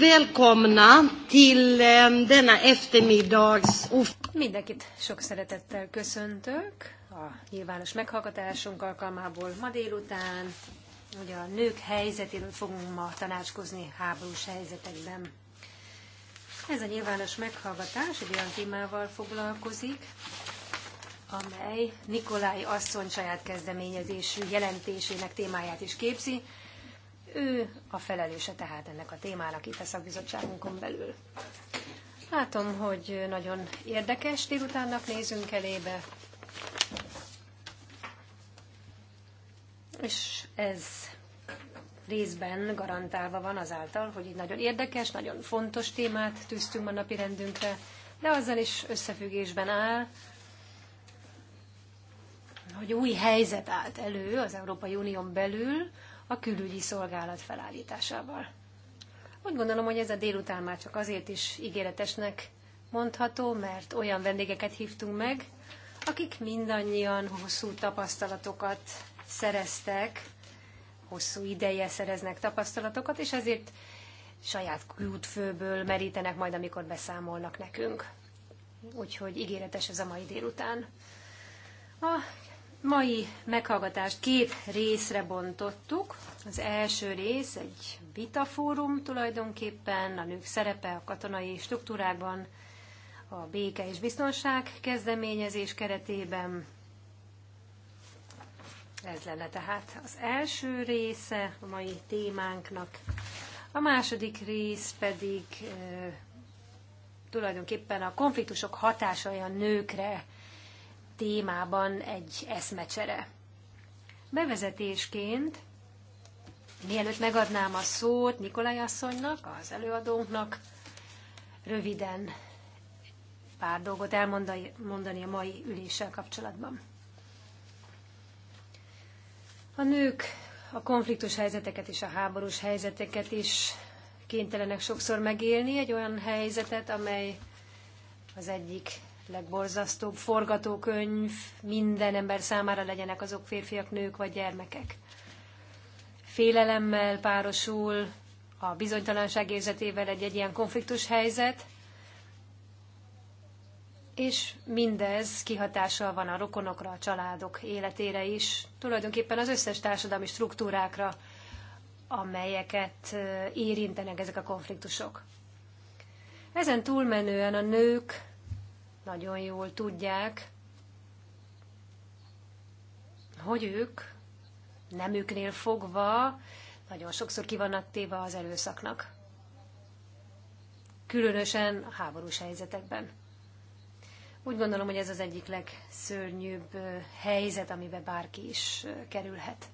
välkomna till eh, denna eftermiddags... Mindenkit sok szeretettel köszöntök a nyilvános meghallgatásunk alkalmából ma délután. Ugye a nők helyzetéről fogunk ma tanácskozni háborús helyzetekben. Ez a nyilvános meghallgatás egy olyan témával foglalkozik, amely Nikolai asszony saját kezdeményezésű jelentésének témáját is képzi, ő a felelőse tehát ennek a témának itt a szakbizottságunkon belül. Látom, hogy nagyon érdekes délutánnak nézünk elébe, és ez részben garantálva van azáltal, hogy egy nagyon érdekes, nagyon fontos témát tűztünk a napi rendünkre, de azzal is összefüggésben áll, hogy új helyzet állt elő az Európai Unión belül, a külügyi szolgálat felállításával. Úgy gondolom, hogy ez a délután már csak azért is ígéretesnek mondható, mert olyan vendégeket hívtunk meg, akik mindannyian hosszú tapasztalatokat szereztek, hosszú ideje szereznek tapasztalatokat, és ezért saját kútfőből merítenek majd, amikor beszámolnak nekünk. Úgyhogy ígéretes ez a mai délután. A Mai meghallgatást két részre bontottuk. Az első rész egy vitafórum tulajdonképpen, a nők szerepe a katonai struktúrákban, a béke és biztonság kezdeményezés keretében. Ez lenne tehát az első része a mai témánknak. A második rész pedig e, tulajdonképpen a konfliktusok hatásai a nőkre témában egy eszmecsere. Bevezetésként, mielőtt megadnám a szót Nikolaj asszonynak, az előadónknak, röviden pár dolgot elmondani mondani a mai üléssel kapcsolatban. A nők a konfliktus helyzeteket és a háborús helyzeteket is kénytelenek sokszor megélni, egy olyan helyzetet, amely az egyik legborzasztóbb forgatókönyv minden ember számára legyenek azok férfiak, nők vagy gyermekek. Félelemmel párosul a bizonytalanság érzetével egy, egy ilyen konfliktus helyzet, és mindez kihatással van a rokonokra, a családok életére is, tulajdonképpen az összes társadalmi struktúrákra, amelyeket érintenek ezek a konfliktusok. Ezen túlmenően a nők nagyon jól tudják, hogy ők nemüknél fogva nagyon sokszor kivannak téve az erőszaknak. Különösen a háborús helyzetekben. Úgy gondolom, hogy ez az egyik legszörnyűbb helyzet, amiben bárki is kerülhet.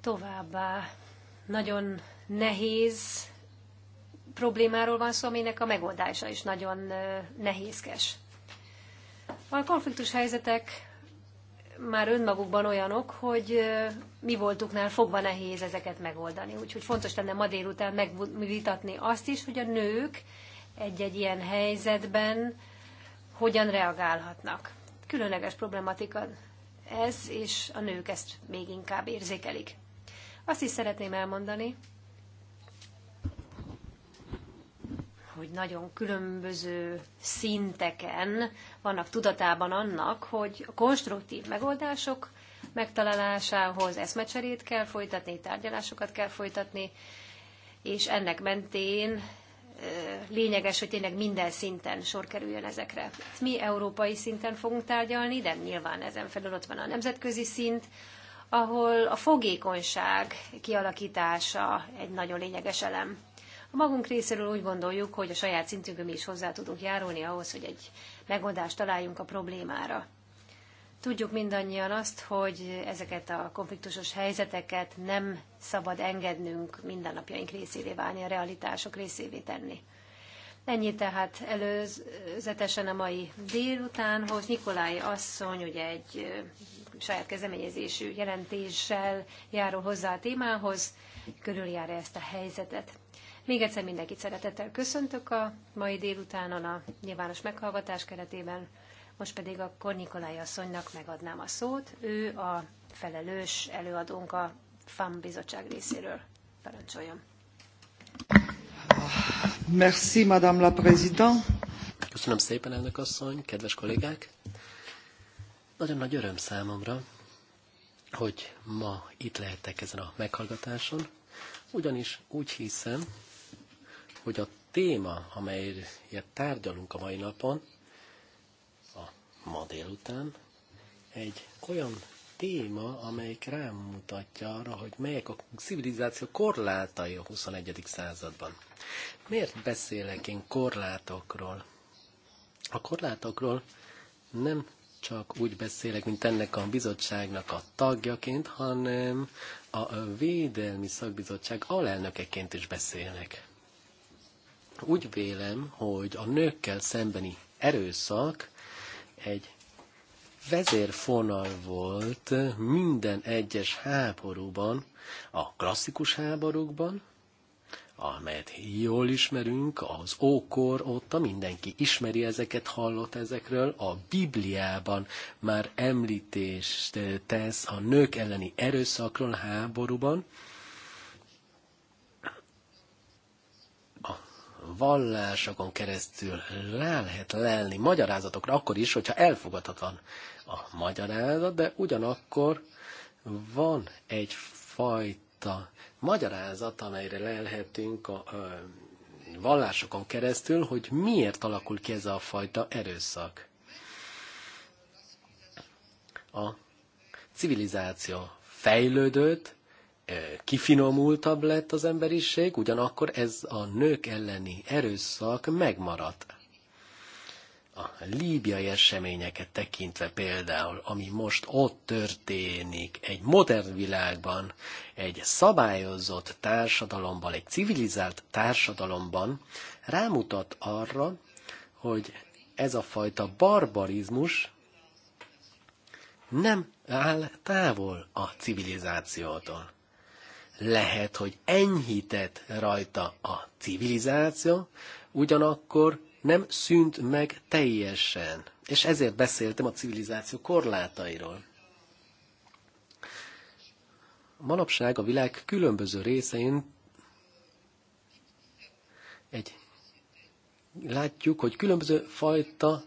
Továbbá nagyon nehéz problémáról van szó, aminek a megoldása is nagyon nehézkes. A konfliktus helyzetek már önmagukban olyanok, hogy mi voltuknál fogva nehéz ezeket megoldani. Úgyhogy fontos lenne ma délután megvitatni azt is, hogy a nők egy-egy ilyen helyzetben hogyan reagálhatnak. Különleges problematika ez, és a nők ezt még inkább érzékelik. Azt is szeretném elmondani, hogy nagyon különböző szinteken vannak tudatában annak, hogy a konstruktív megoldások megtalálásához eszmecserét kell folytatni, tárgyalásokat kell folytatni, és ennek mentén lényeges, hogy tényleg minden szinten sor kerüljön ezekre. Mi európai szinten fogunk tárgyalni, de nyilván ezen felül ott van a nemzetközi szint, ahol a fogékonyság kialakítása egy nagyon lényeges elem. A magunk részéről úgy gondoljuk, hogy a saját szintünkön mi is hozzá tudunk járulni ahhoz, hogy egy megoldást találjunk a problémára. Tudjuk mindannyian azt, hogy ezeket a konfliktusos helyzeteket nem szabad engednünk mindennapjaink részévé válni, a realitások részévé tenni. Ennyi tehát előzetesen a mai délutánhoz. Nikolai asszony ugye egy saját kezdeményezésű jelentéssel járul hozzá a témához, körüljárja ezt a helyzetet. Még egyszer mindenkit szeretettel köszöntök a mai délutánon a nyilvános meghallgatás keretében. Most pedig a Nikolaj asszonynak megadnám a szót. Ő a felelős előadónk a FAM bizottság részéről. Parancsoljon. Merci, Madame la Présidente. Köszönöm szépen, elnök asszony, kedves kollégák! Nagyon nagy öröm számomra, hogy ma itt lehettek ezen a meghallgatáson, ugyanis úgy hiszem, hogy a téma, amelyet tárgyalunk a mai napon, a ma délután, egy olyan téma, amelyik mutatja arra, hogy melyek a civilizáció korlátai a 21. században. Miért beszélek én korlátokról? A korlátokról nem csak úgy beszélek, mint ennek a bizottságnak a tagjaként, hanem a Védelmi Szakbizottság alelnökeként is beszélek úgy vélem, hogy a nőkkel szembeni erőszak egy vezérfonal volt minden egyes háborúban, a klasszikus háborúkban, amelyet jól ismerünk, az ókor óta mindenki ismeri ezeket, hallott ezekről, a Bibliában már említést tesz a nők elleni erőszakról háborúban, vallásokon keresztül rá lehet lelni magyarázatokra, akkor is, hogyha elfogadhatatlan a magyarázat, de ugyanakkor van egyfajta magyarázat, amelyre lelhetünk a, a vallásokon keresztül, hogy miért alakul ki ez a fajta erőszak. A civilizáció fejlődött, Eh, kifinomultabb lett az emberiség, ugyanakkor ez a nők elleni erőszak megmaradt. A líbiai eseményeket tekintve például, ami most ott történik, egy modern világban, egy szabályozott társadalomban, egy civilizált társadalomban, rámutat arra, hogy ez a fajta barbarizmus nem áll távol a civilizációtól lehet, hogy enyhített rajta a civilizáció, ugyanakkor nem szűnt meg teljesen. És ezért beszéltem a civilizáció korlátairól. Manapság a világ különböző részein egy, látjuk, hogy különböző fajta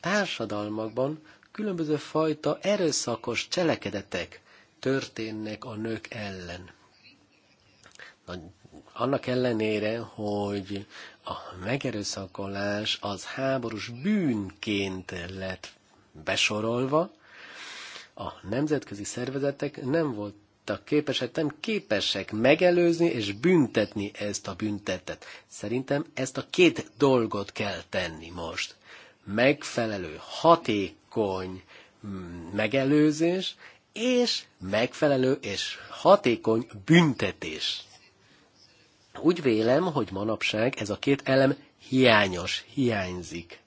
társadalmakban különböző fajta erőszakos cselekedetek történnek a nők ellen annak ellenére, hogy a megerőszakolás az háborús bűnként lett besorolva, a nemzetközi szervezetek nem voltak képesek, nem képesek megelőzni és büntetni ezt a büntetet. Szerintem ezt a két dolgot kell tenni most. Megfelelő, hatékony mm, megelőzés, és megfelelő és hatékony büntetés. Úgy vélem, hogy manapság ez a két elem hiányos, hiányzik.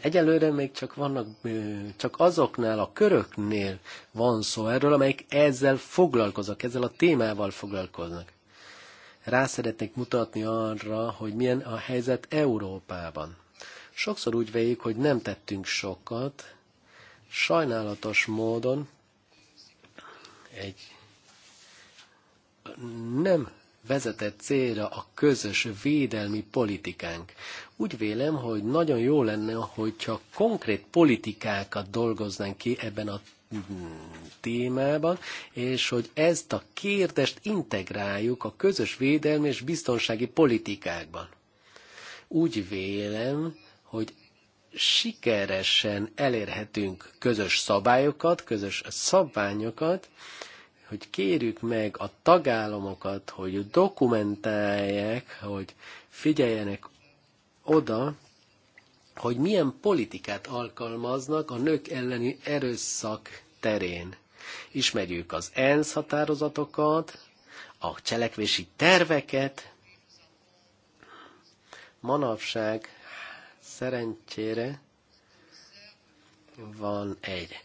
egyelőre még csak vannak, csak azoknál a köröknél van szó erről, amelyik ezzel foglalkoznak, ezzel a témával foglalkoznak. Rá szeretnék mutatni arra, hogy milyen a helyzet Európában. Sokszor úgy véljük, hogy nem tettünk sokat, Sajnálatos módon egy nem vezetett célra a közös védelmi politikánk. Úgy vélem, hogy nagyon jó lenne, hogyha konkrét politikákat dolgoznánk ki ebben a mm, témában, és hogy ezt a kérdést integráljuk a közös védelmi és biztonsági politikákban. Úgy vélem, hogy sikeresen elérhetünk közös szabályokat, közös szabványokat, hogy kérjük meg a tagállamokat, hogy dokumentálják, hogy figyeljenek oda, hogy milyen politikát alkalmaznak a nők elleni erőszak terén. Ismerjük az ENSZ határozatokat, a cselekvési terveket. Manapság Szerencsére van egy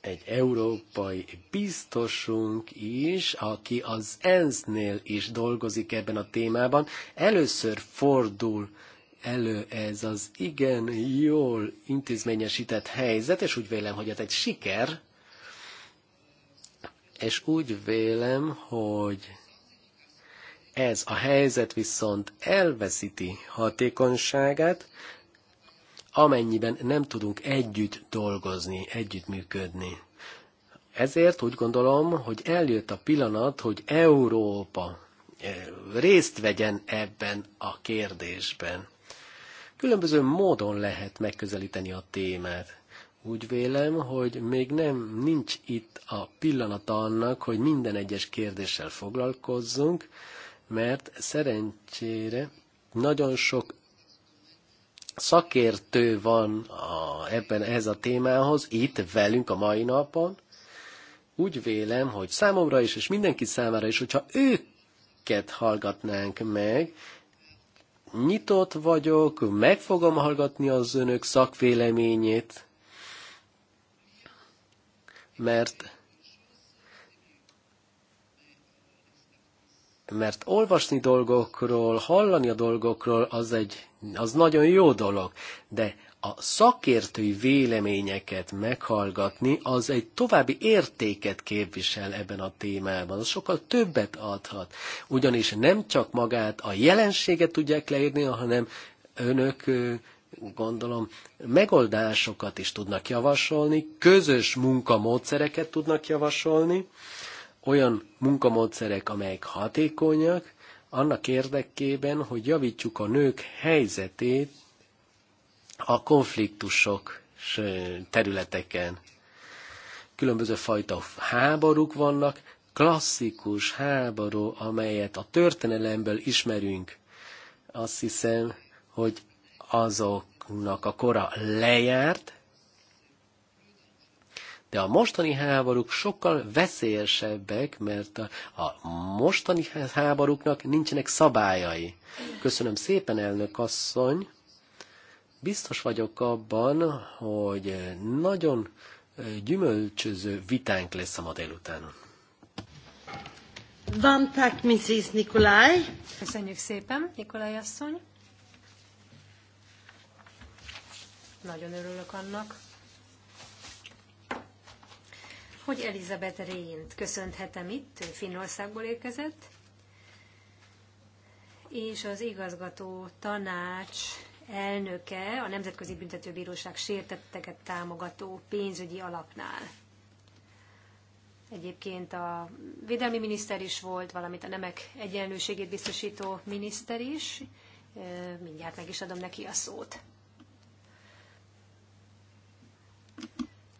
egy európai biztosunk is, aki az ENSZ-nél is dolgozik ebben a témában. Először fordul elő ez az igen jól intézményesített helyzet, és úgy vélem, hogy ez egy siker, és úgy vélem, hogy ez a helyzet viszont elveszíti hatékonyságát, amennyiben nem tudunk együtt dolgozni, együtt működni. Ezért úgy gondolom, hogy eljött a pillanat, hogy Európa eh, részt vegyen ebben a kérdésben. Különböző módon lehet megközelíteni a témát. Úgy vélem, hogy még nem nincs itt a pillanata annak, hogy minden egyes kérdéssel foglalkozzunk, mert szerencsére nagyon sok szakértő van a, ebben ez a témához, itt velünk a mai napon. Úgy vélem, hogy számomra is, és mindenki számára is, hogyha őket hallgatnánk meg, nyitott vagyok, meg fogom hallgatni az önök szakvéleményét, mert mert olvasni dolgokról, hallani a dolgokról, az egy, az nagyon jó dolog, de a szakértői véleményeket meghallgatni, az egy további értéket képvisel ebben a témában, az sokkal többet adhat, ugyanis nem csak magát a jelenséget tudják leírni, hanem önök gondolom, megoldásokat is tudnak javasolni, közös munkamódszereket tudnak javasolni, olyan munkamódszerek, amelyek hatékonyak, annak érdekében, hogy javítsuk a nők helyzetét a konfliktusok területeken. Különböző fajta háborúk vannak, klasszikus háború, amelyet a történelemből ismerünk. Azt hiszem, hogy azoknak a kora lejárt, de a mostani háborúk sokkal veszélyesebbek, mert a, a mostani háborúknak nincsenek szabályai. Köszönöm szépen, elnök asszony. Biztos vagyok abban, hogy nagyon gyümölcsöző vitánk lesz a ma délután. Van tak, Mrs. Nikolaj. Köszönjük szépen, Nikolaj asszony. Nagyon örülök annak, hogy Elizabeth Rént köszönhetem itt, Finnországból érkezett, és az igazgató tanács elnöke a Nemzetközi Büntetőbíróság sértetteket támogató pénzügyi alapnál. Egyébként a védelmi miniszter is volt, valamint a nemek egyenlőségét biztosító miniszter is. Mindjárt meg is adom neki a szót.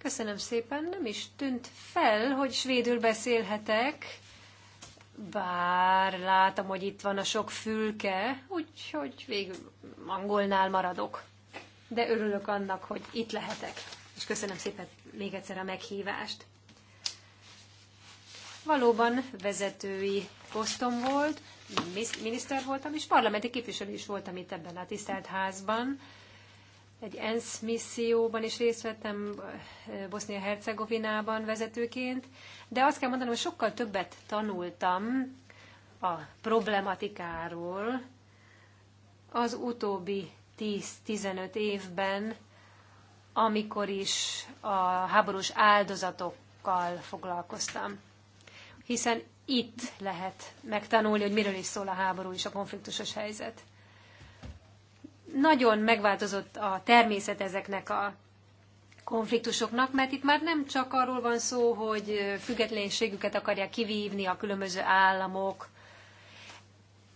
Köszönöm szépen, nem is tűnt fel, hogy svédül beszélhetek, bár látom, hogy itt van a sok fülke, úgyhogy végül angolnál maradok. De örülök annak, hogy itt lehetek, és köszönöm szépen még egyszer a meghívást. Valóban vezetői posztom volt, miniszter voltam, és parlamenti képviselő is voltam itt ebben a tisztelt házban egy ENSZ misszióban is részt vettem eh, Bosznia-Hercegovinában vezetőként, de azt kell mondanom, hogy sokkal többet tanultam a problematikáról az utóbbi 10-15 évben, amikor is a háborús áldozatokkal foglalkoztam. Hiszen itt lehet megtanulni, hogy miről is szól a háború és a konfliktusos helyzet nagyon megváltozott a természet ezeknek a konfliktusoknak, mert itt már nem csak arról van szó, hogy függetlenségüket akarják kivívni a különböző államok,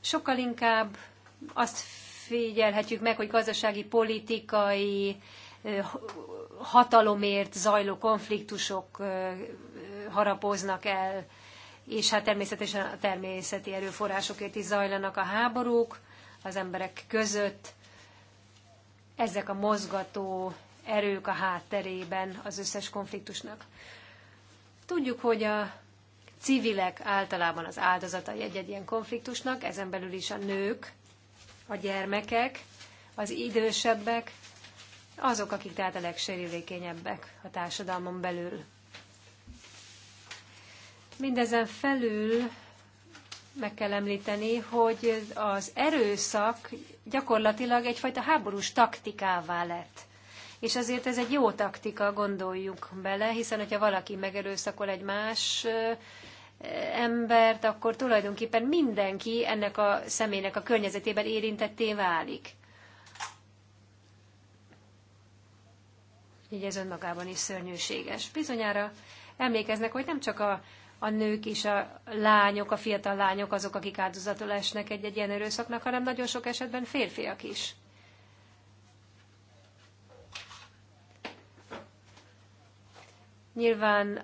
sokkal inkább azt figyelhetjük meg, hogy gazdasági, politikai hatalomért zajló konfliktusok harapoznak el, és hát természetesen a természeti erőforrásokért is zajlanak a háborúk az emberek között ezek a mozgató erők a hátterében az összes konfliktusnak. Tudjuk, hogy a civilek általában az áldozatai egy-egy ilyen konfliktusnak, ezen belül is a nők, a gyermekek, az idősebbek, azok, akik tehát a legsérülékenyebbek a társadalmon belül. Mindezen felül meg kell említeni, hogy az erőszak gyakorlatilag egyfajta háborús taktikává lett. És azért ez egy jó taktika, gondoljuk bele, hiszen hogyha valaki megerőszakol egy más embert, akkor tulajdonképpen mindenki ennek a személynek a környezetében érintetté válik. Így ez önmagában is szörnyűséges. Bizonyára emlékeznek, hogy nem csak a a nők és a lányok, a fiatal lányok azok, akik áldozatul esnek egy-egy ilyen erőszaknak, hanem nagyon sok esetben férfiak is. Nyilván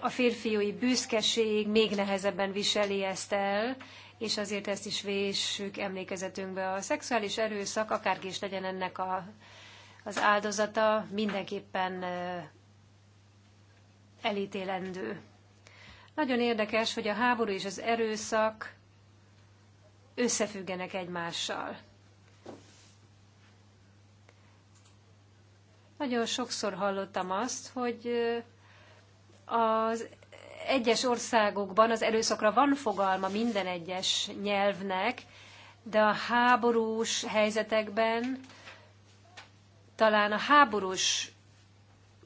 a férfiúi büszkeség még nehezebben viseli ezt el, és azért ezt is véssük emlékezetünkbe. A szexuális erőszak, akárki is legyen ennek a, az áldozata, mindenképpen elítélendő. Nagyon érdekes, hogy a háború és az erőszak összefüggenek egymással. Nagyon sokszor hallottam azt, hogy az egyes országokban az erőszakra van fogalma minden egyes nyelvnek, de a háborús helyzetekben talán a háborús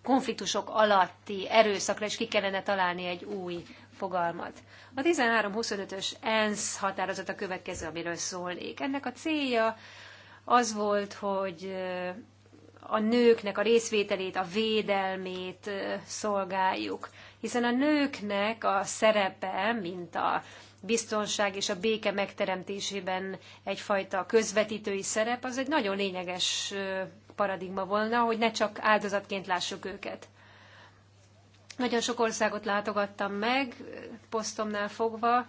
konfliktusok alatti erőszakra is ki kellene találni egy új fogalmat. A 1325-ös ENSZ határozat a következő, amiről szólnék. Ennek a célja az volt, hogy a nőknek a részvételét, a védelmét szolgáljuk. Hiszen a nőknek a szerepe, mint a biztonság és a béke megteremtésében egyfajta közvetítői szerep, az egy nagyon lényeges paradigma volna, hogy ne csak áldozatként lássuk őket. Nagyon sok országot látogattam meg, posztomnál fogva,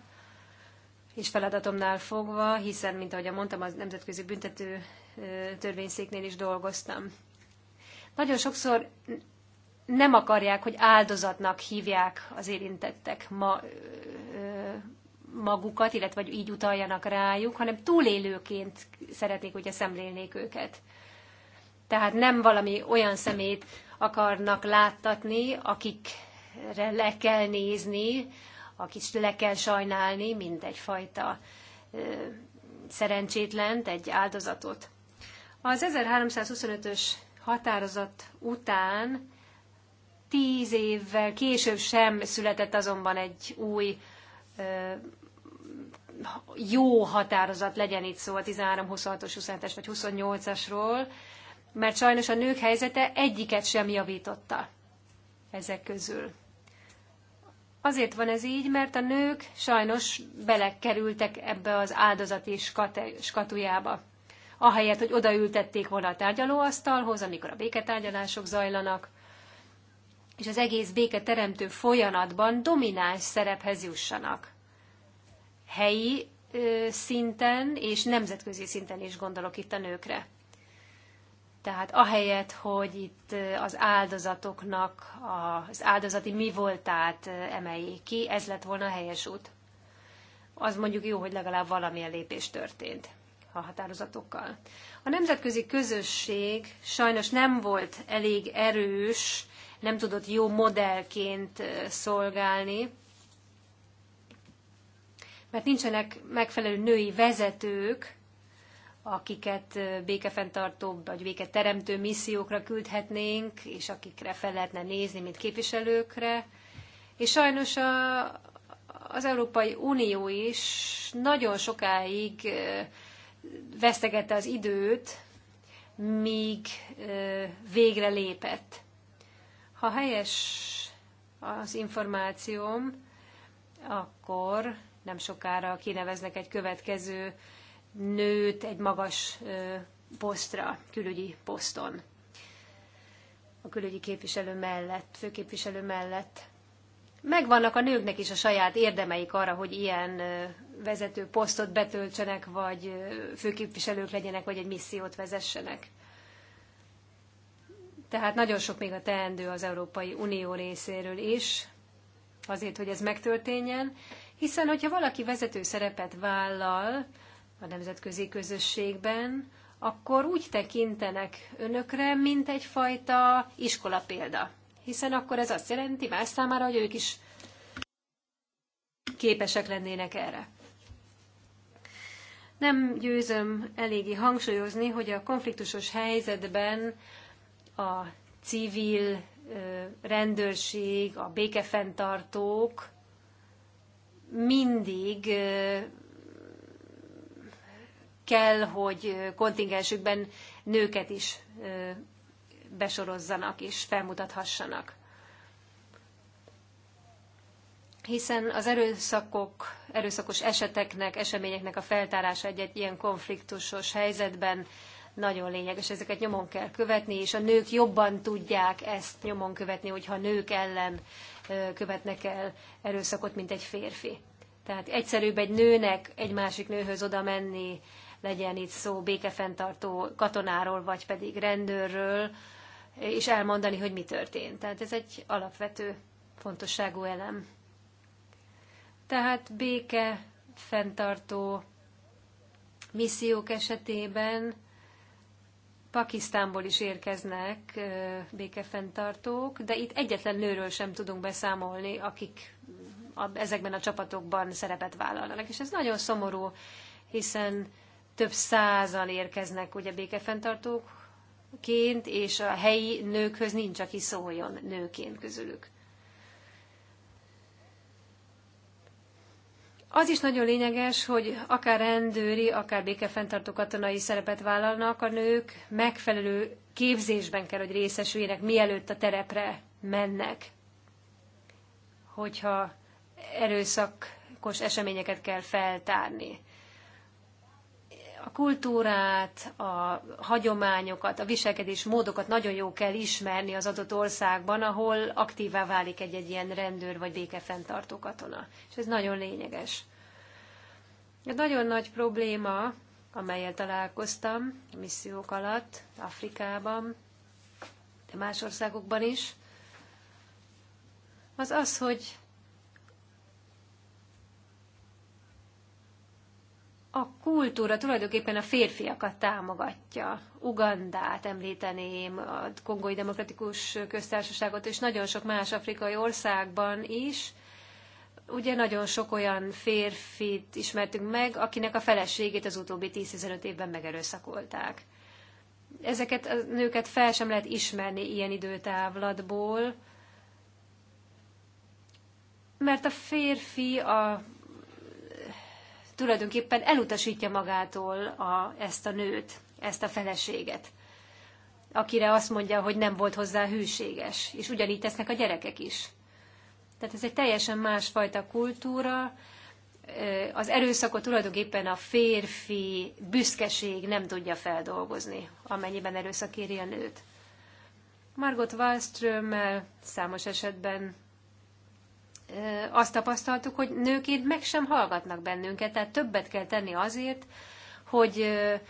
és feladatomnál fogva, hiszen, mint ahogy mondtam, a Nemzetközi Büntető Törvényszéknél is dolgoztam. Nagyon sokszor nem akarják, hogy áldozatnak hívják az érintettek ma, magukat, illetve hogy így utaljanak rájuk, hanem túlélőként szeretnék, hogyha szemlélnék őket. Tehát nem valami olyan szemét akarnak láttatni, akikre le kell nézni, akit le kell sajnálni, mint egyfajta szerencsétlent, egy áldozatot. Az 1325-ös határozat után tíz évvel később sem született azonban egy új jó határozat, legyen itt szó a 13, 26-os, 27-es vagy 28-asról, mert sajnos a nők helyzete egyiket sem javította ezek közül. Azért van ez így, mert a nők sajnos belekerültek ebbe az áldozati skatujába. Ahelyett, hogy odaültették volna a tárgyalóasztalhoz, amikor a béketárgyalások zajlanak, és az egész béketeremtő folyamatban domináns szerephez jussanak. Helyi ö, szinten és nemzetközi szinten is gondolok itt a nőkre. Tehát ahelyett, hogy itt az áldozatoknak az áldozati mi voltát emeljék ki, ez lett volna a helyes út. Az mondjuk jó, hogy legalább valamilyen lépés történt a határozatokkal. A nemzetközi közösség sajnos nem volt elég erős, nem tudott jó modellként szolgálni, mert nincsenek megfelelő női vezetők, akiket békefenntartó vagy béketeremtő missziókra küldhetnénk, és akikre fel lehetne nézni, mint képviselőkre. És sajnos a, az Európai Unió is nagyon sokáig vesztegette az időt, míg végre lépett. Ha helyes az információm, akkor nem sokára kineveznek egy következő nőt egy magas posztra, külügyi poszton. A külügyi képviselő mellett, főképviselő mellett. Megvannak a nőknek is a saját érdemeik arra, hogy ilyen vezető posztot betöltsenek, vagy főképviselők legyenek, vagy egy missziót vezessenek. Tehát nagyon sok még a teendő az Európai Unió részéről is, azért, hogy ez megtörténjen, hiszen hogyha valaki vezető szerepet vállal, a nemzetközi közösségben, akkor úgy tekintenek önökre, mint egyfajta iskola példa. Hiszen akkor ez azt jelenti más számára, hogy ők is képesek lennének erre. Nem győzöm eléggé hangsúlyozni, hogy a konfliktusos helyzetben a civil rendőrség, a békefenntartók mindig kell, hogy kontingensükben nőket is besorozzanak és felmutathassanak. Hiszen az erőszakok, erőszakos eseteknek, eseményeknek a feltárása egy, egy ilyen konfliktusos helyzetben nagyon lényeges, ezeket nyomon kell követni, és a nők jobban tudják ezt nyomon követni, hogyha nők ellen követnek el erőszakot, mint egy férfi. Tehát egyszerűbb egy nőnek egy másik nőhöz oda menni, legyen itt szó békefenntartó katonáról, vagy pedig rendőrről, és elmondani, hogy mi történt. Tehát ez egy alapvető fontosságú elem. Tehát béke fenntartó missziók esetében Pakisztánból is érkeznek békefenntartók, de itt egyetlen nőről sem tudunk beszámolni, akik ezekben a csapatokban szerepet vállalnak. És ez nagyon szomorú, hiszen több százan érkeznek ugye békefenntartóként, és a helyi nőkhöz nincs, aki szóljon nőként közülük. Az is nagyon lényeges, hogy akár rendőri, akár békefenntartó katonai szerepet vállalnak a nők, megfelelő képzésben kell, hogy részesüljenek, mielőtt a terepre mennek. Hogyha erőszakos eseményeket kell feltárni kultúrát, a hagyományokat, a viselkedés módokat nagyon jó kell ismerni az adott országban, ahol aktívá válik egy-egy ilyen rendőr vagy békefenntartó katona. És ez nagyon lényeges. A nagyon nagy probléma, amelyel találkoztam a missziók alatt, Afrikában, de más országokban is, az az, hogy a kultúra tulajdonképpen a férfiakat támogatja. Ugandát említeném, a Kongói Demokratikus Köztársaságot és nagyon sok más afrikai országban is. Ugye nagyon sok olyan férfit ismertünk meg, akinek a feleségét az utóbbi 10-15 évben megerőszakolták. Ezeket a nőket fel sem lehet ismerni ilyen időtávlatból, mert a férfi a tulajdonképpen elutasítja magától a, ezt a nőt, ezt a feleséget, akire azt mondja, hogy nem volt hozzá hűséges, és ugyanígy tesznek a gyerekek is. Tehát ez egy teljesen másfajta kultúra, az erőszakot tulajdonképpen a férfi büszkeség nem tudja feldolgozni, amennyiben erőszak éri a nőt. Margot Wallströmmel számos esetben azt tapasztaltuk, hogy nőként meg sem hallgatnak bennünket, tehát többet kell tenni azért, hogy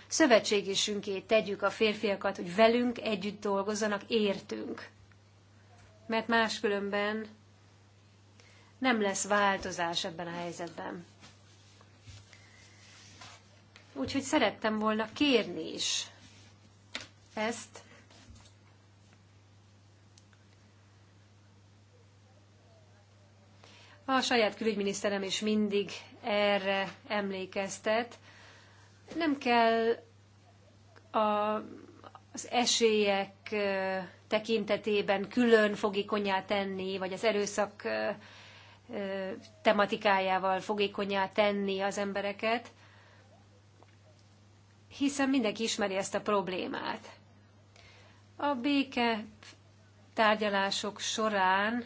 szövetségésünké tegyük a férfiakat, hogy velünk együtt dolgozzanak, értünk. Mert máskülönben nem lesz változás ebben a helyzetben. Úgyhogy szerettem volna kérni is ezt, A saját külügyminiszterem is mindig erre emlékeztet. Nem kell a, az esélyek tekintetében külön fogékonyá tenni, vagy az erőszak tematikájával fogékonyá tenni az embereket, hiszen mindenki ismeri ezt a problémát. A béke tárgyalások során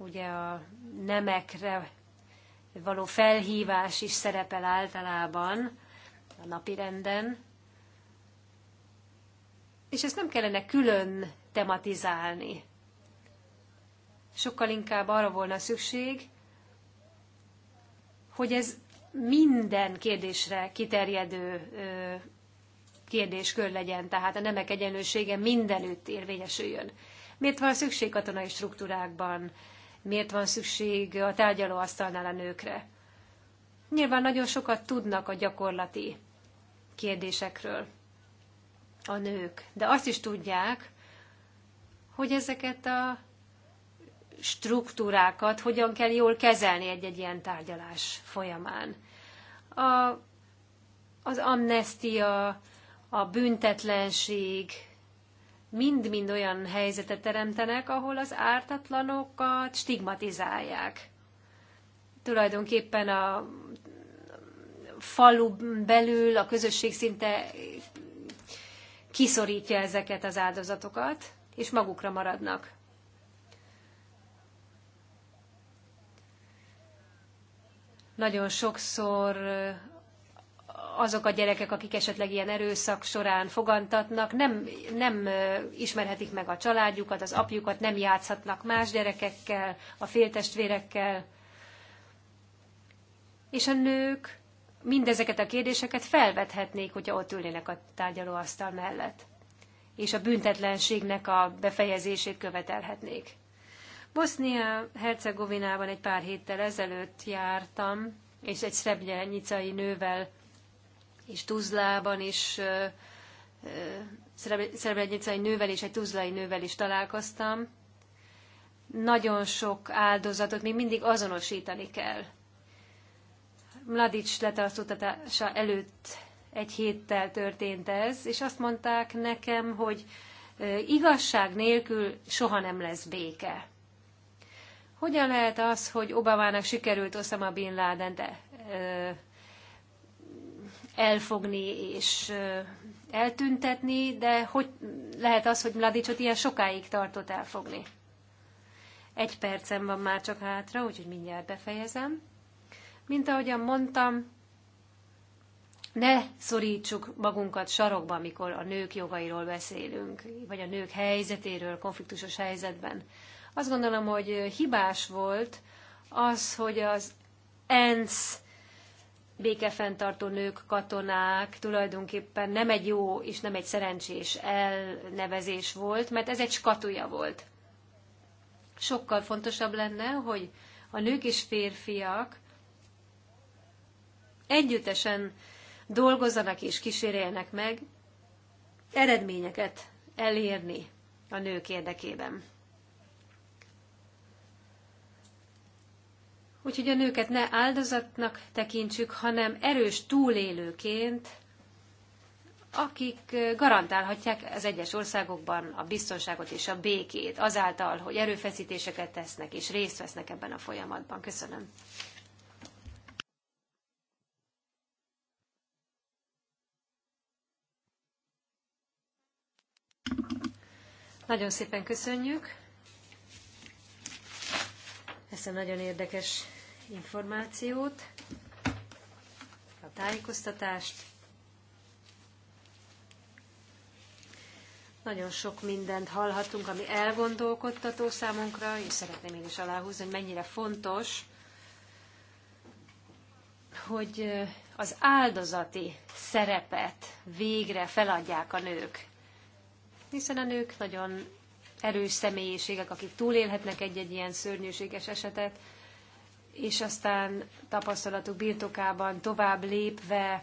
ugye a nemekre való felhívás is szerepel általában a napirenden, és ezt nem kellene külön tematizálni. Sokkal inkább arra volna szükség, hogy ez minden kérdésre kiterjedő kérdéskör legyen, tehát a nemek egyenlősége mindenütt érvényesüljön. Miért van szükség katonai struktúrákban miért van szükség a tárgyalóasztalnál a nőkre. Nyilván nagyon sokat tudnak a gyakorlati kérdésekről a nők, de azt is tudják, hogy ezeket a struktúrákat hogyan kell jól kezelni egy-egy ilyen tárgyalás folyamán. A, az amnestia, a büntetlenség, mind-mind olyan helyzetet teremtenek, ahol az ártatlanokat stigmatizálják. Tulajdonképpen a falu belül a közösség szinte kiszorítja ezeket az áldozatokat, és magukra maradnak. Nagyon sokszor azok a gyerekek, akik esetleg ilyen erőszak során fogantatnak, nem, nem ismerhetik meg a családjukat, az apjukat, nem játszhatnak más gyerekekkel, a féltestvérekkel. És a nők mindezeket a kérdéseket felvethetnék, hogyha ott ülnének a tárgyalóasztal mellett. És a büntetlenségnek a befejezését követelhetnék. Bosznia-Hercegovinában egy pár héttel ezelőtt jártam, és egy szrebnyenicai nővel és Tuzlában is egy nővel és egy tuzlai nővel is találkoztam. Nagyon sok áldozatot még mindig azonosítani kell. Mladics letartóztatása előtt egy héttel történt ez, és azt mondták nekem, hogy igazság nélkül soha nem lesz béke. Hogyan lehet az, hogy Obamának sikerült Osama Bin Laden elfogni és eltüntetni, de hogy lehet az, hogy Mladicsot ilyen sokáig tartott elfogni? Egy percem van már csak hátra, úgyhogy mindjárt befejezem. Mint ahogyan mondtam, ne szorítsuk magunkat sarokba, amikor a nők jogairól beszélünk, vagy a nők helyzetéről, konfliktusos helyzetben. Azt gondolom, hogy hibás volt az, hogy az ENSZ békefenntartó nők, katonák tulajdonképpen nem egy jó és nem egy szerencsés elnevezés volt, mert ez egy skatuja volt. Sokkal fontosabb lenne, hogy a nők és férfiak együttesen dolgozzanak és kíséreljenek meg eredményeket elérni a nők érdekében. Úgyhogy a nőket ne áldozatnak tekintsük, hanem erős túlélőként, akik garantálhatják az egyes országokban a biztonságot és a békét, azáltal, hogy erőfeszítéseket tesznek és részt vesznek ebben a folyamatban. Köszönöm. Nagyon szépen köszönjük ezt a nagyon érdekes információt, a tájékoztatást. Nagyon sok mindent hallhatunk, ami elgondolkodtató számunkra, és szeretném én is aláhúzni, hogy mennyire fontos, hogy az áldozati szerepet végre feladják a nők. Hiszen a nők nagyon erős személyiségek, akik túlélhetnek egy-egy ilyen szörnyűséges esetet, és aztán tapasztalatuk birtokában tovább lépve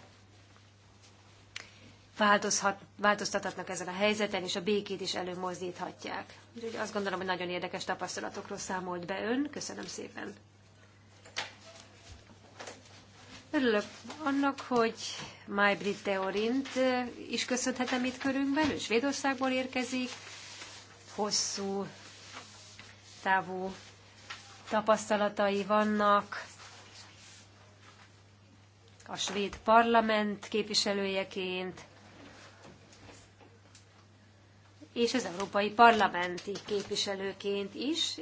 változhat, változtathatnak ezen a helyzeten, és a békét is előmozdíthatják. Úgyhogy azt gondolom, hogy nagyon érdekes tapasztalatokról számolt be ön. Köszönöm szépen. Örülök annak, hogy Maybrit Teorint is köszönhetem itt körünkben, ő Svédországból érkezik, hosszú távú tapasztalatai vannak. A svéd parlament képviselőjeként és az Európai Parlamenti képviselőként is,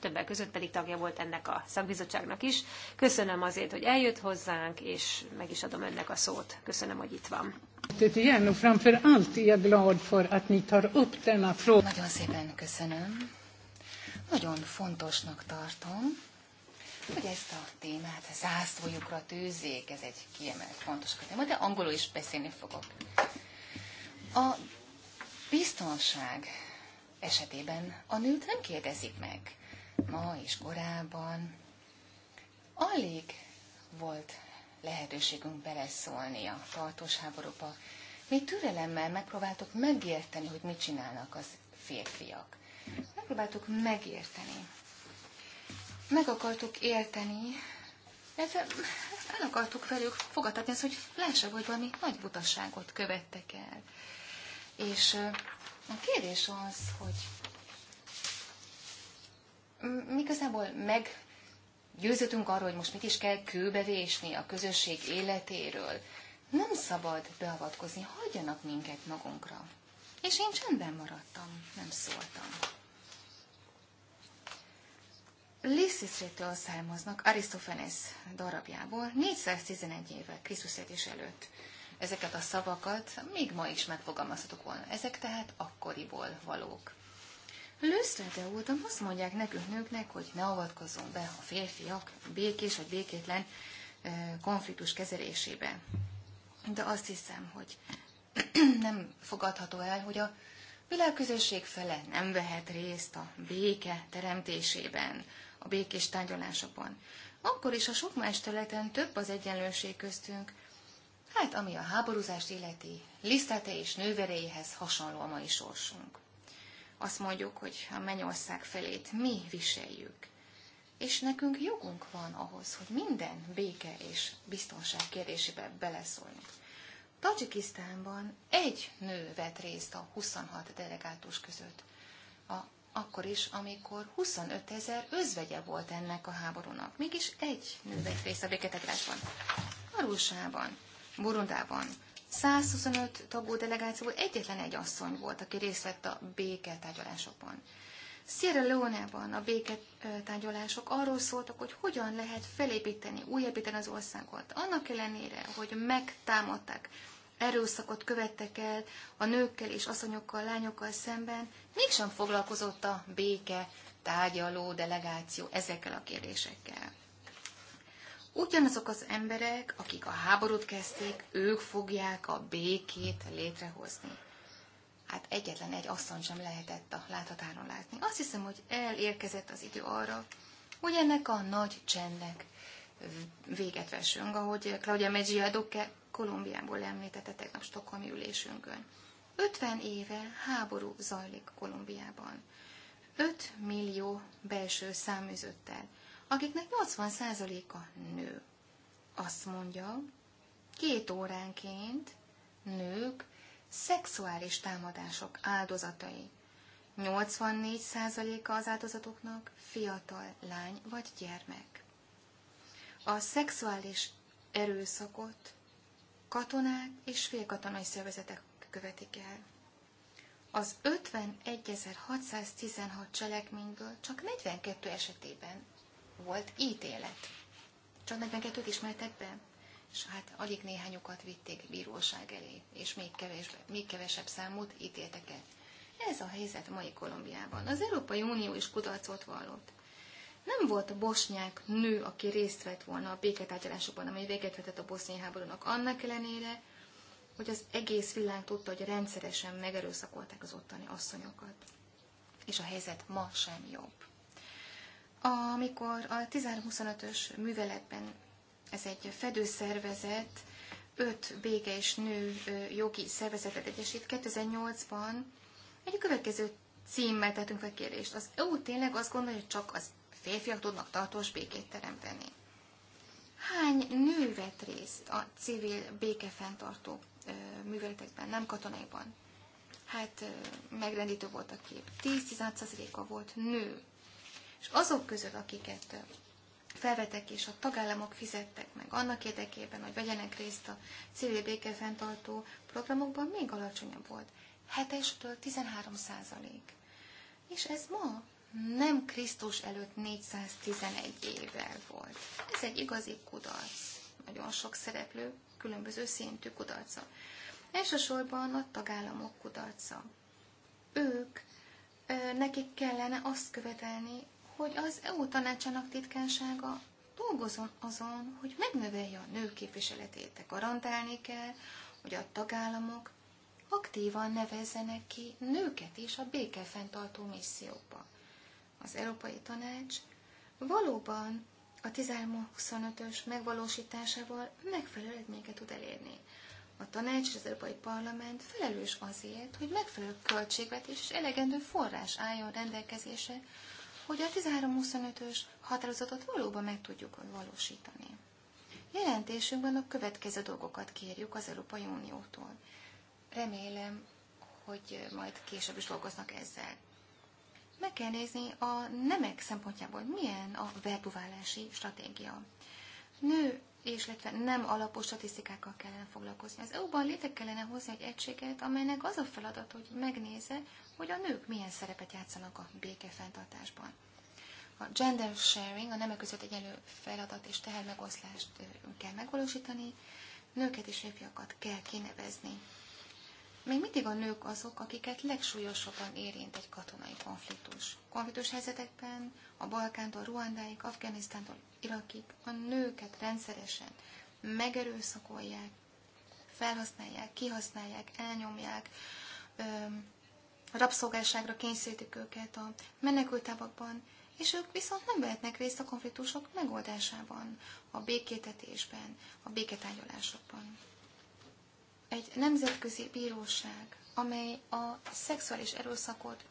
többek között pedig tagja volt ennek a szakbizottságnak is. Köszönöm azért, hogy eljött hozzánk, és meg is adom ennek a szót. Köszönöm, hogy itt van. Igen, och framför allt är jag glad för att ni tar upp denna fråga. Nagyon szépen köszönöm. Nagyon fontosnak tartom, hogy ezt a témát zászlójukra tűzzék, ez egy kiemelt fontos téma, de angolul is beszélni fogok. A biztonság esetében a nőt nem kérdezik meg. Ma és korábban alig volt lehetőségünk beleszólni a tartós háborúba. Mi türelemmel megpróbáltuk megérteni, hogy mit csinálnak az férfiak. Megpróbáltuk megérteni. Meg akartuk érteni, illetve el akartuk velük fogadtatni azt, hogy lássa, hogy valami nagy butasságot követtek el. És a kérdés az, hogy igazából meg győződünk arról, hogy most mit is kell kőbevésni a közösség életéről. Nem szabad beavatkozni, hagyjanak minket magunkra. És én csendben maradtam, nem szóltam. Lissziszrétől származnak Arisztofanész darabjából 411 évvel Krisztus és előtt. Ezeket a szavakat még ma is megfogalmazhatok volna. Ezek tehát akkoriból valók. Lőszrede óta azt mondják nekünk nőknek, hogy ne avatkozzon be a férfiak békés vagy békétlen konfliktus kezelésébe. De azt hiszem, hogy nem fogadható el, hogy a világközösség fele nem vehet részt a béke teremtésében, a békés tárgyalásokban. Akkor is a sok más területen több az egyenlőség köztünk, hát ami a háborúzást illeti, lisztete és nőveréhez hasonló a mai sorsunk azt mondjuk, hogy a mennyország felét mi viseljük. És nekünk jogunk van ahhoz, hogy minden béke és biztonság kérdésébe beleszólni. Tajikisztánban egy nő vett részt a 26 delegátus között. A, akkor is, amikor 25 ezer özvegye volt ennek a háborúnak. Mégis egy nő vett részt a béketegrásban. Arusában, Burundában, 125 tagú delegációból egyetlen egy asszony volt, aki részt vett a béketárgyalásokon. Sierra Leone-ban a béketárgyalások arról szóltak, hogy hogyan lehet felépíteni, újépíteni az országot. Annak ellenére, hogy megtámadták, erőszakot követtek el a nőkkel és asszonyokkal, lányokkal szemben, mégsem foglalkozott a béke tárgyaló delegáció ezekkel a kérdésekkel. Ugyanazok az emberek, akik a háborút kezdték, ők fogják a békét létrehozni. Hát egyetlen egy asszony sem lehetett a láthatáron látni. Azt hiszem, hogy elérkezett az idő arra, hogy ennek a nagy csendnek véget vessünk, ahogy Claudia Meggia Duque Kolumbiából említette tegnap stokholmi ülésünkön. 50 éve háború zajlik Kolumbiában. 5 millió belső száműzöttel akiknek 80%-a nő. Azt mondja, két óránként nők szexuális támadások áldozatai. 84%-a az áldozatoknak fiatal lány vagy gyermek. A szexuális erőszakot katonák és félkatonai szervezetek követik el. Az 51.616 cselekményből csak 42 esetében volt ítélet. Csak 42-t ismertek be, és hát alig néhányukat vitték bíróság elé, és még, kevesebb, még kevesebb számot ítéltek el. Ez a helyzet a mai Kolumbiában. Az Európai Unió is kudarcot vallott. Nem volt a bosnyák nő, aki részt vett volna a béketárgyalásokban, amely véget vetett a boszniai háborúnak, annak ellenére, hogy az egész világ tudta, hogy rendszeresen megerőszakolták az ottani asszonyokat. És a helyzet ma sem jobb. Amikor a 1325 ös műveletben ez egy fedőszervezet, öt béke és nő jogi szervezetet egyesít, 2008-ban egy következő címmel tettünk fel kérdést: Az EU tényleg azt gondolja, hogy csak az férfiak tudnak tartós békét teremteni. Hány nő vett részt a civil békefenntartó műveletekben, nem katonaiban? Hát megrendítő volt a kép. 10-16%-a volt nő és azok között, akiket felvetek és a tagállamok fizettek meg annak érdekében, hogy vegyenek részt a civil békefenntartó programokban, még alacsonyabb volt. 7-től 13 százalék. És ez ma nem Krisztus előtt 411 évvel volt. Ez egy igazi kudarc. Nagyon sok szereplő különböző szintű kudarca. Elsősorban a tagállamok kudarca. Ők, nekik kellene azt követelni, hogy az EU tanácsának titkánsága dolgozon azon, hogy megnövelje a nők képviseletét, garantálni kell, hogy a tagállamok aktívan nevezzenek ki nőket is a békefenntartó misszióba. Az Európai Tanács valóban a 13-25-ös megvalósításával megfelelő eredményeket tud elérni. A tanács és az Európai Parlament felelős azért, hogy megfelelő költségvetés és elegendő forrás álljon rendelkezésre hogy a 25 ös határozatot valóban meg tudjuk valósítani. Jelentésünkben a következő dolgokat kérjük az Európai Uniótól. Remélem, hogy majd később is dolgoznak ezzel. Meg kell nézni a nemek szempontjából, milyen a verbuválási stratégia. Nő és illetve nem alapos statisztikákkal kellene foglalkozni. Az EU-ban létre kellene hozni egy egységet, amelynek az a feladat, hogy megnézze, hogy a nők milyen szerepet játszanak a békefenntartásban. A gender sharing, a nemek között egyenlő feladat és tehermegoszlást kell megvalósítani, nőket és férfiakat kell kinevezni. Még mindig a nők azok, akiket legsúlyosabban érint egy katonai konfliktus. Konfliktus helyzetekben, a Balkántól Ruandáig, Afganisztántól Irakig a nőket rendszeresen megerőszakolják, felhasználják, kihasználják, elnyomják, rabszolgásságra kényszerítik őket a menekültábakban, és ők viszont nem vehetnek részt a konfliktusok megoldásában, a békétetésben, a béketárgyalásokban. Egy nemzetközi bíróság, amely a szexuális erőszakot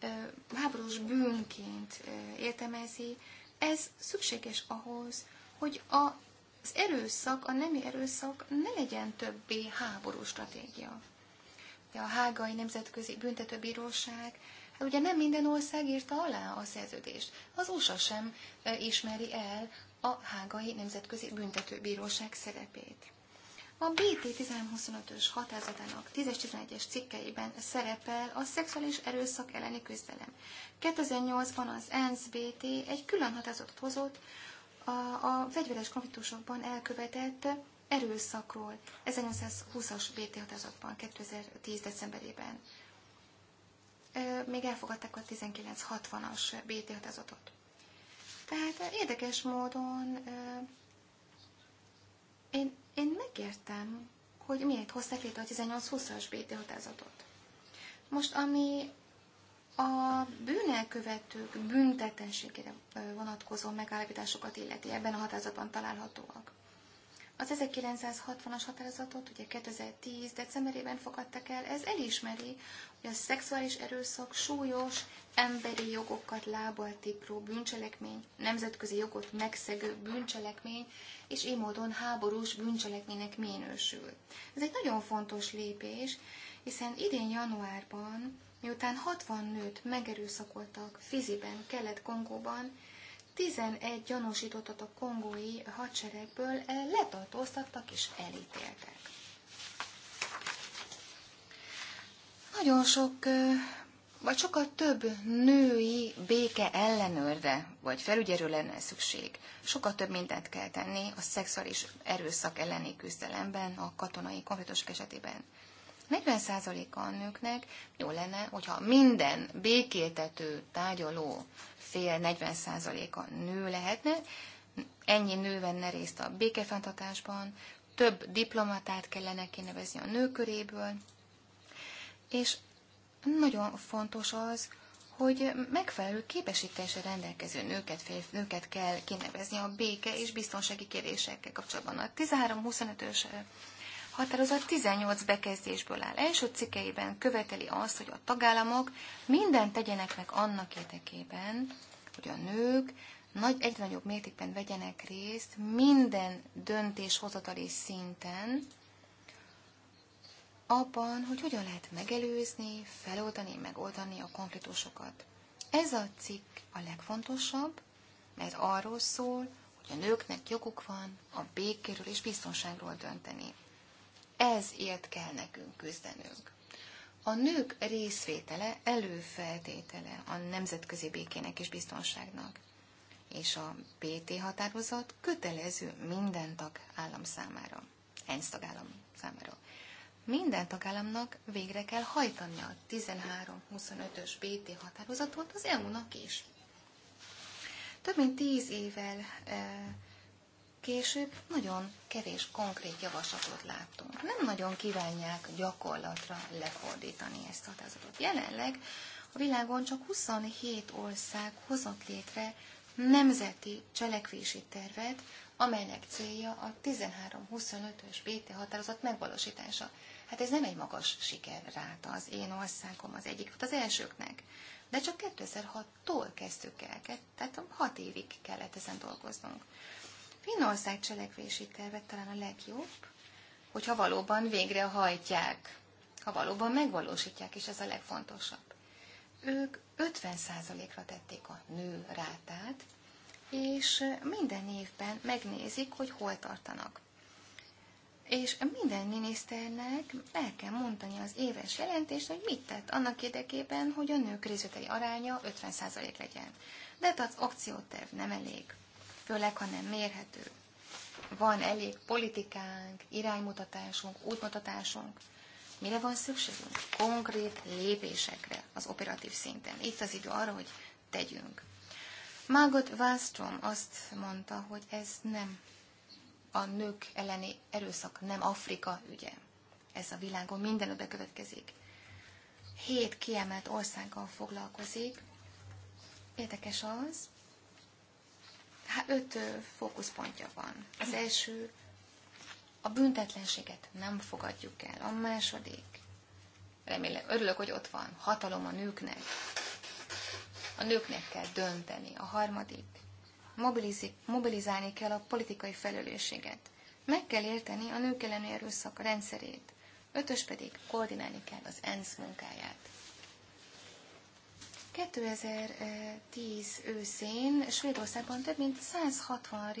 ö, háborús bűnként ö, értelmezi, ez szükséges ahhoz, hogy a, az erőszak, a nemi erőszak ne legyen többé háború stratégia a Hágai Nemzetközi Büntetőbíróság, hát ugye nem minden ország írta alá a szerződést. Az USA sem ismeri el a Hágai Nemzetközi Büntetőbíróság szerepét. A BT 1025 ös határozatának 10-11-es cikkeiben szerepel a szexuális erőszak elleni küzdelem. 2008-ban az ENSZ BT egy külön határozatot hozott a, a fegyveres konfliktusokban elkövetett erőszakról 1920 as BT határozatban 2010. decemberében. Még elfogadták a 1960-as BT határozatot. Tehát érdekes módon én, én megértem, hogy miért hozták létre a 1820-as BT határozatot. Most, ami a bűnelkövetők büntetenségére vonatkozó megállapításokat illeti, ebben a határozatban találhatóak. Az 1960-as határozatot ugye 2010. decemberében fogadtak el, ez elismeri, hogy a szexuális erőszak súlyos emberi jogokat lábbal tipró bűncselekmény, nemzetközi jogot megszegő bűncselekmény, és így módon háborús bűncselekménynek minősül. Ez egy nagyon fontos lépés, hiszen idén januárban, miután 60 nőt megerőszakoltak Fiziben, Kelet-Kongóban, 11 gyanúsítottat a kongói hadseregből eh, letartóztattak és elítéltek. Nagyon sok, eh, vagy sokkal több női béke ellenőrre, vagy felügyelő lenne szükség. Sokkal több mindent kell tenni a szexuális erőszak elleni küzdelemben, a katonai konfliktusok esetében. 40%-a a nőknek jó lenne, hogyha minden békéltető, tárgyaló fél 40%-a nő lehetne, ennyi nő venne részt a békefenntartásban, több diplomatát kellene kinevezni a nők köréből, és nagyon fontos az, hogy megfelelő képesítése rendelkező nőket, nőket kell kinevezni a béke és biztonsági kérdésekkel kapcsolatban. A 13-25-ös határozat 18 bekezdésből áll. Első cikkeiben követeli azt, hogy a tagállamok mindent tegyenek meg annak érdekében, hogy a nők nagy, egy nagyobb mértékben vegyenek részt minden döntéshozatali szinten, abban, hogy hogyan lehet megelőzni, feloldani, megoldani a konfliktusokat. Ez a cikk a legfontosabb, mert arról szól, hogy a nőknek joguk van a békéről és biztonságról dönteni ezért kell nekünk küzdenünk. A nők részvétele előfeltétele a nemzetközi békének és biztonságnak, és a PT határozat kötelező minden tagállam számára, ENSZ tagállam számára. Minden tagállamnak végre kell hajtania a 13-25-ös BT határozatot az EU-nak is. Több mint tíz évvel eh, később nagyon kevés konkrét javaslatot láttunk. Nem nagyon kívánják gyakorlatra lefordítani ezt a határozatot. Jelenleg a világon csak 27 ország hozott létre nemzeti cselekvési tervet, amelynek célja a 13-25-ös BT határozat megvalósítása. Hát ez nem egy magas sikerráta az én országom az egyik, volt az elsőknek. De csak 2006-tól kezdtük el, tehát 6 évig kellett ezen dolgoznunk. Finország cselekvési terve talán a legjobb, hogyha valóban végrehajtják, ha valóban megvalósítják, és ez a legfontosabb. Ők 50%-ra tették a nő rátát, és minden évben megnézik, hogy hol tartanak. És minden miniszternek el kell mondani az éves jelentést, hogy mit tett annak érdekében, hogy a nők részvételi aránya 50% legyen. De hát az akcióterv nem elég főleg, ha nem mérhető. Van elég politikánk, iránymutatásunk, útmutatásunk. Mire van szükségünk? Konkrét lépésekre az operatív szinten. Itt az idő arra, hogy tegyünk. Margot Wallström azt mondta, hogy ez nem a nők elleni erőszak, nem Afrika ügye. Ez a világon mindenütt bekövetkezik. Hét kiemelt országgal foglalkozik. Érdekes az, hát öt fókuszpontja van. Az első, a büntetlenséget nem fogadjuk el. A második, remélem, örülök, hogy ott van, hatalom a nőknek. A nőknek kell dönteni. A harmadik, mobilizálni kell a politikai felelősséget. Meg kell érteni a nők elleni erőszak rendszerét. Ötös pedig koordinálni kell az ENSZ munkáját. 2010 őszén Svédországban több mint 160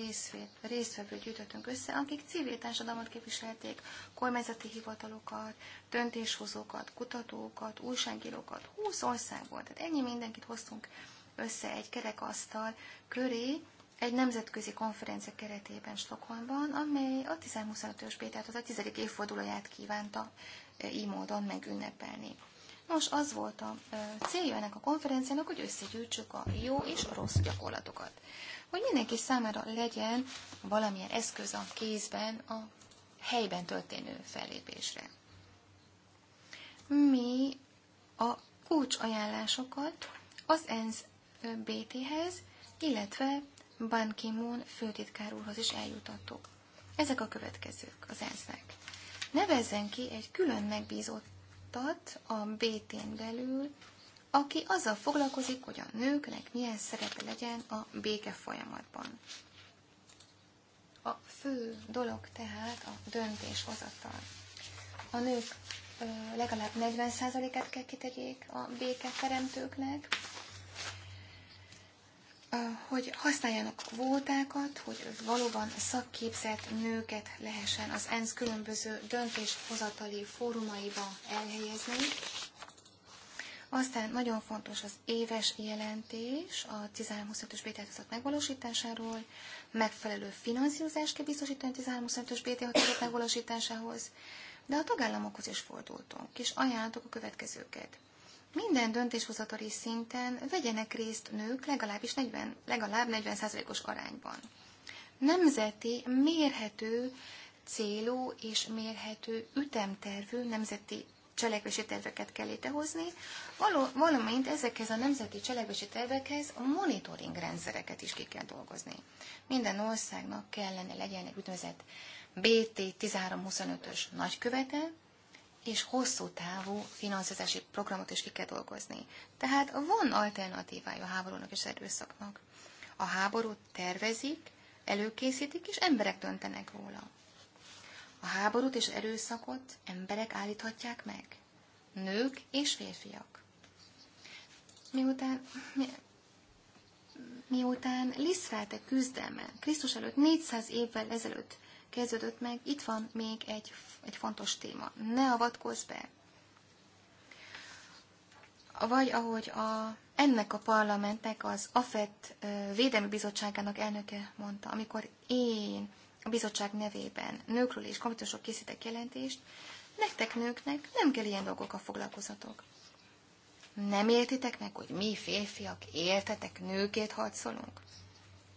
résztvevőt gyűjtöttünk össze, akik civil társadalmat képviselték, kormányzati hivatalokat, döntéshozókat, kutatókat, újságírókat, 20 országból. Tehát ennyi mindenkit hoztunk össze egy kerekasztal köré, egy nemzetközi konferencia keretében Stockholmban, amely a 1025-ös Pétert, az a 10. évfordulóját kívánta e, így módon megünnepelni. Nos, az volt a célja ennek a konferenciának, hogy összegyűjtsük a jó és a rossz gyakorlatokat. Hogy mindenki számára legyen valamilyen eszköz a kézben a helyben történő fellépésre. Mi a kulcsajánlásokat az ENSZ BT-hez, illetve Ban Ki-moon főtitkár úrhoz is eljutattuk. Ezek a következők az ENSZ-nek. Nevezzen ki egy külön megbízott kutat a BT-n belül, aki azzal foglalkozik, hogy a nőknek milyen szerepe legyen a béke folyamatban. A fő dolog tehát a döntéshozatal. A nők legalább 40%-át kell kitegyék a teremtőknek, hogy használjanak kvótákat, hogy valóban szakképzett nőket lehessen az ENSZ különböző döntéshozatali fórumaiba elhelyezni. Aztán nagyon fontos az éves jelentés a 1325-ös BT határozat megvalósításáról, megfelelő finanszírozást kell biztosítani a 1325-ös BT határozat megvalósításához, de a tagállamokhoz is fordultunk, és ajánlatok a következőket minden döntéshozatori szinten vegyenek részt nők legalábbis 40, legalább 40%-os arányban. Nemzeti, mérhető célú és mérhető ütemtervű nemzeti cselekvési terveket kell létrehozni, valamint ezekhez a nemzeti cselekvési tervekhez a monitoring rendszereket is ki kell dolgozni. Minden országnak kellene legyen egy úgynevezett BT 1325-ös nagykövete, és hosszú távú finanszírozási programot is ki kell dolgozni. Tehát van alternatívája a háborúnak és erőszaknak. A háborút tervezik, előkészítik, és emberek döntenek róla. A háborút és erőszakot emberek állíthatják meg. Nők és férfiak. Miután, mi, miután Liszráte küzdelme Krisztus előtt 400 évvel ezelőtt kezdődött meg, itt van még egy, egy fontos téma. Ne avatkozz be! Vagy ahogy a, ennek a parlamentnek az AFET Védelmi Bizottságának elnöke mondta, amikor én a bizottság nevében nőkről és konfliktusról készítek jelentést, nektek nőknek nem kell ilyen dolgokkal foglalkozatok. Nem értitek meg, hogy mi férfiak értetek nőkét harcolunk?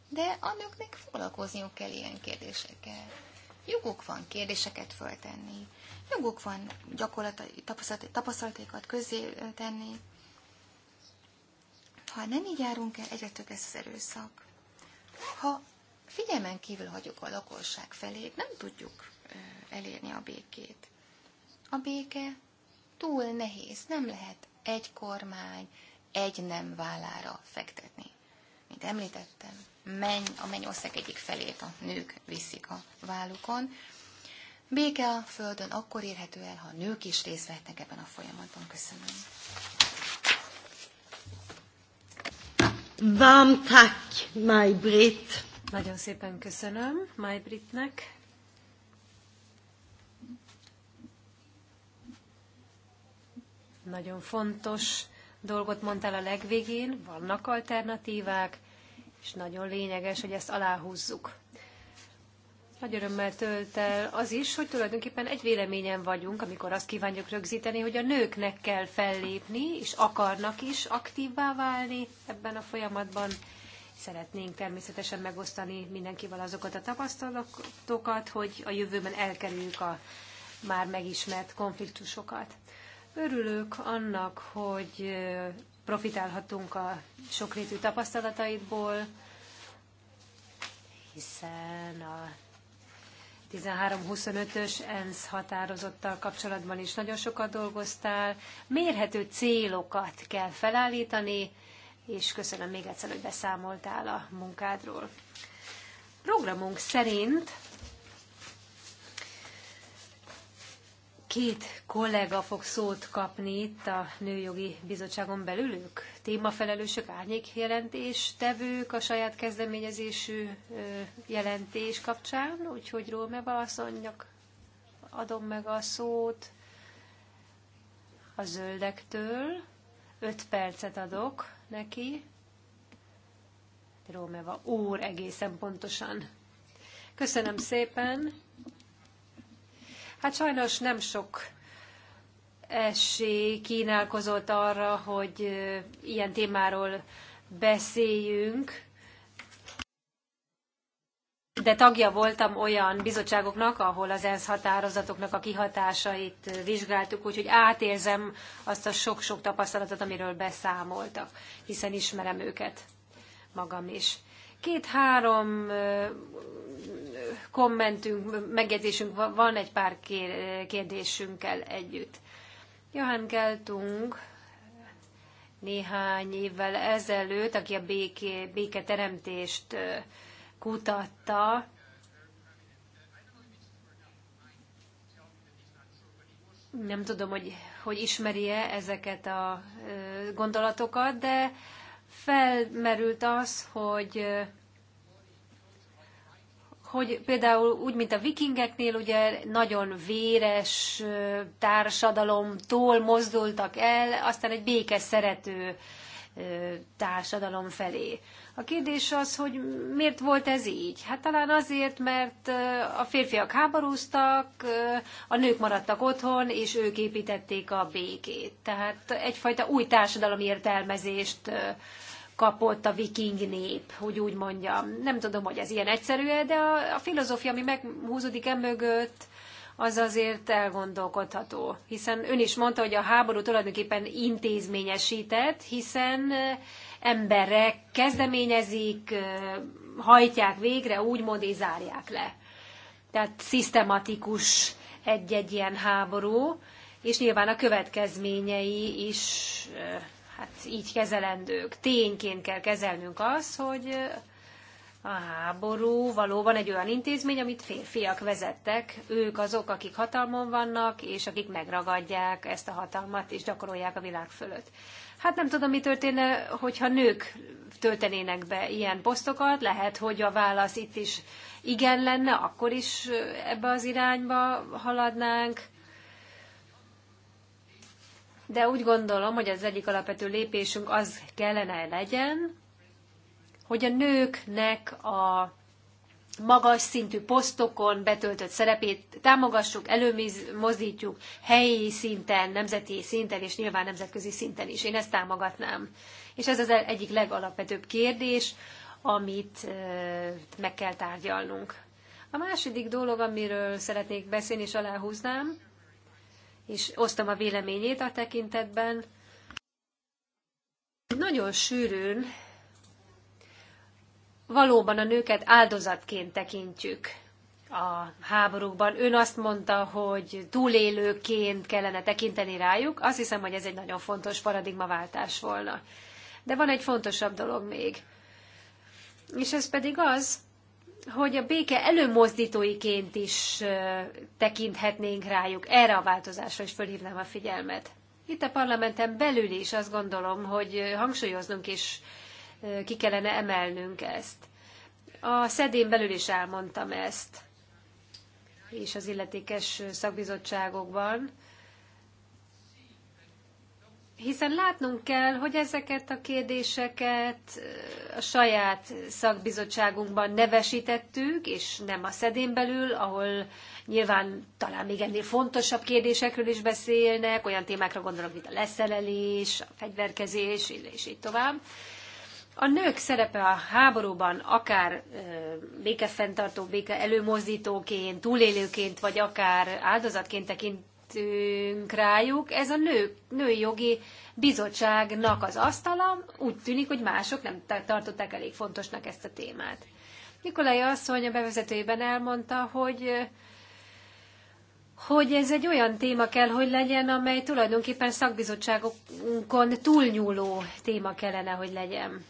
De a nőknek foglalkozniuk kell ilyen kérdésekkel. Joguk van kérdéseket föltenni, joguk van gyakorlati tapasztalataikat közé tenni. Ha nem így járunk el, egyre több lesz az erőszak. Ha figyelmen kívül hagyjuk a lakosság felé, nem tudjuk elérni a békét. A béke túl nehéz, nem lehet egy kormány, egy nem vállára fektetni. Mint említettem, menny, a mennyország egyik felét a nők viszik a vállukon. Béke a Földön akkor érhető el, ha a nők is részt vehetnek ebben a folyamatban. Köszönöm. Vám tak, Maybrit. Nagyon szépen köszönöm Maybritnek. Nagyon fontos dolgot mondtál a legvégén, vannak alternatívák, és nagyon lényeges, hogy ezt aláhúzzuk. Nagy örömmel tölt el az is, hogy tulajdonképpen egy véleményen vagyunk, amikor azt kívánjuk rögzíteni, hogy a nőknek kell fellépni, és akarnak is aktívvá válni ebben a folyamatban. Szeretnénk természetesen megosztani mindenkivel azokat a tapasztalatokat, hogy a jövőben elkerüljük a már megismert konfliktusokat. Örülök annak, hogy profitálhatunk a sokrétű tapasztalataidból, hiszen a 13-25-ös ENSZ határozottal kapcsolatban is nagyon sokat dolgoztál. Mérhető célokat kell felállítani, és köszönöm még egyszer, hogy beszámoltál a munkádról. Programunk szerint Két kollega fog szót kapni itt a Nőjogi Bizottságon belülük. Témafelelősök, jelentés, tevők a saját kezdeményezésű jelentés kapcsán, úgyhogy Rómeva asszonynak adom meg a szót a zöldektől. Öt percet adok neki. Rómeva úr egészen pontosan. Köszönöm szépen. Hát sajnos nem sok esély kínálkozott arra, hogy ilyen témáról beszéljünk, de tagja voltam olyan bizottságoknak, ahol az ENSZ határozatoknak a kihatásait vizsgáltuk, úgyhogy átérzem azt a sok-sok tapasztalatot, amiről beszámoltak, hiszen ismerem őket magam is. Két-három kommentünk, megjegyzésünk van egy pár kérdésünkkel együtt. Johann Geltung néhány évvel ezelőtt, aki a béké, béketeremtést kutatta, nem tudom, hogy, hogy ismeri-e ezeket a gondolatokat, de felmerült az, hogy hogy például úgy, mint a vikingeknél, ugye nagyon véres társadalomtól mozdultak el, aztán egy béke szerető társadalom felé. A kérdés az, hogy miért volt ez így? Hát talán azért, mert a férfiak háborúztak, a nők maradtak otthon, és ők építették a békét. Tehát egyfajta új társadalom értelmezést kapott a viking nép, hogy úgy mondjam. Nem tudom, hogy ez ilyen egyszerű de a, a filozófia, ami meghúzódik emögött, az azért elgondolkodható. Hiszen ön is mondta, hogy a háború tulajdonképpen intézményesített, hiszen emberek kezdeményezik, hajtják végre, úgymond és zárják le. Tehát szisztematikus egy-egy ilyen háború, és nyilván a következményei is hát így kezelendők. Tényként kell kezelnünk az, hogy a háború valóban egy olyan intézmény, amit férfiak vezettek. Ők azok, akik hatalmon vannak, és akik megragadják ezt a hatalmat, és gyakorolják a világ fölött. Hát nem tudom, mi történne, hogyha nők töltenének be ilyen posztokat. Lehet, hogy a válasz itt is igen lenne, akkor is ebbe az irányba haladnánk. De úgy gondolom, hogy az egyik alapvető lépésünk az kellene legyen, hogy a nőknek a magas szintű posztokon betöltött szerepét támogassuk, előmozdítjuk helyi szinten, nemzeti szinten és nyilván nemzetközi szinten is. Én ezt támogatnám. És ez az egyik legalapvetőbb kérdés, amit meg kell tárgyalnunk. A második dolog, amiről szeretnék beszélni és aláhúznám, és osztom a véleményét a tekintetben, nagyon sűrűn valóban a nőket áldozatként tekintjük a háborúkban. Ön azt mondta, hogy túlélőként kellene tekinteni rájuk. Azt hiszem, hogy ez egy nagyon fontos paradigmaváltás volna. De van egy fontosabb dolog még. És ez pedig az, hogy a béke előmozdítóiként is tekinthetnénk rájuk. Erre a változásra is fölhívnám a figyelmet. Itt a parlamenten belül is azt gondolom, hogy hangsúlyoznunk is ki kellene emelnünk ezt. A szedén belül is elmondtam ezt, és az illetékes szakbizottságokban, hiszen látnunk kell, hogy ezeket a kérdéseket a saját szakbizottságunkban nevesítettük, és nem a szedén belül, ahol nyilván talán még ennél fontosabb kérdésekről is beszélnek, olyan témákra gondolok, mint a leszerelés, a fegyverkezés, és így tovább. A nők szerepe a háborúban, akár békefenntartó, béke előmozdítóként, túlélőként, vagy akár áldozatként tekintünk rájuk, ez a nő, női jogi bizottságnak az asztala, úgy tűnik, hogy mások nem tartották elég fontosnak ezt a témát. Nikolai asszony a bevezetőjében elmondta, hogy hogy ez egy olyan téma kell, hogy legyen, amely tulajdonképpen szakbizottságokon túlnyúló téma kellene, hogy legyen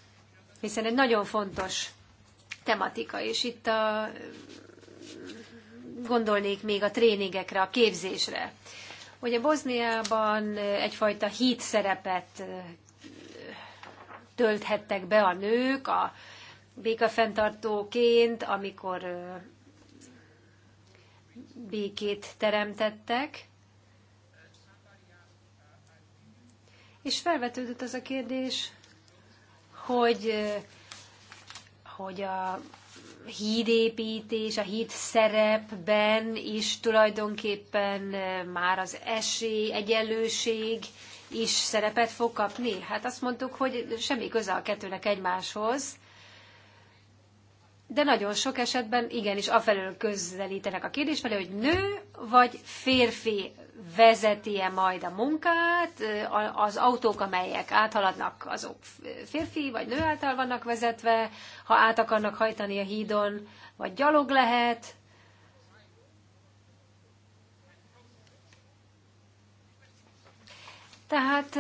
hiszen egy nagyon fontos tematika, és itt a, gondolnék még a tréningekre, a képzésre. Ugye Boszniában egyfajta híd szerepet tölthettek be a nők a békafenntartóként, amikor békét teremtettek. És felvetődött az a kérdés, hogy, hogy a hídépítés, a híd szerepben is tulajdonképpen már az esély, egyenlőség is szerepet fog kapni? Hát azt mondtuk, hogy semmi köze a kettőnek egymáshoz, de nagyon sok esetben igenis afelől közelítenek a kérdés felé, hogy nő vagy férfi vezeti-e majd a munkát, az autók, amelyek áthaladnak, azok férfi vagy nő által vannak vezetve, ha át akarnak hajtani a hídon, vagy gyalog lehet, Tehát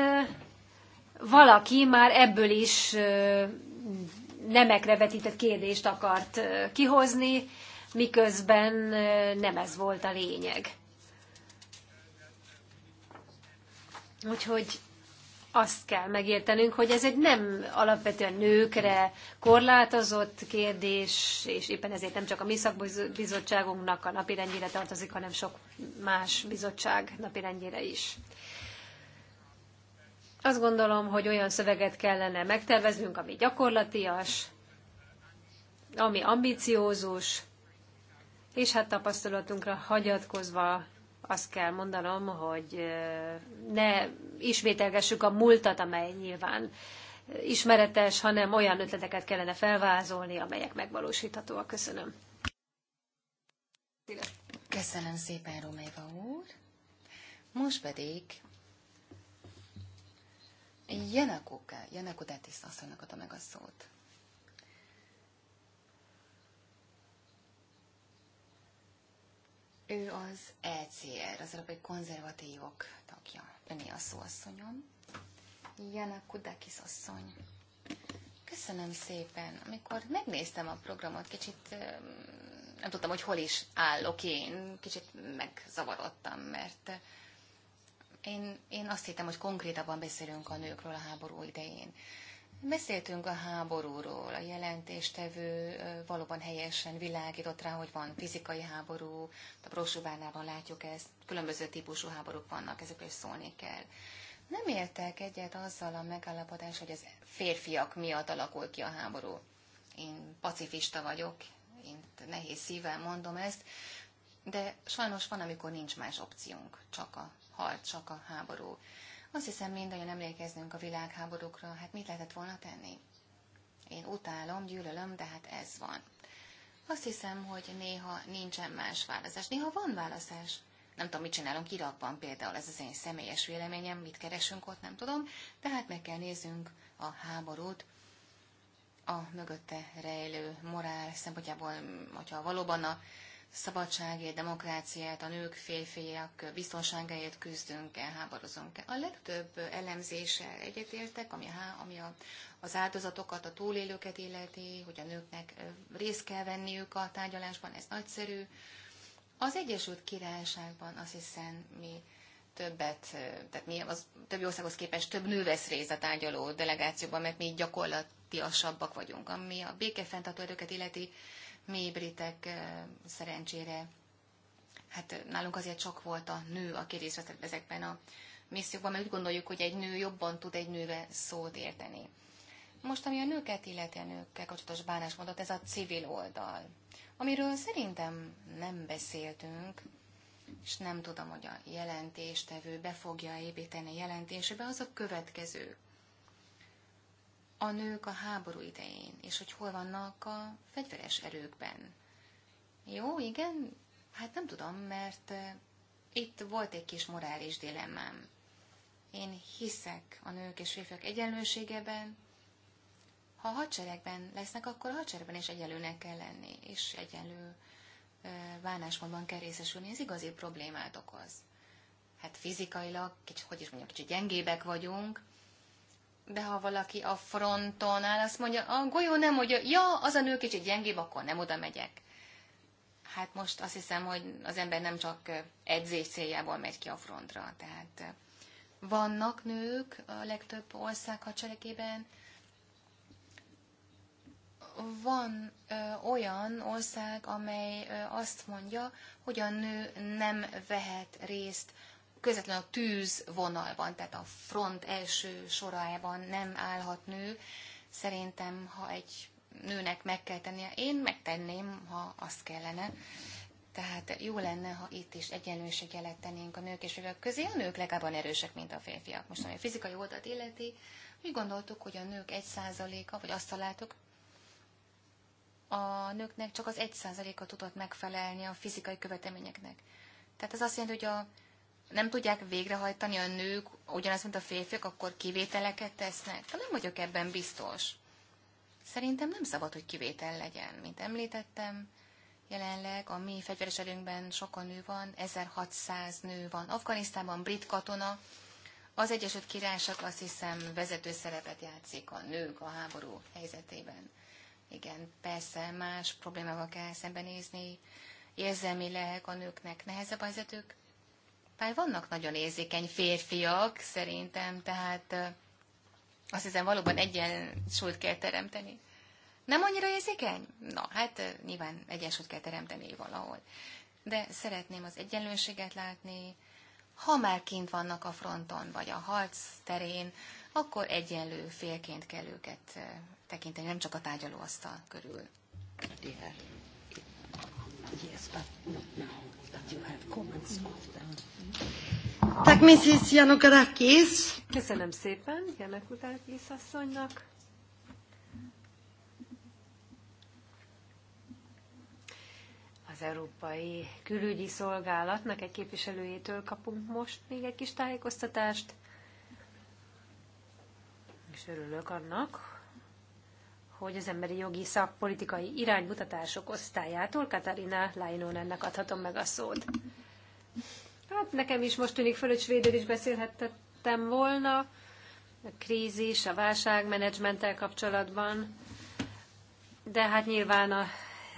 valaki már ebből is nemekre vetített kérdést akart kihozni, miközben nem ez volt a lényeg. Úgyhogy azt kell megértenünk, hogy ez egy nem alapvetően nőkre korlátozott kérdés, és éppen ezért nem csak a mi szakbizottságunknak a napirendjére tartozik, hanem sok más bizottság napirendjére is. Azt gondolom, hogy olyan szöveget kellene megterveznünk, ami gyakorlatias, ami ambiciózus, és hát tapasztalatunkra hagyatkozva azt kell mondanom, hogy ne ismételgessük a múltat, amely nyilván ismeretes, hanem olyan ötleteket kellene felvázolni, amelyek megvalósíthatóak. Köszönöm. Köszönöm szépen, Roméva úr. Most pedig Janakóká, Jenekó Detis asszonynak adta meg a szót. Ő az ECR, az Európai Konzervatívok tagja. Öné a szó asszonyom. Janakó Detis asszony. Köszönöm szépen. Amikor megnéztem a programot, kicsit nem tudtam, hogy hol is állok én. Kicsit megzavarodtam, mert én, én azt hittem, hogy konkrétabban beszélünk a nőkről a háború idején. Beszéltünk a háborúról, a jelentéstevő valóban helyesen világított rá, hogy van fizikai háború, a brosúvárnában látjuk ezt, különböző típusú háborúk vannak, ezekről szólni kell. Nem értek egyet azzal a megállapodás, hogy az férfiak miatt alakul ki a háború. Én pacifista vagyok, én nehéz szívvel mondom ezt, de sajnos van, amikor nincs más opciónk, csak a halt csak a háború. Azt hiszem, mindannyian emlékeznünk a világháborúkra, hát mit lehetett volna tenni? Én utálom, gyűlölöm, de hát ez van. Azt hiszem, hogy néha nincsen más választás. Néha van választás. Nem tudom, mit csinálunk Irakban például, ez az én személyes véleményem, mit keresünk ott, nem tudom, de hát meg kell néznünk a háborút, a mögötte rejlő morál szempontjából, hogyha valóban a szabadságért, demokráciát, a nők, férfiak biztonságáért küzdünk-e, háborozunk-e. A legtöbb elemzéssel egyetértek, ami, a, ami a, az áldozatokat, a túlélőket illeti, hogy a nőknek részt kell venniük a tárgyalásban, ez nagyszerű. Az Egyesült Királyságban azt hiszem mi többet, tehát mi az többi országhoz képest több nő vesz részt a tárgyaló delegációban, mert mi gyakorlatiasabbak vagyunk. Ami a békefenntartó erőket illeti, mi britek szerencsére, hát nálunk azért sok volt a nő, aki részt vett ezekben a missziókban, mert úgy gondoljuk, hogy egy nő jobban tud egy nővel szót érteni. Most, ami a nőket illetve a nőkkel kapcsolatos bánásmódot, ez a civil oldal, amiről szerintem nem beszéltünk, és nem tudom, hogy a jelentéstevő be fogja építeni a jelentésébe, az a következő a nők a háború idején, és hogy hol vannak a fegyveres erőkben. Jó, igen, hát nem tudom, mert eh, itt volt egy kis morális dilemmám. Én hiszek a nők és férfiak egyenlőségeben, ha a hadseregben lesznek, akkor a hadseregben is egyenlőnek kell lenni, és egyenlő eh, bánásmódban kell részesülni, ez igazi problémát okoz. Hát fizikailag, kicsit, hogy is mondjam, kicsit gyengébek vagyunk, de ha valaki a fronton áll, azt mondja, a golyó nem hogy ja, az a nő kicsit gyengébb, akkor nem oda megyek. Hát most azt hiszem, hogy az ember nem csak edzés céljából megy ki a frontra. Tehát eh, vannak nők a legtöbb ország hadseregében, van ö, eh, olyan ország, amely ö, eh, azt mondja, hogy a nő nem vehet részt közvetlenül a tűz vonalban, tehát a front első sorájában nem állhat nő. Szerintem, ha egy nőnek meg kell tennie, én megtenném, ha azt kellene. Tehát jó lenne, ha itt is egyenlőséget tennénk a nők és férfiak közé. A nők legalább erősek, mint a férfiak. Most ami a fizikai oldalt illeti, mi gondoltuk, hogy a nők egy a vagy azt találtuk, a nőknek csak az egy a tudott megfelelni a fizikai követelményeknek. Tehát ez azt jelenti, hogy a nem tudják végrehajtani a nők ugyanaz, mint a férfiak, akkor kivételeket tesznek. De hát nem vagyok ebben biztos. Szerintem nem szabad, hogy kivétel legyen. Mint említettem, jelenleg a mi fegyveres erőnkben sokan nő van, 1600 nő van. Afganisztánban brit katona, az Egyesült Királyság azt hiszem vezető szerepet játszik a nők a háború helyzetében. Igen, persze más problémával kell szembenézni, érzelmileg a nőknek nehezebb a helyzetük, bár vannak nagyon érzékeny férfiak, szerintem, tehát azt hiszem valóban egyensúlyt kell teremteni. Nem annyira érzékeny? Na, hát nyilván egyensúlyt kell teremteni valahol. De szeretném az egyenlőséget látni, ha már kint vannak a fronton, vagy a harc terén, akkor egyenlő félként kell őket tekinteni, nem csak a tárgyalóasztal körül. Yeah. Yes, but not now. you have comments Tak, Mrs. Janokarakis. Köszönöm szépen Janokarakis asszonynak. Az Európai Külügyi Szolgálatnak egy képviselőjétől kapunk most még egy kis tájékoztatást. És örülök annak, hogy az emberi jogi szakpolitikai iránymutatások osztályától Katarina Lainon ennek adhatom meg a szót. Hát nekem is most tűnik föl, hogy svédül is beszélhettem volna a krízis, a válságmenedzsmenttel kapcsolatban, de hát nyilván a,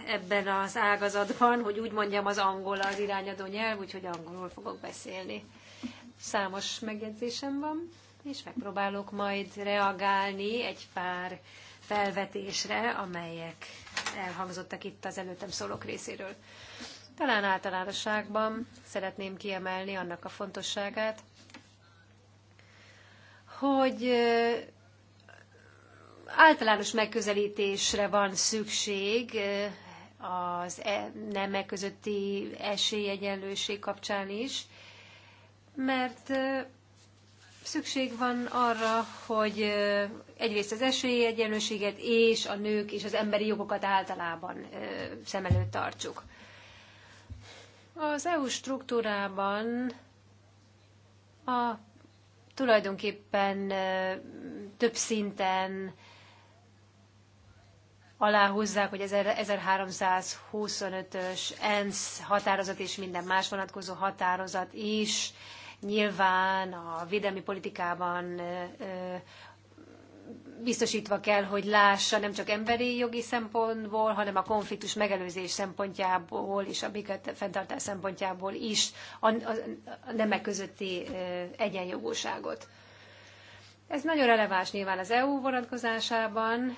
ebben az ágazatban, hogy úgy mondjam, az angol az irányadó nyelv, úgyhogy angolul fogok beszélni. Számos megjegyzésem van, és megpróbálok majd reagálni egy pár felvetésre, amelyek elhangzottak itt az előttem szólók részéről. Talán általánosságban szeretném kiemelni annak a fontosságát, hogy általános megközelítésre van szükség az e, nemek közötti esélyegyenlőség kapcsán is, mert Szükség van arra, hogy egyrészt az esélyegyenlőséget és a nők és az emberi jogokat általában szem előtt tartsuk. Az EU struktúrában a tulajdonképpen több szinten aláhúzzák, hogy 1325-ös ENSZ határozat és minden más vonatkozó határozat is Nyilván a védelmi politikában biztosítva kell, hogy lássa nem csak emberi jogi szempontból, hanem a konfliktus megelőzés szempontjából és a béket fenntartás szempontjából is a, a, a nemek közötti egyenjogúságot. Ez nagyon releváns nyilván az EU vonatkozásában,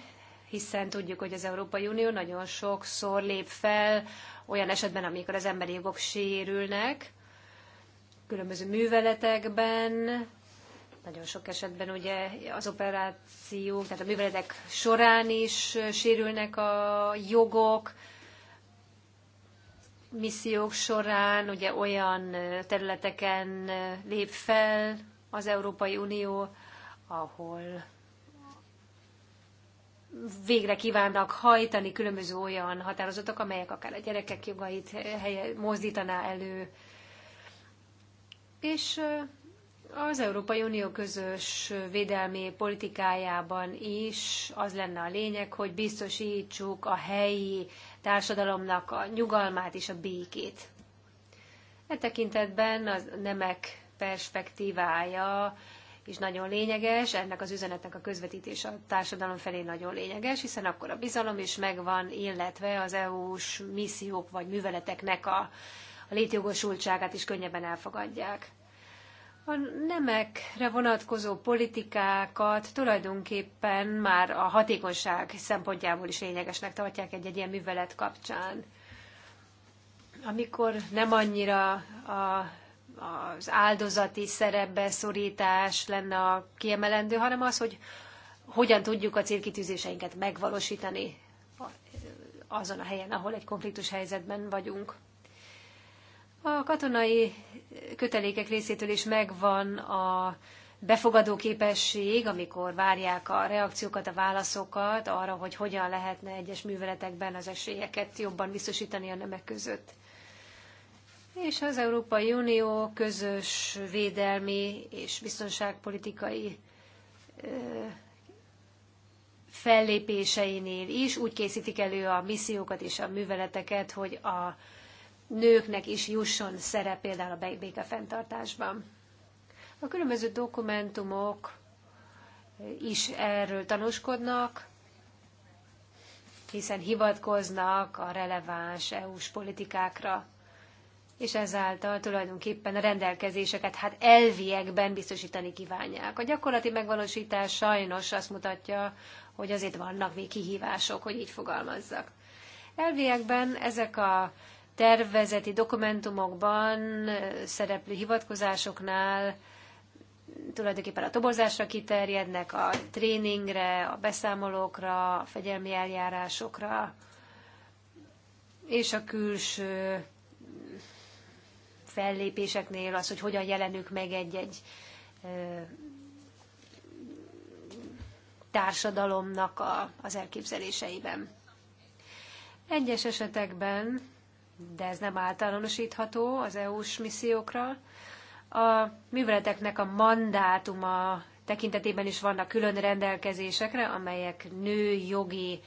hiszen tudjuk, hogy az Európai Unió nagyon sokszor lép fel olyan esetben, amikor az emberi jogok sérülnek, különböző műveletekben, nagyon sok esetben ugye az operációk, tehát a műveletek során is sérülnek a jogok, missziók során ugye olyan területeken lép fel az Európai Unió, ahol végre kívánnak hajtani különböző olyan határozatok, amelyek akár a gyerekek jogait helye, mozdítaná elő, és az Európai Unió közös védelmi politikájában is az lenne a lényeg, hogy biztosítsuk a helyi társadalomnak a nyugalmát és a békét. E tekintetben a nemek perspektívája is nagyon lényeges, ennek az üzenetnek a közvetítése a társadalom felé nagyon lényeges, hiszen akkor a bizalom is megvan, illetve az EU-s missziók vagy műveleteknek a a létjogosultságát is könnyebben elfogadják. A nemekre vonatkozó politikákat tulajdonképpen már a hatékonyság szempontjából is lényegesnek tartják egy-egy ilyen művelet kapcsán. Amikor nem annyira a az áldozati szerepbe szorítás lenne a kiemelendő, hanem az, hogy hogyan tudjuk a célkitűzéseinket megvalósítani azon a helyen, ahol egy konfliktus helyzetben vagyunk. A katonai kötelékek részétől is megvan a befogadó képesség, amikor várják a reakciókat, a válaszokat arra, hogy hogyan lehetne egyes műveletekben az esélyeket jobban biztosítani a nemek között. És az Európai Unió közös védelmi és biztonságpolitikai fellépéseinél is úgy készítik elő a missziókat és a műveleteket, hogy a nőknek is jusson szerep például a békefenntartásban. A különböző dokumentumok is erről tanúskodnak, hiszen hivatkoznak a releváns EU-s politikákra, és ezáltal tulajdonképpen a rendelkezéseket hát elviekben biztosítani kívánják. A gyakorlati megvalósítás sajnos azt mutatja, hogy azért vannak még kihívások, hogy így fogalmazzak. Elviekben ezek a tervezeti dokumentumokban szereplő hivatkozásoknál tulajdonképpen a toborzásra kiterjednek, a tréningre, a beszámolókra, a fegyelmi eljárásokra, és a külső fellépéseknél az, hogy hogyan jelenünk meg egy-egy társadalomnak a, az elképzeléseiben. Egyes esetekben de ez nem általánosítható az EU-s missziókra. A műveleteknek a mandátuma tekintetében is vannak külön rendelkezésekre, amelyek nőjogi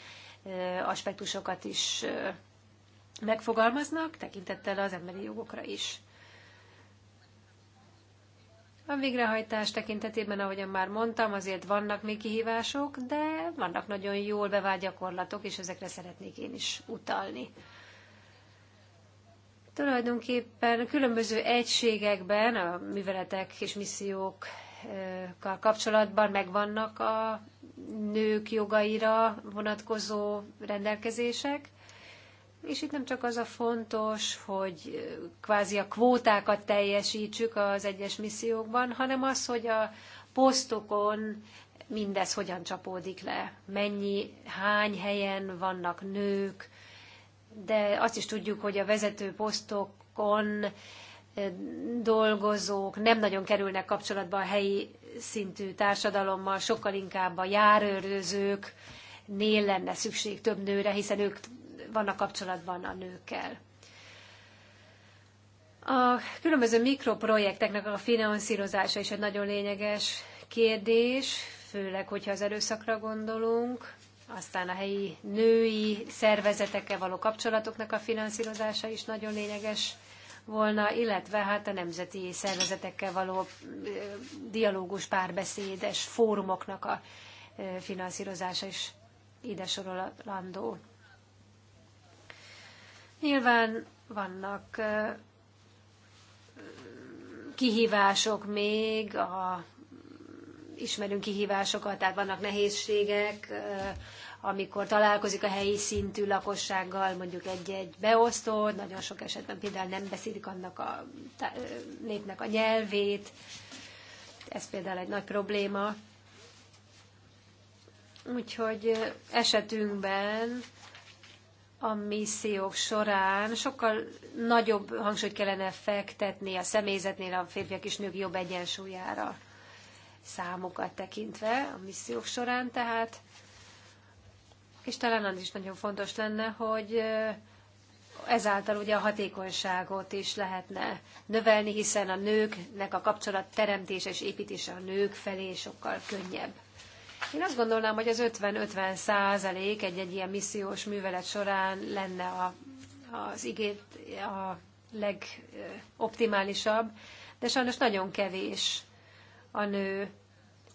aspektusokat is megfogalmaznak, tekintettel az emberi jogokra is. A végrehajtás tekintetében, ahogyan már mondtam, azért vannak még kihívások, de vannak nagyon jól bevált gyakorlatok, és ezekre szeretnék én is utalni. Tulajdonképpen különböző egységekben, a műveletek és missziókkal kapcsolatban megvannak a nők jogaira vonatkozó rendelkezések, és itt nem csak az a fontos, hogy kvázi a kvótákat teljesítsük az egyes missziókban, hanem az, hogy a posztokon mindez hogyan csapódik le, mennyi, hány helyen vannak nők, de azt is tudjuk, hogy a vezető posztokon eh, dolgozók nem nagyon kerülnek kapcsolatba a helyi szintű társadalommal, sokkal inkább a járőrözők, nél lenne szükség több nőre, hiszen ők vannak kapcsolatban a nőkkel. A különböző mikroprojekteknek a finanszírozása is egy nagyon lényeges kérdés, főleg, hogyha az erőszakra gondolunk. Aztán a helyi női szervezetekkel való kapcsolatoknak a finanszírozása is nagyon lényeges volna, illetve hát a nemzeti szervezetekkel való dialógus párbeszédes fórumoknak a finanszírozása is ide sorolandó. Nyilván vannak kihívások még, a, ismerünk kihívásokat, tehát vannak nehézségek, amikor találkozik a helyi szintű lakossággal, mondjuk egy-egy beosztó, nagyon sok esetben például nem beszélik annak a népnek a nyelvét, ez például egy nagy probléma. Úgyhogy esetünkben a missziók során sokkal nagyobb hangsúlyt kellene fektetni a személyzetnél a férfiak és nők jobb egyensúlyára számokat tekintve a missziók során, tehát és talán az is nagyon fontos lenne, hogy ezáltal ugye a hatékonyságot is lehetne növelni, hiszen a nőknek a kapcsolat teremtése és építése a nők felé sokkal könnyebb. Én azt gondolnám, hogy az 50-50 százalék egy-egy ilyen missziós művelet során lenne a, az igét a legoptimálisabb, de sajnos nagyon kevés a nő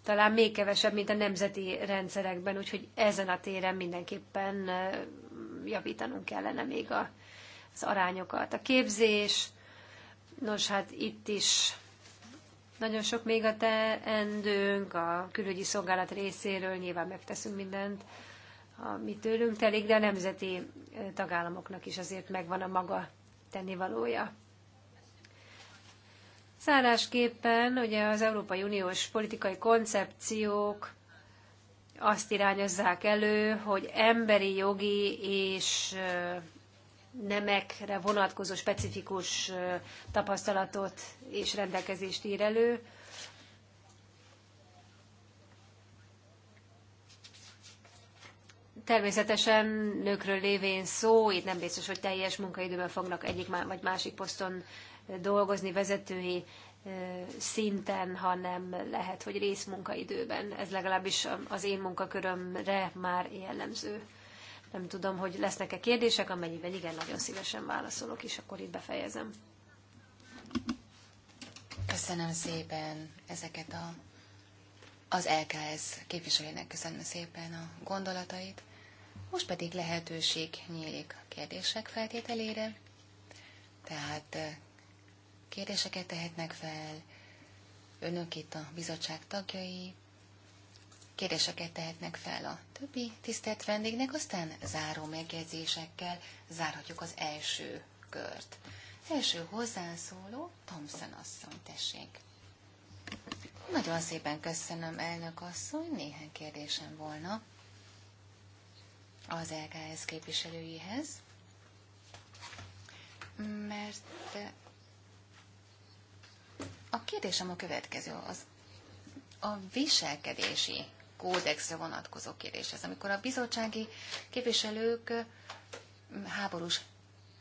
talán még kevesebb, mint a nemzeti rendszerekben, úgyhogy ezen a téren mindenképpen javítanunk kellene még a, az arányokat. A képzés, nos hát itt is nagyon sok még a teendőnk, a külügyi szolgálat részéről nyilván megteszünk mindent, ami tőlünk telik, de a nemzeti tagállamoknak is azért megvan a maga tennivalója. Zárásképpen ugye az Európai Uniós politikai koncepciók azt irányozzák elő, hogy emberi jogi és nemekre vonatkozó specifikus tapasztalatot és rendelkezést ír elő. Természetesen nőkről lévén szó, itt nem biztos, hogy teljes munkaidőben fognak egyik vagy másik poszton dolgozni vezetői szinten, hanem lehet, hogy részmunkaidőben. Ez legalábbis az én munkakörömre már jellemző. Nem tudom, hogy lesznek-e kérdések, amennyiben igen, nagyon szívesen válaszolok, és akkor itt befejezem. Köszönöm szépen ezeket a, az LKS képviselőnek köszönöm szépen a gondolatait. Most pedig lehetőség nyílik a kérdések feltételére, tehát Kérdéseket tehetnek fel önök itt a bizottság tagjai, kérdéseket tehetnek fel a többi tisztelt vendégnek, aztán záró megjegyzésekkel zárhatjuk az első kört. Első hozzászóló Thompson asszony, tessék. Nagyon szépen köszönöm, elnök asszony, néhány kérdésem volna az LKS képviselőihez, mert a kérdésem a következő az a viselkedési kódexre vonatkozó kérdés. Ez amikor a bizottsági képviselők háborús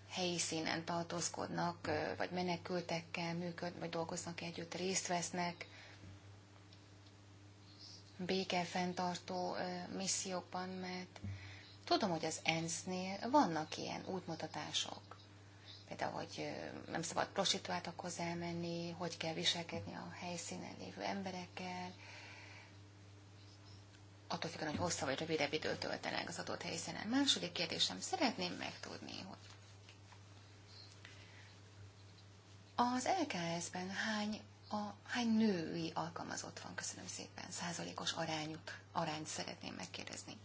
helyszínen tartózkodnak, vagy menekültekkel működnek, vagy dolgoznak együtt, részt vesznek békefenntartó missziókban, mert tudom, hogy az ENSZ-nél vannak ilyen útmutatások például, hogy nem szabad prostituáltakhoz elmenni, hogy kell viselkedni a helyszínen lévő emberekkel, attól függően, hogy hosszabb vagy rövidebb időt töltenek az adott helyszínen. Második kérdésem, szeretném megtudni, hogy az LKS-ben hány, a, hány női alkalmazott van? Köszönöm szépen. Százalékos arányuk arányt szeretném megkérdezni.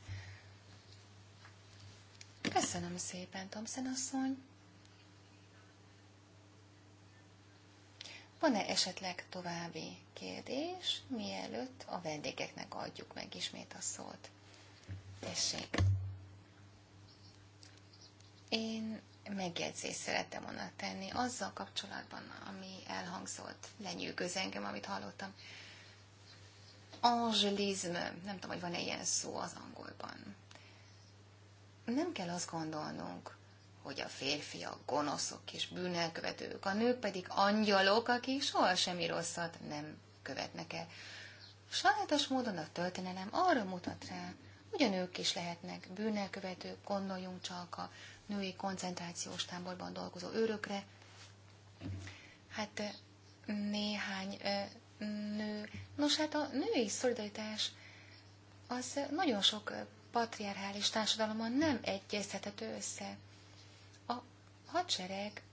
Köszönöm szépen, Tomszen asszony. Van-e esetleg további kérdés, mielőtt a vendégeknek adjuk meg ismét a szót? Tessék! Én megjegyzést szerettem volna tenni azzal kapcsolatban, ami elhangzott, lenyűgöz engem, amit hallottam. Angelizm, nem tudom, hogy van-e ilyen szó az angolban. Nem kell azt gondolnunk, hogy a férfiak gonoszok és bűnelkövetők, a nők pedig angyalok, akik soha semmi rosszat nem követnek el. Sajátos módon a történelem arra mutat rá, hogy a nők is lehetnek bűnelkövetők, gondoljunk csak a női koncentrációs táborban dolgozó őrökre. Hát néhány nő, nos hát a női szolidaritás az nagyon sok patriarchális társadalomban nem egyeztethető össze hadsereg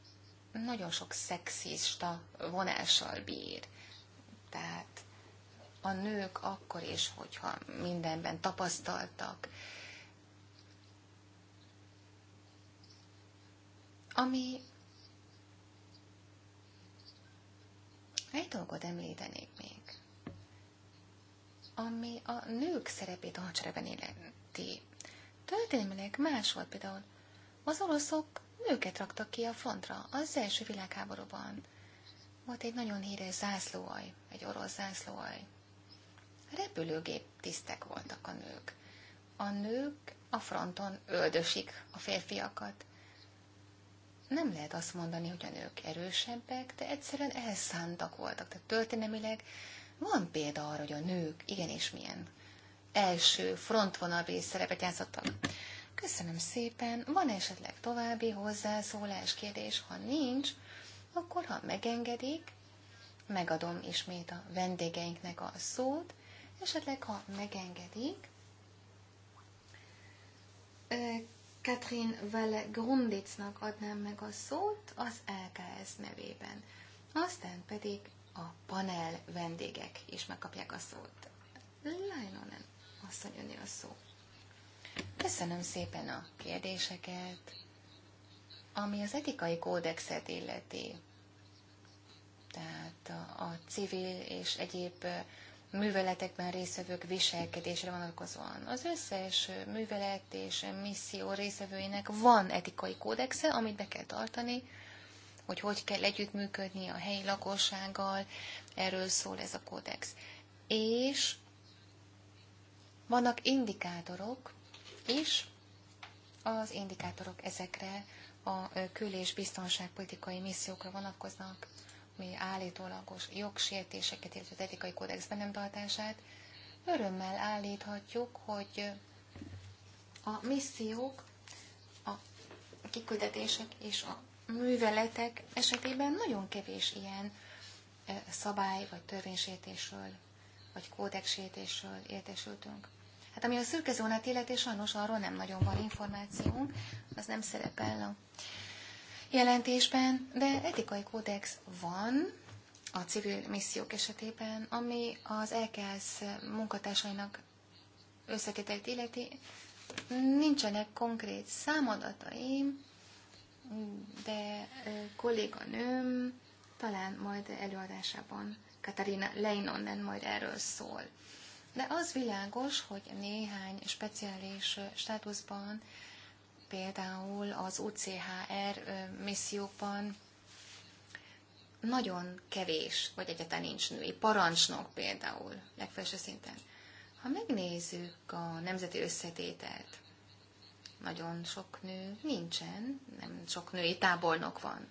nagyon sok szexista vonással bír. Tehát a nők akkor is, hogyha mindenben tapasztaltak, ami egy dolgot említenék még, ami a nők szerepét a hadseregben illeti. Történelmileg más volt például. Az oroszok Nőket raktak ki a frontra az első világháborúban. Volt egy nagyon híres zászlóaj, egy orosz zászlóaj. Repülőgép tisztek voltak a nők. A nők a fronton öldösik a férfiakat. Nem lehet azt mondani, hogy a nők erősebbek, de egyszerűen elszántak voltak. Tehát történelmileg van példa arra, hogy a nők igenis milyen első frontvonalbeli szerepet játszottak. Köszönöm szépen. Van esetleg további hozzászólás, kérdés? Ha nincs, akkor ha megengedik, megadom ismét a vendégeinknek a szót. Esetleg, ha megengedik, Katrin Vele Grundicnak adnám meg a szót az LKS nevében. Aztán pedig a panel vendégek is megkapják a szót. Lajnonen asszony önni a szót. Köszönöm szépen a kérdéseket. Ami az etikai kódexet illeti, tehát a, a civil és egyéb műveletekben részvevők viselkedésre vonatkozóan. Az összes művelet és misszió részvevőinek van etikai kódexe, amit be kell tartani, hogy hogy kell együttműködni a helyi lakossággal, erről szól ez a kódex. És vannak indikátorok, és az indikátorok ezekre a kül- és biztonságpolitikai missziókra vonatkoznak, mi állítólagos jogsértéseket, illetve az etikai kódex nem tartását. Örömmel állíthatjuk, hogy a missziók, a kiküldetések és a műveletek esetében nagyon kevés ilyen szabály vagy törvénysértésről, vagy kódexsétésről értesültünk. Hát ami a szürke zónát illeti, sajnos arról nem nagyon van információnk, az nem szerepel a jelentésben, de etikai kódex van a civil missziók esetében, ami az LKS munkatársainak összetételt illeti. Nincsenek konkrét számadataim, de kolléganőm talán majd előadásában Katarina Leinonen majd erről szól. De az világos, hogy néhány speciális státuszban, például az UCHR missziókban nagyon kevés, vagy egyáltalán nincs női parancsnok például legfelső szinten. Ha megnézzük a nemzeti összetételt, nagyon sok nő nincsen, nem sok női tábornok van,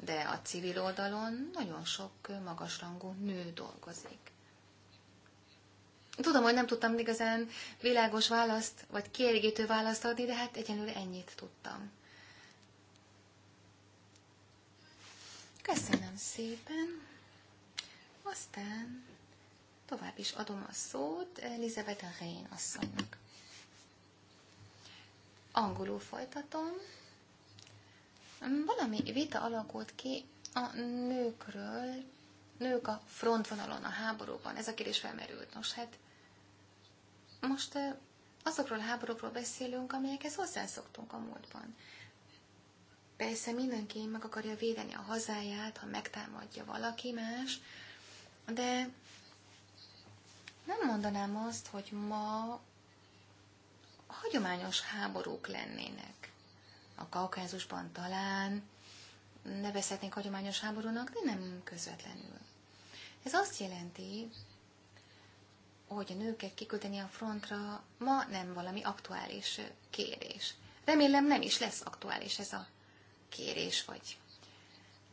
de a civil oldalon nagyon sok magasrangú nő dolgozik. Tudom, hogy nem tudtam igazán világos választ, vagy kielégítő választ adni, de hát egyenlőre ennyit tudtam. Köszönöm szépen. Aztán tovább is adom a szót Elizabeth Rein asszonynak. Angolul folytatom. Valami vita alakult ki a nőkről, nők a frontvonalon, a háborúban. Ez a kérdés felmerült. Nos, hát most azokról a háborúkról beszélünk, amelyekhez hozzászoktunk a múltban. Persze mindenki meg akarja védeni a hazáját, ha megtámadja valaki más, de nem mondanám azt, hogy ma hagyományos háborúk lennének. A Kaukázusban talán nevezhetnénk hagyományos háborúnak, de nem közvetlenül. Ez azt jelenti, hogy a nőket kiküldeni a frontra ma nem valami aktuális kérés. Remélem nem is lesz aktuális ez a kérés, vagy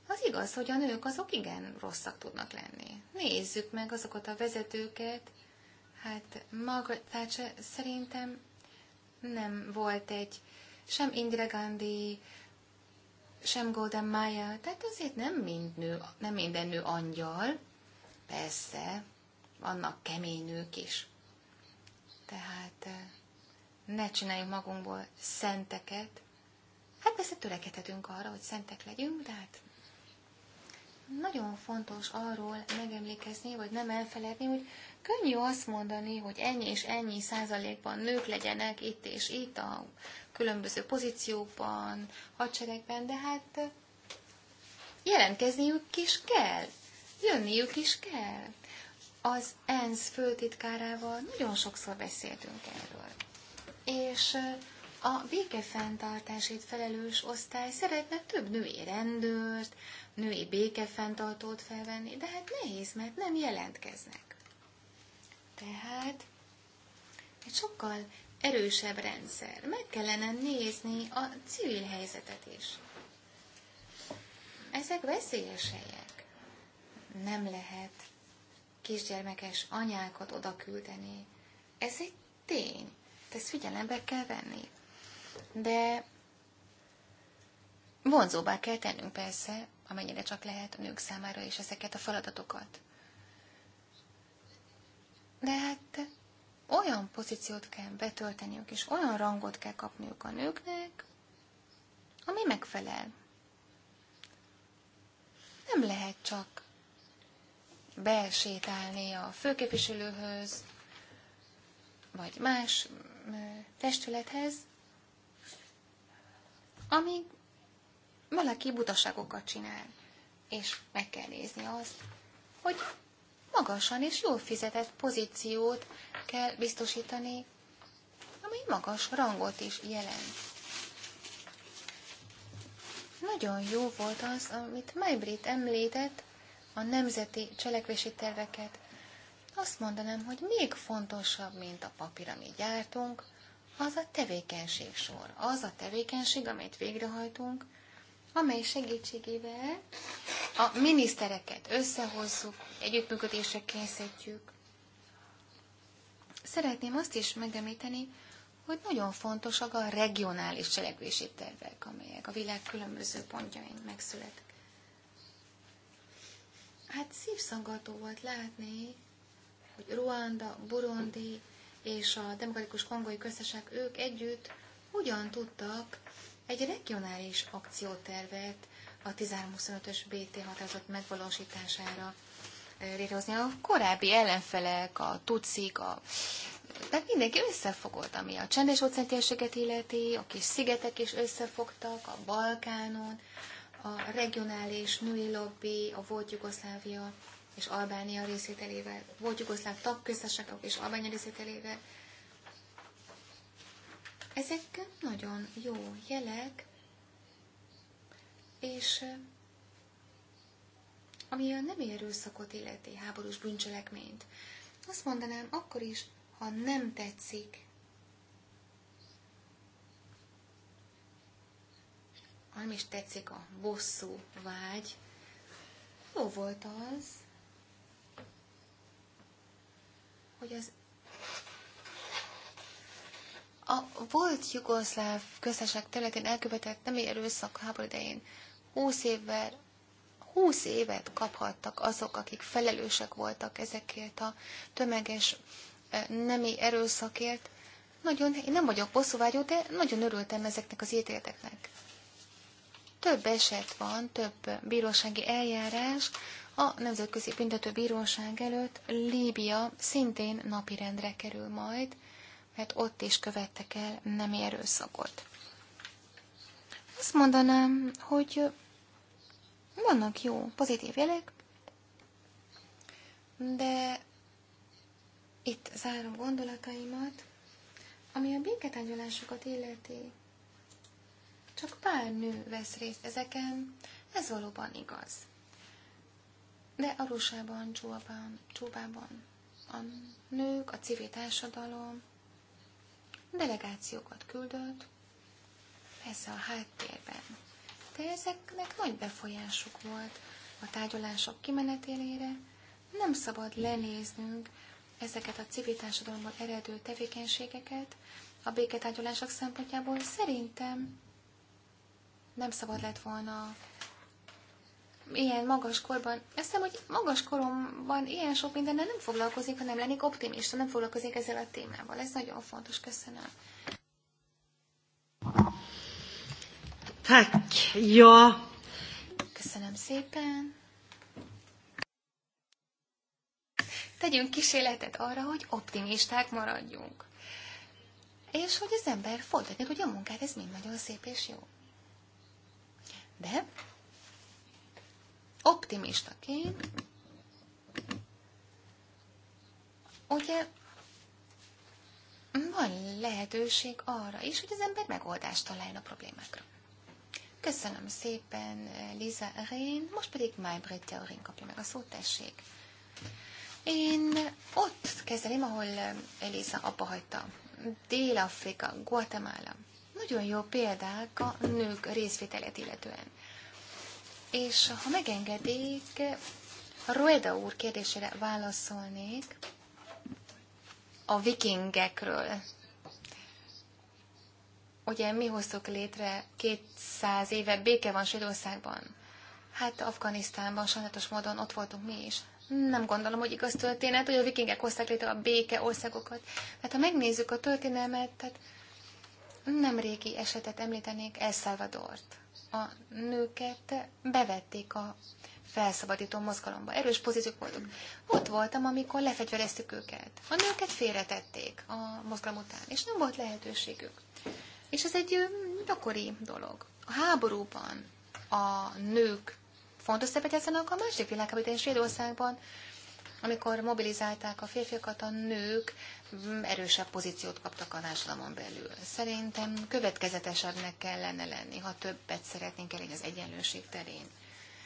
az igaz, hogy a nők azok igen rosszak tudnak lenni. Nézzük meg azokat a vezetőket. Hát Margaret Thatcher szerintem nem volt egy sem Indira Gandhi, sem Golden Maya. tehát azért nem, mind nő, nem minden nő angyal, Persze, vannak kemény nők is. Tehát eh, ne csináljunk magunkból szenteket. Hát persze törekedhetünk arra, hogy szentek legyünk, de hát nagyon fontos arról megemlékezni, vagy nem elfeledni, hogy könnyű azt mondani, hogy ennyi és ennyi százalékban nők legyenek itt és itt a különböző pozíciókban, hadseregben, de hát eh, jelentkezniük is kell jönniük is kell. Az ENSZ főtitkárával nagyon sokszor beszéltünk erről. És eh, a békefenntartásért felelős osztály szeretne több női rendőrt, női békefenntartót felvenni, de hát nehéz, mert nem jelentkeznek. Tehát egy sokkal erősebb rendszer. Meg kellene nézni a civil helyzetet is. Ezek veszélyes helyek nem lehet kisgyermekes anyákat oda küldeni. Ez egy tény. Ezt figyelembe kell venni. De vonzóbbá kell tennünk persze, amennyire csak lehet a nők számára is ezeket a feladatokat. De hát olyan pozíciót kell betölteniük, és olyan rangot kell kapniuk a nőknek, ami megfelel. Nem lehet csak besétálni a főképviselőhöz, vagy más testülethez, amíg valaki butaságokat csinál, és meg kell nézni azt, hogy magasan és jól fizetett pozíciót kell biztosítani, ami magas rangot is jelent. Nagyon jó volt az, amit Maybrit említett, a nemzeti cselekvési terveket, azt mondanám, hogy még fontosabb, mint a papír, amit gyártunk, az a tevékenység sor, az a tevékenység, amelyet végrehajtunk, amely segítségével a minisztereket összehozzuk, együttműködésre készítjük. Szeretném azt is megemlíteni, hogy nagyon fontosak a regionális cselekvési tervek, amelyek a világ különböző pontjain megszületnek szívszangató volt látni, hogy Ruanda, Burundi és a Demokratikus Kongói Köztesek ők együtt hogyan tudtak egy regionális akciótervet a 1325-ös BT határozat megvalósítására eh, létrehozni. A korábbi ellenfelek, a tucik, a tehát mindenki összefogott, ami a csendes óceán illeti, a kis szigetek is összefogtak, a Balkánon, a regionális női lobby, a volt Jugoszlávia és Albánia részvételével, volt Jugoszláv tagköztesek és Albánia részvételével. Ezek nagyon jó jelek, és eh, ami a nem erőszakot illeti háborús bűncselekményt, azt mondanám akkor is, ha nem tetszik nem is tetszik a bosszú vágy. Jó volt az, hogy az a volt jugoszláv köztársaság területén elkövetett nemi erőszak háború idején 20 évvel 20 évet kaphattak azok, akik felelősek voltak ezekért a tömeges eh, nemi erőszakért. Nagyon, én nem vagyok bosszúvágyó, de nagyon örültem ezeknek az ítéleteknek. Több eset van, több bírósági eljárás a Nemzetközi Büntetőbíróság előtt Líbia szintén napirendre kerül majd, mert ott is követtek el nem erőszakot. Azt mondanám, hogy vannak jó, pozitív jelek, de itt zárom gondolataimat, ami a béketárgyalásokat illeti. Csak pár nő vesz részt ezeken, ez valóban igaz. De Arusában, Csúbában, csóbában a nők, a civil társadalom delegációkat küldött, persze a háttérben. De ezeknek nagy befolyásuk volt a tárgyalások kimenetélére. Nem szabad lenéznünk ezeket a civil társadalomból eredő tevékenységeket a béketárgyalások szempontjából. Szerintem nem szabad lett volna ilyen magas korban, azt hiszem, hogy magas koromban ilyen sok mindennel nem foglalkozik, hanem lennék optimista, nem foglalkozik ezzel a témával. Ez nagyon fontos, köszönöm. Tak, jó. Köszönöm szépen. Tegyünk kísérletet arra, hogy optimisták maradjunk. És hogy az ember folytatja, tudja a munkát, ez mind nagyon szép és jó de optimistaként, ugye van lehetőség arra is, hogy az ember megoldást találjon a problémákra. Köszönöm szépen, Liza Rén, most pedig Maybrit Teorin kapja meg a szót, tessék. Én ott kezelem, ahol Eliza abba hagyta. Dél-Afrika, Guatemala nagyon jó példák a nők részvételét illetően. És ha megengedik, Rueda úr kérdésére válaszolnék a vikingekről. Ugye mi hoztuk létre 200 éve béke van Svédországban? Hát Afganisztánban sajnálatos módon ott voltunk mi is. Nem gondolom, hogy igaz történet, hogy a vikingek hozták létre a béke országokat. Mert hát ha megnézzük a történelmet, tehát nem régi esetet említenék El Salvadort. A nőket bevették a felszabadító mozgalomba. Erős pozíciók voltak. Ott voltam, amikor lefegyvereztük őket. A nőket félretették a mozgalom után, és nem volt lehetőségük. És ez egy gyakori dolog. A háborúban a nők fontos szerepet játszanak a második és Svédországban, amikor mobilizálták a férfiakat, a nők Mm, erősebb pozíciót kaptak a társadalmon belül. Szerintem következetesebbnek kellene lenni, ha többet szeretnénk elérni az egyenlőség terén.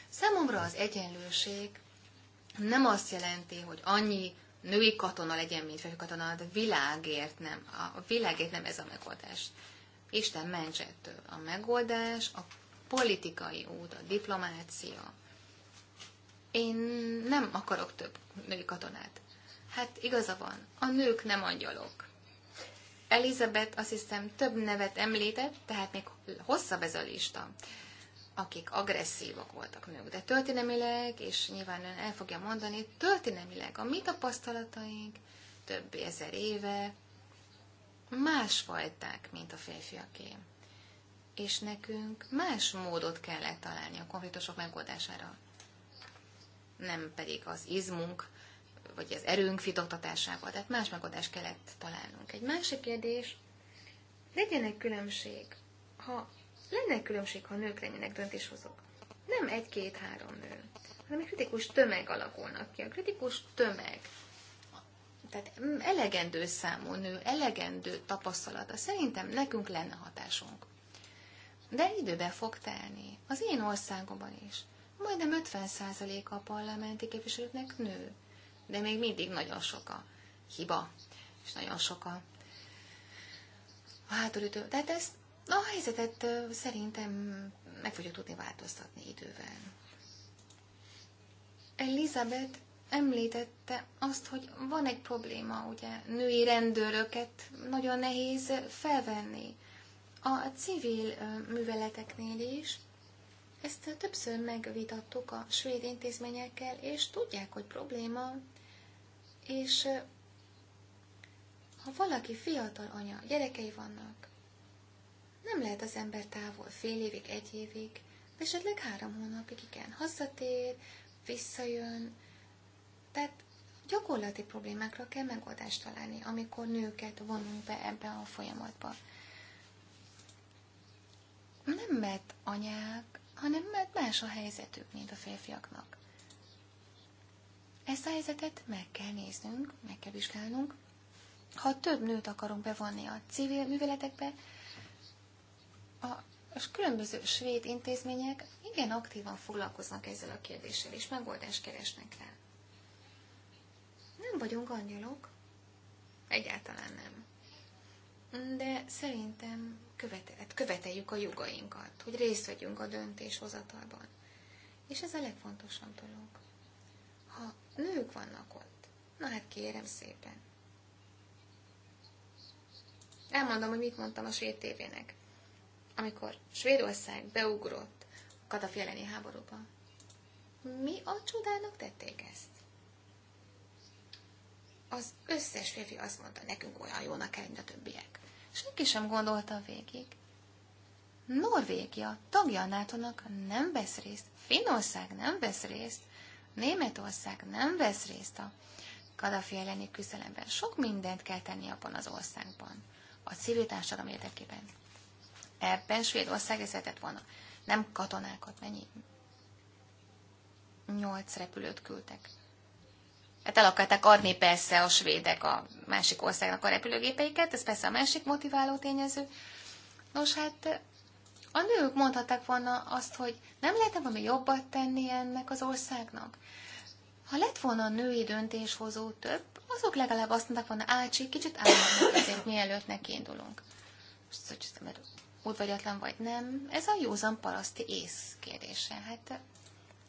Számomra az egyenlőség nem azt jelenti, hogy annyi női katona legyen, mint férfi katona, de világért nem, a világért nem ez a megoldás. Isten ments ettől. A megoldás, a politikai út, a diplomácia. Én nem akarok több női katonát. Hát igaza van, a nők nem angyalok. Elizabeth azt hiszem több nevet említett, tehát még hosszabb ez a lista, akik agresszívak voltak nők. De történelmileg, és nyilván ön el fogja mondani, történelmileg a mi tapasztalataink több ezer éve másfajták, mint a férfiaké. És nekünk más módot kellett találni a konfliktusok megoldására. Nem pedig az izmunk vagy az erőnk fitoktatásával. Tehát más megoldást kellett találnunk. Egy másik kérdés, legyenek különbség, ha lenne különbség, ha nők lennének döntéshozók. Nem egy-két-három nő, hanem egy kritikus tömeg alakulnak ki. A kritikus tömeg, tehát elegendő számú nő, elegendő tapasztalata, szerintem nekünk lenne hatásunk. De időbe fog telni. Az én országomban is. Majdnem 50% a parlamenti képviselőknek nő de még mindig nagyon sok a hiba, és nagyon sok a hátulütő. Tehát ezt a helyzetet szerintem meg fogjuk tudni változtatni idővel. Elizabeth említette azt, hogy van egy probléma, ugye női rendőröket nagyon nehéz felvenni. A civil műveleteknél is ezt többször megvitattuk a svéd intézményekkel, és tudják, hogy probléma és ha valaki fiatal anya, gyerekei vannak, nem lehet az ember távol fél évig, egy évig, de esetleg három hónapig igen, hazatér, visszajön. Tehát gyakorlati problémákra kell megoldást találni, amikor nőket vonunk be ebbe a folyamatba. Nem mert anyák, hanem mert más a helyzetük, mint a férfiaknak. Ezt a helyzetet meg kell néznünk, meg kell vizsgálnunk. Ha több nőt akarunk bevonni a civil műveletekbe, a különböző svéd intézmények igen aktívan foglalkoznak ezzel a kérdéssel, és megoldást keresnek rá. Nem vagyunk angyalok, egyáltalán nem. De szerintem követelet, hát követeljük a jogainkat, hogy részt vegyünk a döntéshozatalban. És ez a legfontosabb dolog. Nők vannak ott. Na hát kérem szépen. Elmondom, hogy mit mondtam a svéd tévének, amikor Svédország beugrott a Kadafi elleni háborúba. Mi a csodának tették ezt? Az összes férfi azt mondta, nekünk olyan jónak kell, mint a többiek. Senki sem gondolta végig. Norvégia tagja a nato nem vesz részt, Finnország nem vesz részt, Németország nem vesz részt a Kadafi elleni küzdelemben. Sok mindent kell tenni abban az országban, a civil társadalom érdekében. Ebben Svédország részletett volna. Nem katonákat, mennyi? Nyolc repülőt küldtek. Hát el akarták adni persze a svédek a másik országnak a repülőgépeiket, ez persze a másik motiváló tényező. Nos, hát a nők mondhatták volna azt, hogy nem lehetne valami jobbat tenni ennek az országnak. Ha lett volna a női döntéshozó több, azok legalább azt mondták volna, Ácsi, kicsit állnak azért, mielőtt nekiindulunk. Most hogy udvagyatlan vagy nem, ez a józan paraszti ész kérdése. Hát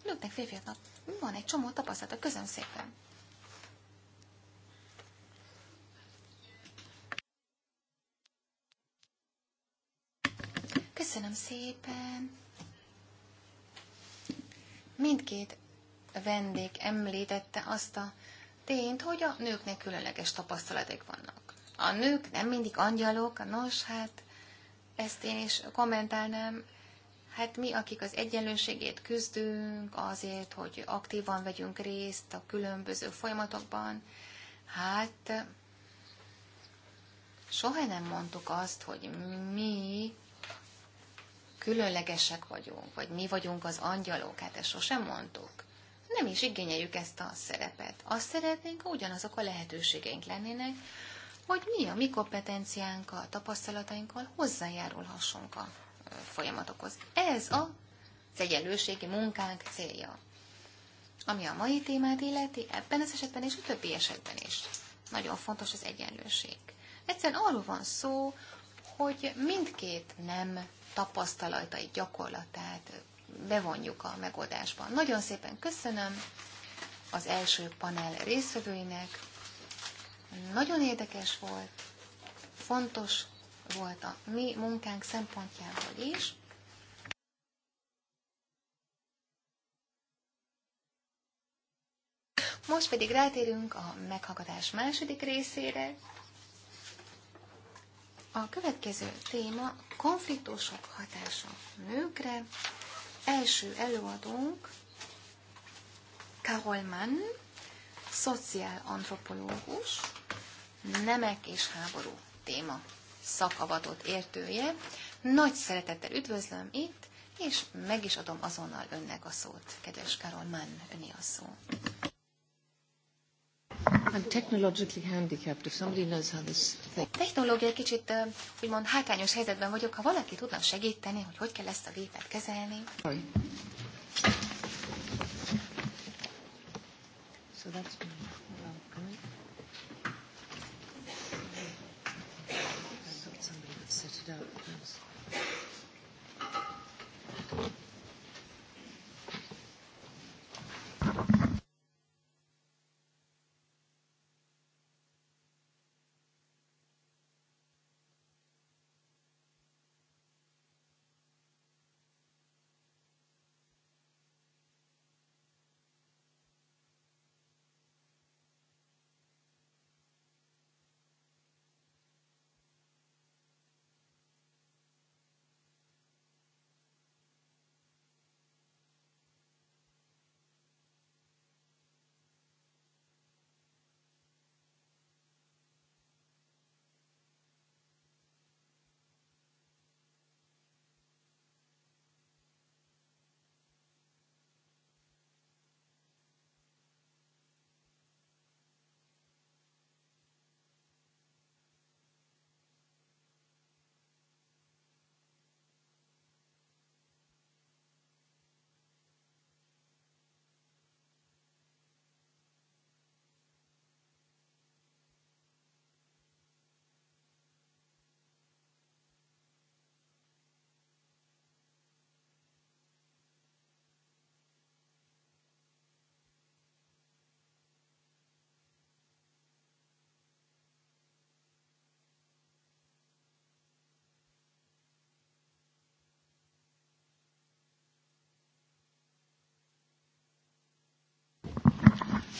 nőknek, férfiaknak van egy csomó tapasztalat köszönöm szépen. Köszönöm szépen. Mindkét vendég említette azt a tényt, hogy a nőknek különleges tapasztalatok vannak. A nők nem mindig angyalok, nos, hát ezt én is kommentálnám. Hát mi, akik az egyenlőségét küzdünk, azért, hogy aktívan vegyünk részt a különböző folyamatokban, hát soha nem mondtuk azt, hogy mi különlegesek vagyunk, vagy mi vagyunk az angyalok, hát ezt sosem mondtuk. Nem is igényeljük ezt a szerepet. Azt szeretnénk, ha ugyanazok a lehetőségeink lennének, hogy mi a mi kompetenciánkkal, a tapasztalatainkkal hozzájárulhassunk a folyamatokhoz. Ez a egyenlőségi munkánk célja. Ami a mai témát illeti, ebben az esetben és a többi esetben is. Nagyon fontos az egyenlőség. Egyszerűen arról van szó, hogy mindkét nem tapasztalatait, gyakorlatát bevonjuk a megoldásban. Nagyon szépen köszönöm az első panel részvevőinek. Nagyon érdekes volt, fontos volt a mi munkánk szempontjából is. Most pedig rátérünk a meghallgatás második részére. A következő téma konfliktusok hatása nőkre. Első előadónk Karol Mann, szociálantropológus, nemek és háború téma szakavatott értője. Nagy szeretettel üdvözlöm itt, és meg is adom azonnal önnek a szót, kedves Karol Mann, öné a szó. I'm technologically handicapped, if somebody knows how this thing... Technológiai kicsit, úgymond hátrányos helyzetben vagyok, ha valaki tudna segíteni, hogy hogy kell ezt a gépet kezelni. Sorry. So that's me. up.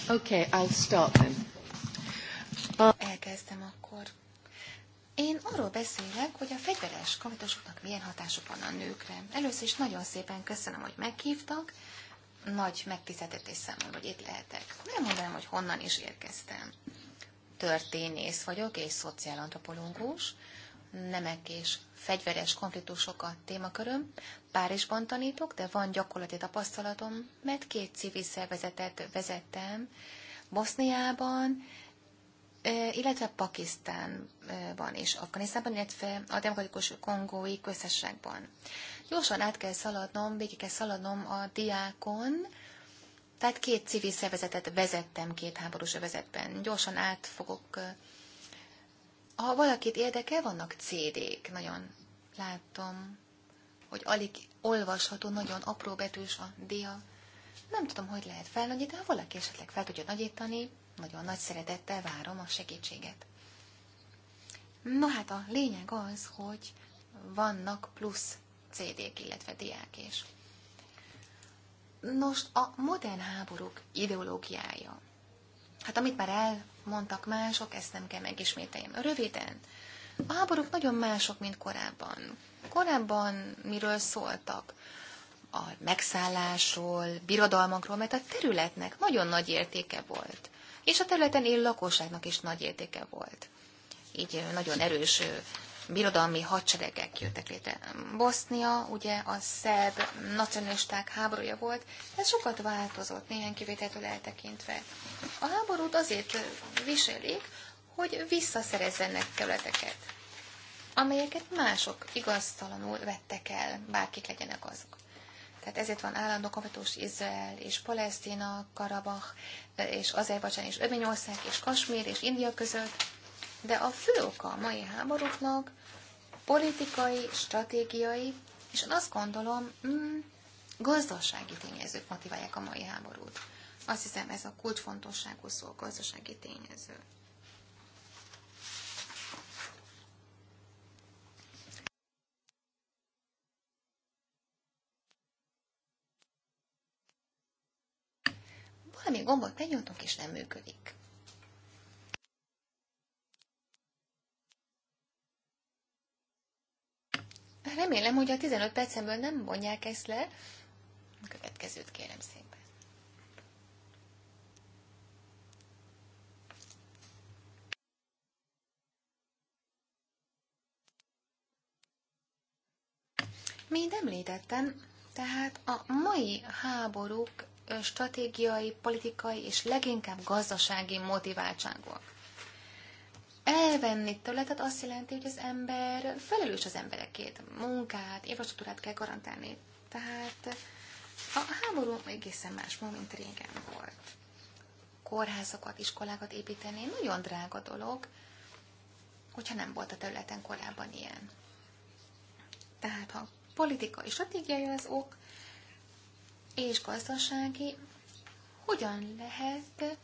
Okay, I'll then. akkor. Én arról beszélek, hogy a fegyveres kavitosoknak milyen hatásuk van a nőkre. Először is nagyon szépen köszönöm, hogy meghívtak. Nagy megtiszteltetés számomra, hogy itt lehetek. Nem mondanám, hogy honnan is érkeztem. Történész vagyok és szociálantropológus nemek és fegyveres konfliktusok a témaköröm. Párizsban tanítok, de van gyakorlati tapasztalatom, mert két civil szervezetet vezettem Boszniában, illetve Pakisztánban és Afganisztánban, illetve a Demokratikus Kongói közösségben. Gyorsan át kell szaladnom, végig kell szaladnom a diákon, tehát két civil szervezetet vezettem két háborús övezetben. Gyorsan át fogok ha valakit érdekel, vannak CD-k, nagyon látom, hogy alig olvasható, nagyon apró betűs a dia. Nem tudom, hogy lehet felnagyítani, de ha valaki esetleg fel tudja nagyítani, nagyon nagy szeretettel várom a segítséget. No hát a lényeg az, hogy vannak plusz CD-k, illetve diák is. Nos, a modern háborúk ideológiája. Hát amit már el mondtak mások, ezt nem kell megismételjem. Röviden, a háborúk nagyon mások, mint korábban. Korábban miről szóltak? A megszállásról, birodalmakról, mert a területnek nagyon nagy értéke volt. És a területen él lakosságnak is nagy értéke volt. Így nagyon erős birodalmi hadseregek jöttek létre. Bosznia ugye a szerb nacionalisták háborúja volt, ez sokat változott néhány kivételtől eltekintve. A háborút azért viselik, hogy visszaszerezzenek területeket, amelyeket mások igaztalanul vettek el, bárkik legyenek azok. Tehát ezért van állandó konfliktus Izrael és Palesztina, Karabach és Azerbajdzsán és Örményország és Kasmír és India között de a fő oka a mai háborúknak politikai, stratégiai, és én azt gondolom, mm, gazdasági tényezők motiválják a mai háborút. Azt hiszem, ez a kulcsfontosságú szó, gazdasági tényező. valami gombot megnyomtunk, és nem működik. Remélem, hogy a 15 percemből nem mondják ezt le. A következőt kérem szépen. Mint említettem, tehát a mai háborúk stratégiai, politikai és leginkább gazdasági motiváltságok elvenni tőle, tehát azt jelenti, hogy az ember felelős az emberekét, munkát, infrastruktúrát kell garantálni. Tehát a háború egészen más ma, mint régen volt. Kórházakat, iskolákat építeni nagyon drága dolog, hogyha nem volt a területen korábban ilyen. Tehát ha politikai stratégiai az ok, és gazdasági, hogyan lehet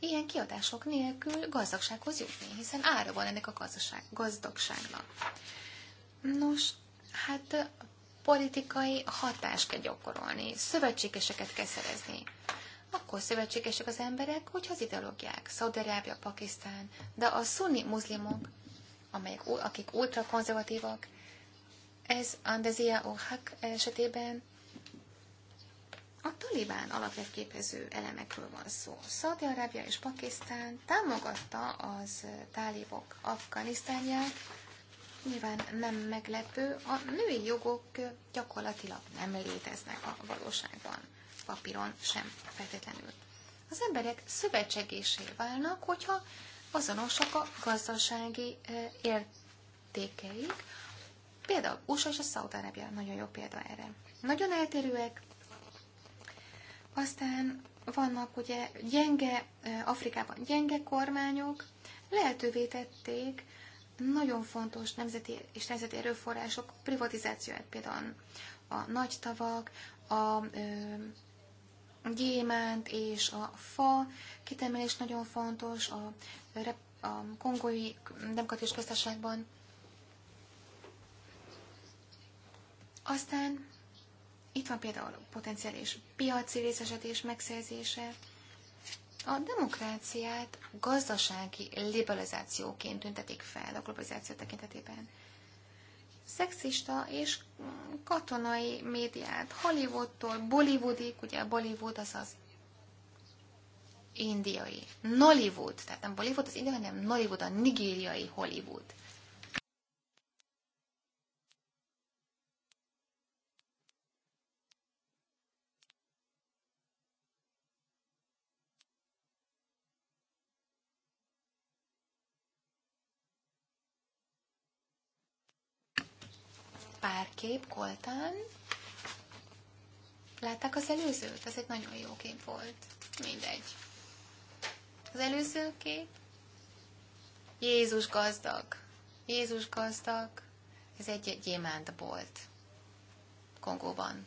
ilyen kiadások nélkül gazdagsághoz jutni, hiszen ára van ennek a gazdaság, gazdagságnak. Nos, hát politikai hatást kell gyakorolni, szövetségeseket kell szerezni. Akkor szövetségesek az emberek, hogyha az ideológiák, Szaudarábia, Pakisztán, de a szunni muszlimok, amelyek, akik ultrakonzervatívak, ez Andezia Ohak esetében a talibán alapvetképező elemekről van szó. Szaudi-Arábia és Pakisztán támogatta az tálibok Afganisztánját, nyilván nem meglepő, a női jogok gyakorlatilag nem léteznek a valóságban, papíron sem feltétlenül. Az emberek szövetségésé válnak, hogyha azonosak a gazdasági értékeik, például USA és a Szaudarábia nagyon jó példa erre. Nagyon eltérőek, aztán vannak ugye gyenge, Afrikában gyenge kormányok, lehetővé tették nagyon fontos nemzeti és nemzeti erőforrások privatizációját, például a nagy tavak, a ö, gyémánt és a fa kitemelés nagyon fontos a, a kongói demokratikus köztársaságban. Aztán itt van például a potenciális piaci részesedés megszerzése. A demokráciát gazdasági liberalizációként tüntetik fel a globalizáció tekintetében. Szexista és katonai médiát, Hollywoodtól Bollywoodig, ugye Bollywood az az indiai, Nollywood, tehát nem Bollywood az indiai, hanem Nollywood, a nigériai Hollywood. kép koltán. Látták az előzőt? Az egy nagyon jó kép volt. Mindegy. Az előző kép? Jézus gazdag. Jézus gazdag. Ez egy gyémánt volt. Kongóban.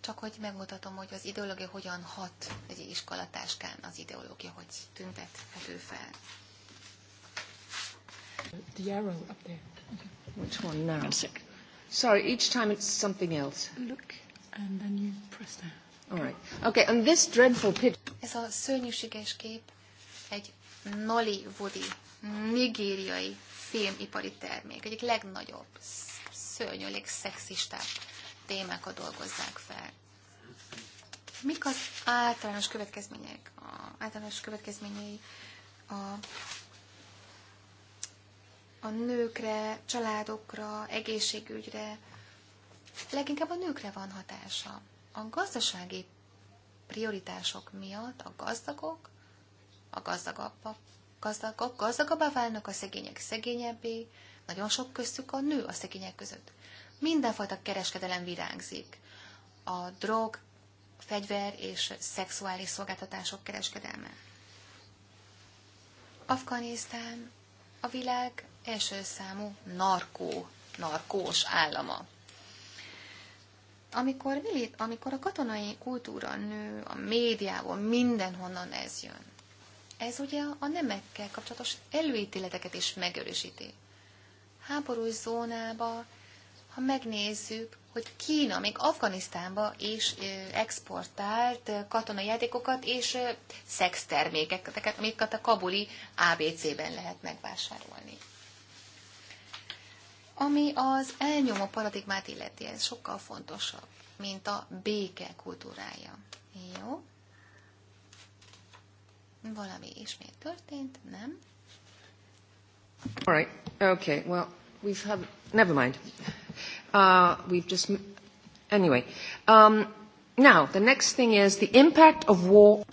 Csak hogy megmutatom, hogy az ideológia hogyan hat egy iskolatáskán, az ideológia hogy tüntethető fel. The arrow up there. Which one now? One second. Sorry, each time it's something else. Look, and then you press down. All right. Okay, and this dreadful pit... Ez a szörnyűséges kép egy Nollywoodi, nigériai filmipari termék. Egyik legnagyobb, szörnyűleg szexistább a dolgozzák fel. Mik az általános következmények? A általános következményei a a nőkre, családokra, egészségügyre, leginkább a nőkre van hatása. A gazdasági prioritások miatt a gazdagok, a gazdagabbak, gazdagok gazdagabbá válnak, a szegények szegényebbé, nagyon sok köztük a nő a szegények között. Mindenfajta kereskedelem virágzik. A drog, fegyver és szexuális szolgáltatások kereskedelme. Afganisztán a világ első számú narkó, narkós állama. Amikor, amikor a katonai kultúra nő, a médiából, mindenhonnan ez jön. Ez ugye a nemekkel kapcsolatos előítéleteket is megerősíti. Háborús zónába, ha megnézzük, hogy Kína még Afganisztánba is exportált katonai játékokat és szextermékeket, amiket a kabuli ABC-ben lehet megvásárolni. Ami az elnyomó paradigmát illeti, ez sokkal fontosabb, mint a béke kultúrája. Jó? Valami ismét történt, nem? All right. Okay. Well, we've had... Never mind. Uh, we've just... Anyway. Um, now, the next thing is the impact of war...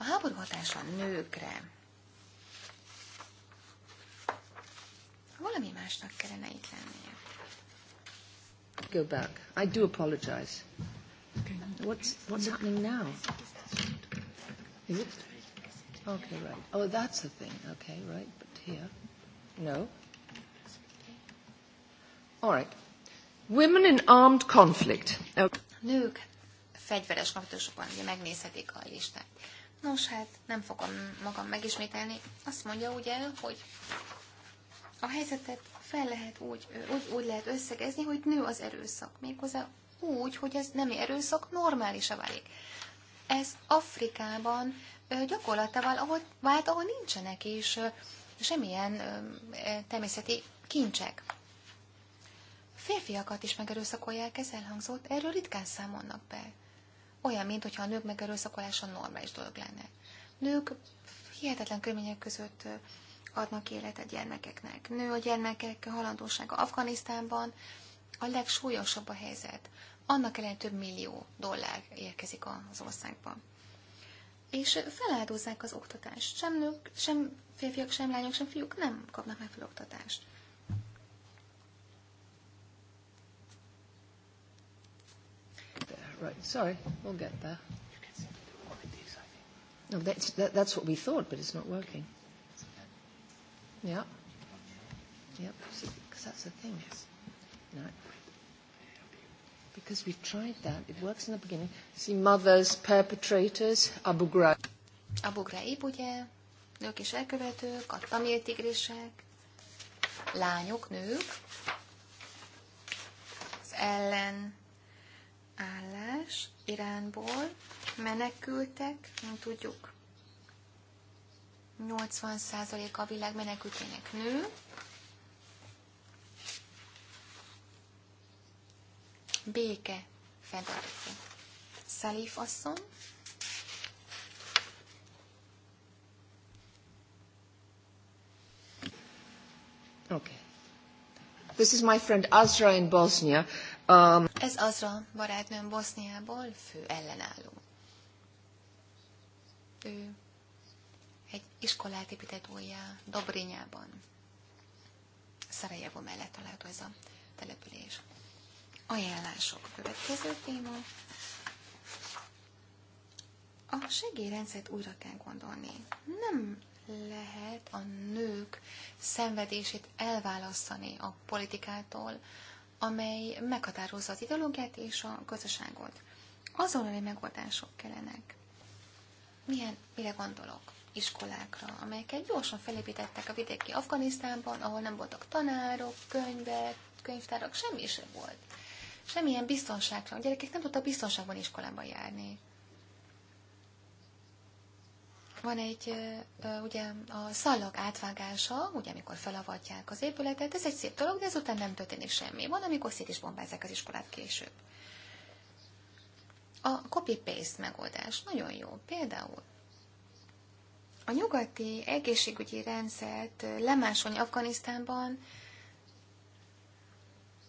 A háború hatása nőkre valami másnak kellene itt lennie. Go back. I do apologize. What's, what's happening now? Is it? Okay, right. Oh, that's the thing. Okay, right. But here? No. All right. Women in armed conflict. Nők fegyveres konfliktusokban ugye megnézhetik a listát. Nos, hát nem fogom magam megismételni. Azt mondja ugye, hogy a helyzetet fel lehet úgy, úgy, úgy lehet összegezni, hogy nő az erőszak. Méghozzá úgy, hogy ez nem erőszak normális a válik. Ez Afrikában gyakorlatával ahol, vált, ahol nincsenek is semmilyen e, természeti kincsek. Férfiakat is megerőszakolják, ez elhangzott, erről ritkán számolnak be. Olyan, mint hogyha a nők megerőszakolása normális dolog lenne. Nők hihetetlen körülmények között adnak élet a gyermekeknek. Nő a gyermekek halandósága Afganisztánban, a legsúlyosabb a helyzet. Annak ellen több millió dollár érkezik az országban. És feláldozzák az oktatást. Sem nők, sem férfiak, sem lányok, sem fiúk nem kapnak meg oktatást. Right, sorry, we'll get there. No, that's, that, that's what we thought, but it's not working. Yeah. Yep. because that's the thing. Yes. No. Because we've tried that. It works in the beginning. See, mothers, perpetrators, Abu Ghraib. Abu Ghraib, ugye? Nők és elkövetők, a tamil tigrisek, lányok, nők, az ellen állás Iránból menekültek, mint tudjuk, 80%-a a világ menekültjének nő. Béke fenntartja. Szalif asszony. Okay. This is my friend Azra in Bosnia. Um... Ez Azra barátnőm Boszniából, fő ellenálló. Ő egy iskolát épített újjá Dobrinyában. Szarajevo mellett található ez a település. Ajánlások. Következő téma. A segélyrendszert újra kell gondolni. Nem lehet a nők szenvedését elválasztani a politikától, amely meghatározza az ideológiát és a gazdaságot. Azonnali megoldások kellenek. Milyen, mire gondolok? iskolákra, amelyeket gyorsan felépítettek a vidéki Afganisztánban, ahol nem voltak tanárok, könyvek, könyvtárak, semmi sem volt. Semmilyen biztonságra. A gyerekek nem tudtak biztonságban iskolában járni. Van egy, ugye, a szallag átvágása, ugye, amikor felavatják az épületet, ez egy szép dolog, de ezután nem történik semmi. Van, amikor szét is bombázzák az iskolát később. A copy-paste megoldás nagyon jó. Például a nyugati egészségügyi rendszert lemásolni Afganisztánban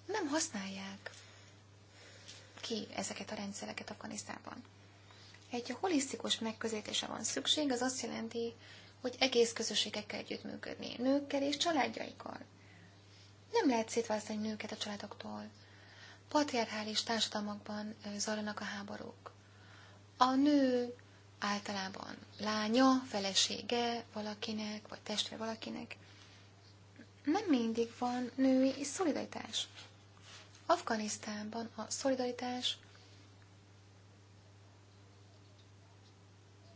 nem használják ki ezeket a rendszereket Afganisztánban. Egy holisztikus megközelítése van szükség, az azt jelenti, hogy egész közösségekkel együttműködni, nőkkel és családjaikkal. Nem lehet szétválasztani nőket a családoktól. Patriarchális társadalmakban zajlanak a háborúk. A nő általában lánya, felesége valakinek, vagy testvér valakinek. Nem mindig van női szolidaritás. Afganisztánban a szolidaritás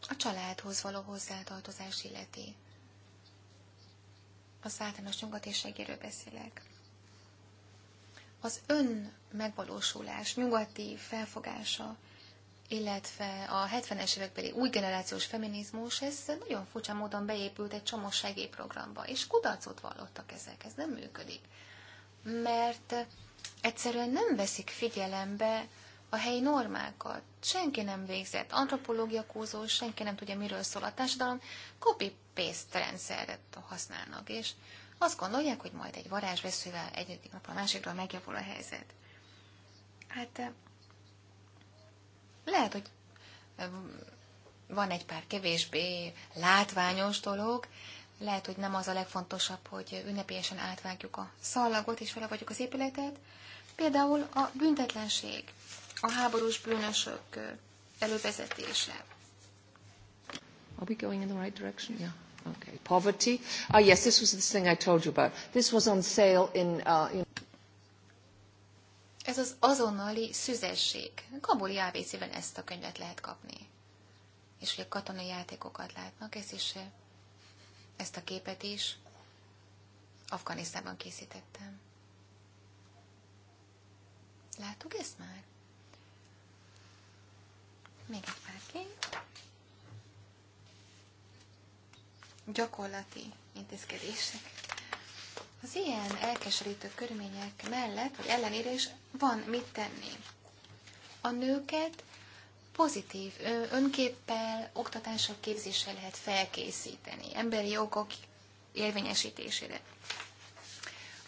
a családhoz való hozzátartozás illeti. Az általános segéről beszélek. Az ön megvalósulás, nyugati felfogása illetve a 70-es évekbeli új generációs feminizmus, ez nagyon furcsa módon beépült egy csomó segélyprogramba, és kudarcot vallottak ezek, ez nem működik. Mert egyszerűen nem veszik figyelembe a helyi normákat. Senki nem végzett antropológia kúzó, senki nem tudja, miről szól a társadalom. Copy-paste rendszeret használnak, és azt gondolják, hogy majd egy varázsveszővel egyik napra a másikra megjavul a helyzet. Hát lehet, hogy eh, van egy pár kevésbé látványos dolog, lehet, hogy nem az a legfontosabb, hogy ünnepélyesen átvágjuk a szallagot és felavagyjuk az épületet. Például a büntetlenség, a háborús bűnösök eh, elővezetése. Are we going in the right direction? Yeah. Okay. Poverty. Ah, yes, this was the thing I told you about. This was on sale in... Uh, in ez az azonnali szüzesség. Kabuli ABC-ben ezt a könyvet lehet kapni. És ugye katonai játékokat látnak, ezt is, eh, ezt a képet is Afganisztánban készítettem. Láttuk ezt már? Még egy pár kép. Gyakorlati intézkedések. Az ilyen elkeserítő körülmények mellett, vagy ellenére is van mit tenni. A nőket pozitív önképpel, oktatással, képzéssel lehet felkészíteni, emberi jogok érvényesítésére.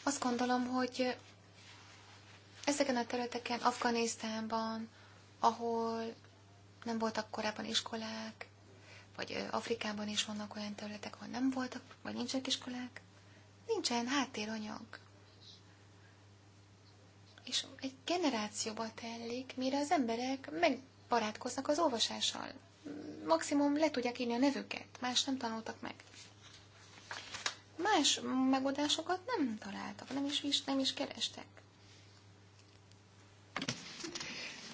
Azt gondolom, hogy ezeken a területeken, Afganisztánban, ahol nem voltak korábban iskolák, vagy Afrikában is vannak olyan területek, ahol nem voltak, vagy nincsenek iskolák, Nincsen háttéranyag. És egy generációba telik, mire az emberek megbarátkoznak az olvasással. Maximum le tudják írni a nevüket, más nem tanultak meg. Más megoldásokat nem találtak, nem is, nem is kerestek.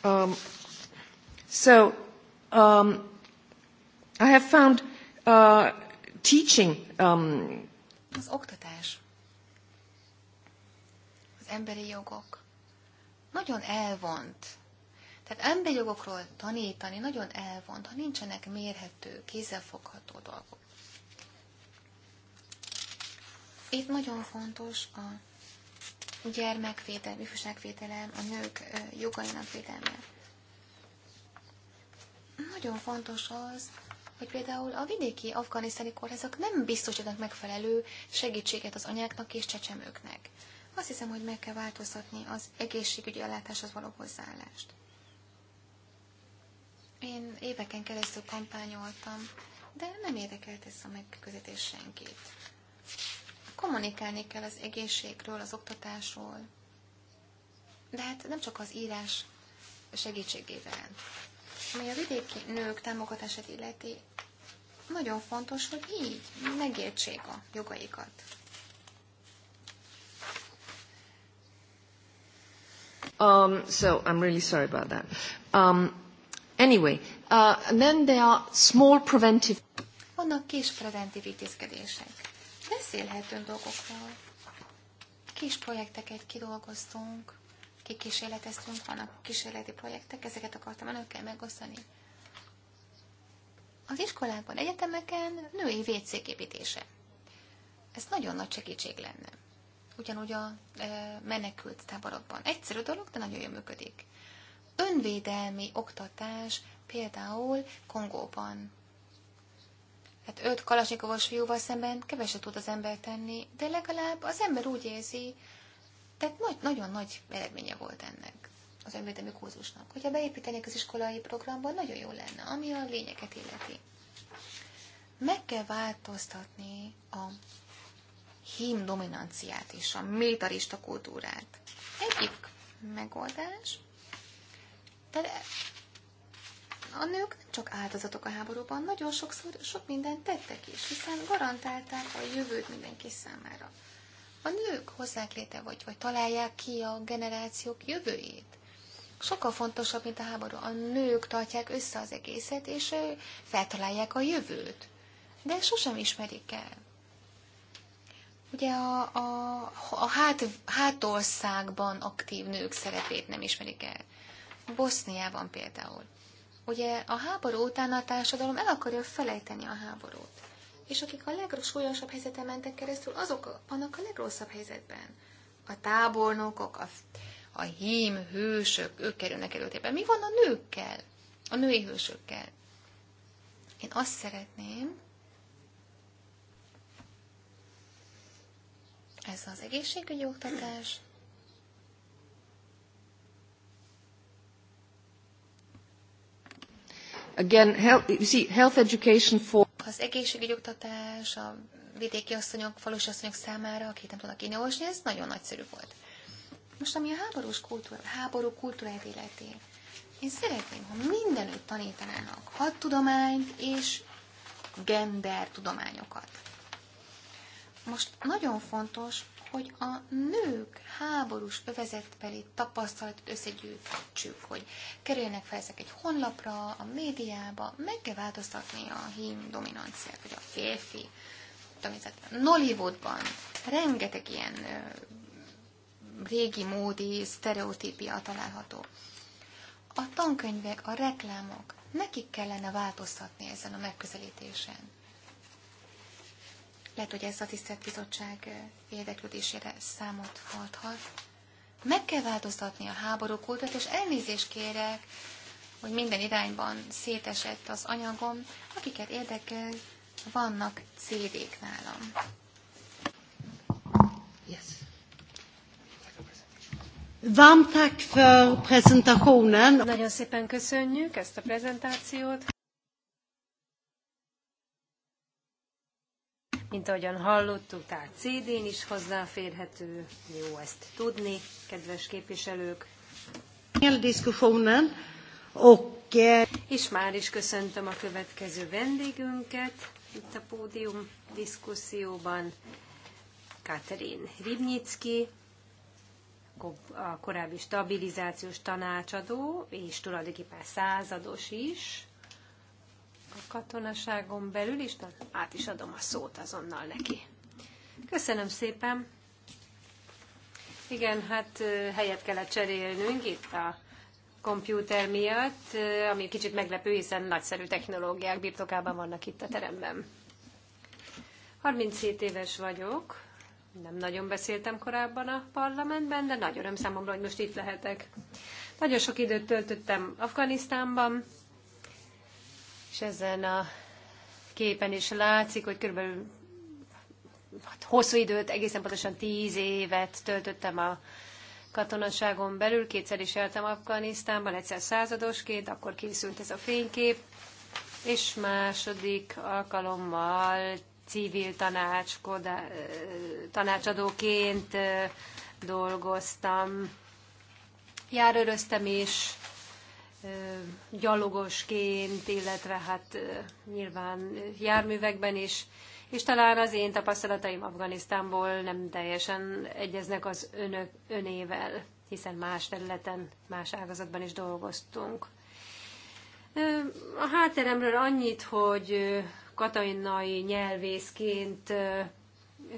Um, so, um, I have found uh, teaching um, az oktatás, az emberi jogok nagyon elvont. Tehát emberi jogokról tanítani nagyon elvont, ha nincsenek mérhető, kézzelfogható dolgok. Itt nagyon fontos a gyermekvédelem, ifjúságvédelem, a nők jogainak védelme. Nagyon fontos az, hogy például a vidéki afganisztáni kórházak nem biztosítanak megfelelő segítséget az anyáknak és csecsemőknek. Azt hiszem, hogy meg kell változtatni az egészségügyi ellátáshoz való hozzáállást. Én éveken keresztül kampányoltam, de nem érdekelt ez a megközelítés senkit. Kommunikálni kell az egészségről, az oktatásról, de hát nem csak az írás segítségével. Ami a vidéki nők támogatását illeti, nagyon fontos, hogy így megértsék a jogaikat. Um, so I'm really sorry about that. Um, anyway, uh, then there are small preventive. Vannak kis preventív intézkedések. Beszélhetünk dolgokról. Kis projekteket kidolgoztunk kikísérleteztünk, vannak kísérleti projektek, ezeket akartam önökkel megosztani. Az iskolákon, egyetemeken női WC Ez nagyon nagy segítség lenne. Ugyanúgy a e, menekült táborokban. Egyszerű dolog, de nagyon jól működik. Önvédelmi oktatás például Kongóban. Hát öt kalasnyikovos fiúval szemben keveset tud az ember tenni, de legalább az ember úgy érzi, tehát nagy, nagyon nagy eredménye volt ennek az önvédelmi kurzusnak. Hogyha beépítenék az iskolai programba, nagyon jó lenne, ami a lényeket illeti. Meg kell változtatni a hím dominanciát és a militarista kultúrát. Egyik megoldás, tehát a nők nem csak áldozatok a háborúban, nagyon sokszor sok mindent tettek is, hiszen garantálták a jövőt mindenki számára a nők hozzák léte, vagy, vagy találják ki a generációk jövőjét. Sokkal fontosabb, mint a háború. A nők tartják össze az egészet, és feltalálják a jövőt. De sosem ismerik el. Ugye a, a, a hát, hátországban aktív nők szerepét nem ismerik el. Boszniában például. Ugye a háború után a társadalom el akarja felejteni a háborút és akik a legsúlyosabb helyzeten mentek keresztül, azok vannak a legrosszabb helyzetben. A tábornokok, a, a hím hősök, ők kerülnek előtérbe. Mi van a nőkkel? A női hősökkel? Én azt szeretném, ez az egészségügyi oktatás, Again, health, you see, health education for az egészségügyi oktatás, a vidéki asszonyok, falusi asszonyok számára, akik nem tudnak inni olvasni, ez nagyon nagyszerű volt. Most ami a háborús kultúra, háború kultúráját életé, én szeretném, ha mindenütt tanítanának hadtudományt és gender tudományokat. Most nagyon fontos, hogy a nők háborús övezetbeli tapasztalatot összegyűjtsük, hogy kerüljenek fel ezek egy honlapra, a médiába, meg kell változtatni a hím dominanciát, vagy a férfi Nollywoodban rengeteg ilyen régi módi sztereotípia található. A tankönyvek, a reklámok, nekik kellene változtatni ezen a megközelítésen. Lehet, hogy ez a tisztelt bizottság érdeklődésére számot adhat. Meg kell változtatni a háború és elnézést kérek, hogy minden irányban szétesett az anyagom. Akiket érdekel, vannak CD-k nálam. Yes. Varmt tack för presentationen. Nagyon szépen köszönjük ezt a prezentációt. Mint ahogyan hallottuk, tehát CD-n is hozzáférhető, jó ezt tudni, kedves képviselők. okay. És már is köszöntöm a következő vendégünket itt a pódium diszkuszióban. Katerin Ribnyicki, a korábbi stabilizációs tanácsadó, és tulajdonképpen százados is, a katonaságon belül is, de át is adom a szót azonnal neki. Köszönöm szépen! Igen, hát helyet kellett cserélnünk itt a kompjúter miatt, ami kicsit meglepő, hiszen nagyszerű technológiák birtokában vannak itt a teremben. 37 éves vagyok, nem nagyon beszéltem korábban a parlamentben, de nagy öröm számomra, hogy most itt lehetek. Nagyon sok időt töltöttem Afganisztánban, és ezen a képen is látszik, hogy körülbelül hosszú időt, egészen pontosan tíz évet töltöttem a katonaságon belül, kétszer is éltem Afganisztánban, egyszer századosként, akkor készült ez a fénykép, és második alkalommal civil tanácsadóként dolgoztam, járőröztem is, gyalogosként, illetve hát nyilván járművekben is, és talán az én tapasztalataim Afganisztánból nem teljesen egyeznek az önök, önével, hiszen más területen, más ágazatban is dolgoztunk. A hátteremről annyit, hogy katainai nyelvészként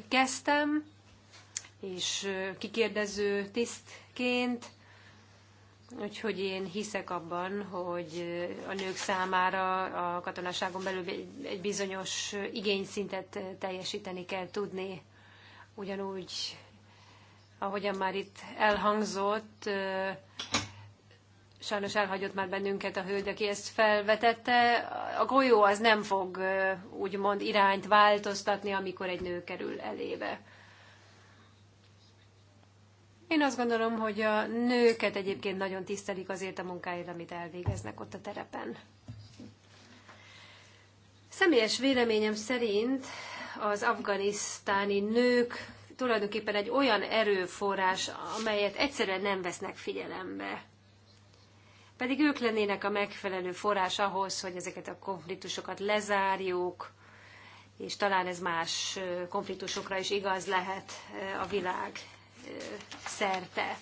kezdtem, és kikérdező tisztként, Úgyhogy én hiszek abban, hogy a nők számára a katonaságon belül egy bizonyos igényszintet teljesíteni kell tudni. Ugyanúgy, ahogyan már itt elhangzott, sajnos elhagyott már bennünket a hölgy, aki ezt felvetette. A golyó az nem fog úgymond irányt változtatni, amikor egy nő kerül elébe. Én azt gondolom, hogy a nőket egyébként nagyon tisztelik azért a munkáért, amit elvégeznek ott a terepen. Személyes véleményem szerint az afganisztáni nők tulajdonképpen egy olyan erőforrás, amelyet egyszerűen nem vesznek figyelembe. Pedig ők lennének a megfelelő forrás ahhoz, hogy ezeket a konfliktusokat lezárjuk, és talán ez más konfliktusokra is igaz lehet a világ szerte.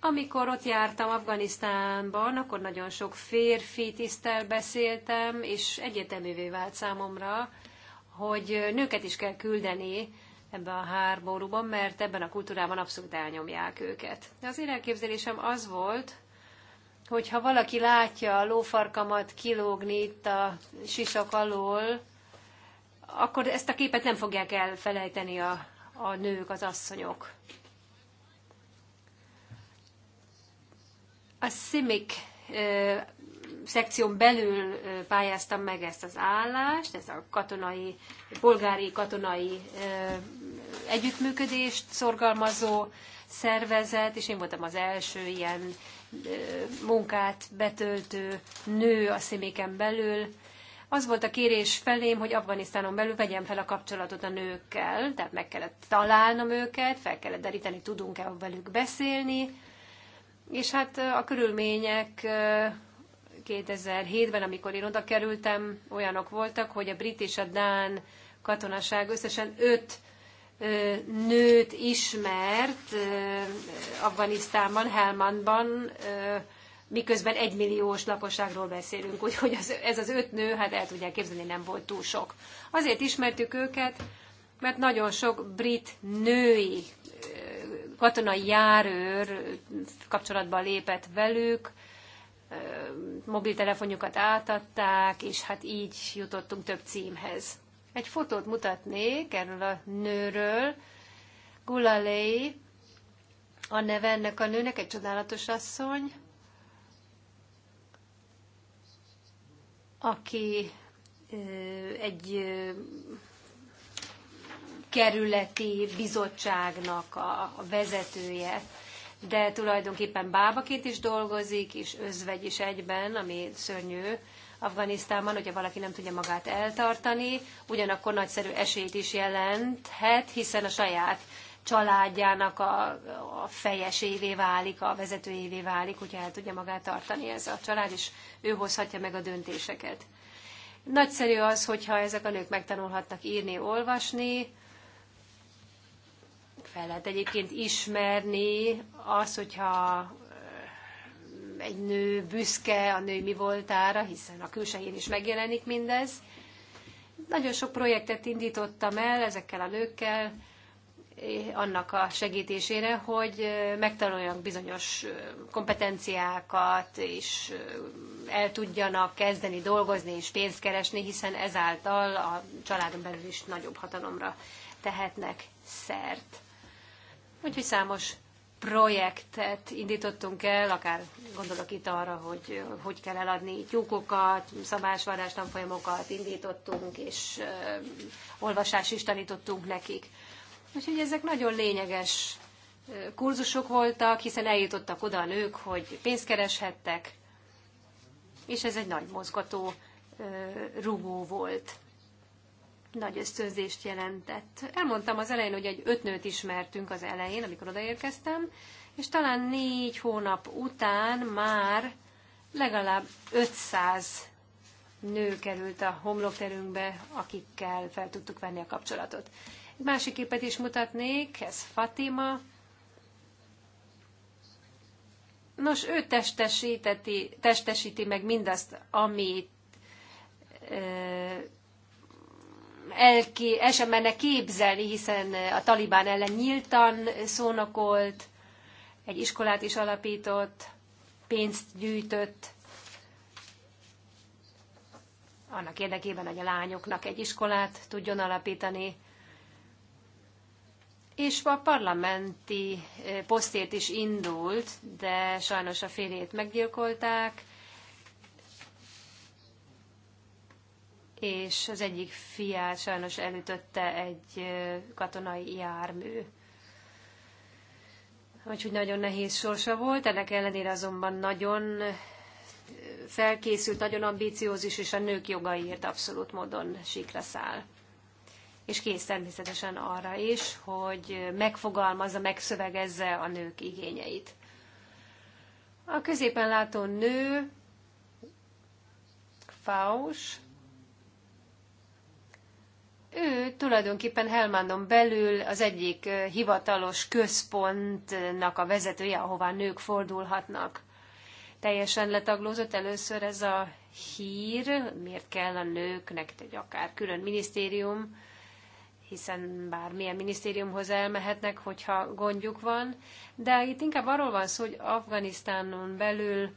Amikor ott jártam Afganisztánban, akkor nagyon sok férfi tisztel beszéltem, és egyeteművé vált számomra, hogy nőket is kell küldeni ebben a háborúban, mert ebben a kultúrában abszolút elnyomják őket. De Az én elképzelésem az volt, hogy ha valaki látja a lófarkamat kilógni itt a sisak alól, akkor ezt a képet nem fogják elfelejteni a a nők, az asszonyok. A CIMIC szekción belül pályáztam meg ezt az állást, ez a katonai, polgári katonai együttműködést szorgalmazó szervezet, és én voltam az első ilyen munkát betöltő nő a széméken belül, az volt a kérés felém, hogy Afganisztánon belül vegyem fel a kapcsolatot a nőkkel, tehát meg kellett találnom őket, fel kellett deríteni, tudunk-e velük beszélni, és hát a körülmények 2007-ben, amikor én oda kerültem, olyanok voltak, hogy a brit és a dán katonaság összesen öt nőt ismert Afganisztánban, Helmandban miközben egymilliós lakosságról beszélünk, úgyhogy az, ez az öt nő, hát el tudják képzelni, nem volt túl sok. Azért ismertük őket, mert nagyon sok brit női katonai járőr kapcsolatban lépett velük, mobiltelefonjukat átadták, és hát így jutottunk több címhez. Egy fotót mutatnék erről a nőről. Gulalei a neve ennek a nőnek, egy csodálatos asszony, aki egy kerületi bizottságnak a vezetője, de tulajdonképpen bábaként is dolgozik, és özvegy is egyben, ami szörnyű Afganisztánban, hogyha valaki nem tudja magát eltartani, ugyanakkor nagyszerű esélyt is jelenthet, hiszen a saját családjának a, a évé válik, a vezető évé válik, hogyha el tudja magát tartani ez a család, és ő hozhatja meg a döntéseket. Nagyszerű az, hogyha ezek a nők megtanulhatnak írni, olvasni, fel lehet egyébként ismerni azt, hogyha egy nő büszke a nő mi voltára, hiszen a külsején is megjelenik mindez. Nagyon sok projektet indítottam el ezekkel a nőkkel, annak a segítésére, hogy megtanuljanak bizonyos kompetenciákat, és el tudjanak kezdeni dolgozni és pénzt keresni, hiszen ezáltal a családon belül is nagyobb hatalomra tehetnek szert. Úgyhogy számos projektet indítottunk el, akár gondolok itt arra, hogy hogy kell eladni tyúkokat, szabásvárás tanfolyamokat indítottunk, és olvasást is tanítottunk nekik. Úgyhogy ezek nagyon lényeges kurzusok voltak, hiszen eljutottak oda a nők, hogy pénzt kereshettek, és ez egy nagy mozgató rugó volt. Nagy ösztönzést jelentett. Elmondtam az elején, hogy egy öt nőt ismertünk az elején, amikor odaérkeztem, és talán négy hónap után már legalább 500 nő került a homlokterünkbe, akikkel fel tudtuk venni a kapcsolatot. Egy másik képet is mutatnék, ez Fatima. Nos, ő testesíteti, testesíti meg mindazt, amit elké, el sem menne képzelni, hiszen a talibán ellen nyíltan szónokolt, egy iskolát is alapított, pénzt gyűjtött, annak érdekében, hogy a lányoknak egy iskolát tudjon alapítani és a parlamenti eh, posztért is indult, de sajnos a férjét meggyilkolták, és az egyik fiát sajnos elütötte egy eh, katonai jármű. Úgyhogy nagyon nehéz sorsa volt, ennek ellenére azonban nagyon eh, felkészült, nagyon ambíciózis, és a nők jogaiért abszolút módon sikra száll és kész természetesen arra is, hogy megfogalmazza, megszövegezze a nők igényeit. A középen látó nő, Faus, ő tulajdonképpen Helmandon belül az egyik hivatalos központnak a vezetője, ahová nők fordulhatnak. Teljesen letaglózott először ez a hír, miért kell a nőknek egy akár külön minisztérium, hiszen bármilyen minisztériumhoz elmehetnek, hogyha gondjuk van, de itt inkább arról van szó, hogy Afganisztánon belül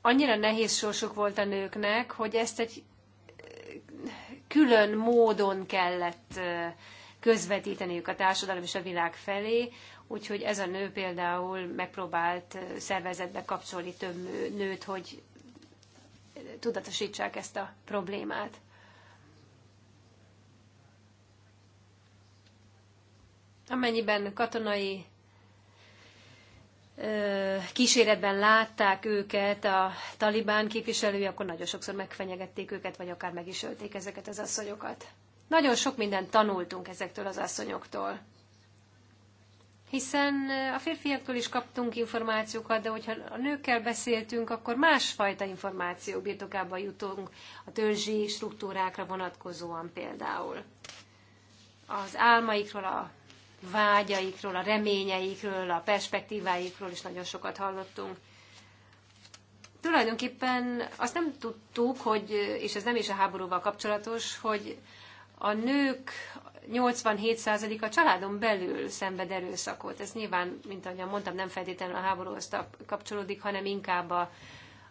annyira nehéz sorsuk volt a nőknek, hogy ezt egy eh, külön módon kellett eh, közvetíteniük a társadalom és a világ felé, úgyhogy ez a nő például megpróbált eh, szervezetbe kapcsolni több nőt, hogy tudatosítsák ezt a problémát. Amennyiben katonai kíséretben látták őket a talibán képviselői, akkor nagyon sokszor megfenyegették őket, vagy akár meg is ölték ezeket az asszonyokat. Nagyon sok mindent tanultunk ezektől az asszonyoktól. Hiszen a férfiaktól is kaptunk információkat, de hogyha a nőkkel beszéltünk, akkor másfajta információ birtokába jutunk a törzsi struktúrákra vonatkozóan például. Az álmaikról, a vágyaikról, a reményeikről, a perspektíváikról is nagyon sokat hallottunk. Tulajdonképpen azt nem tudtuk, hogy, és ez nem is a háborúval kapcsolatos, hogy a nők 87%-a családon belül szenved erőszakot. Ez nyilván, mint ahogyan mondtam, nem feltétlenül a háborúhoz kapcsolódik, hanem inkább a,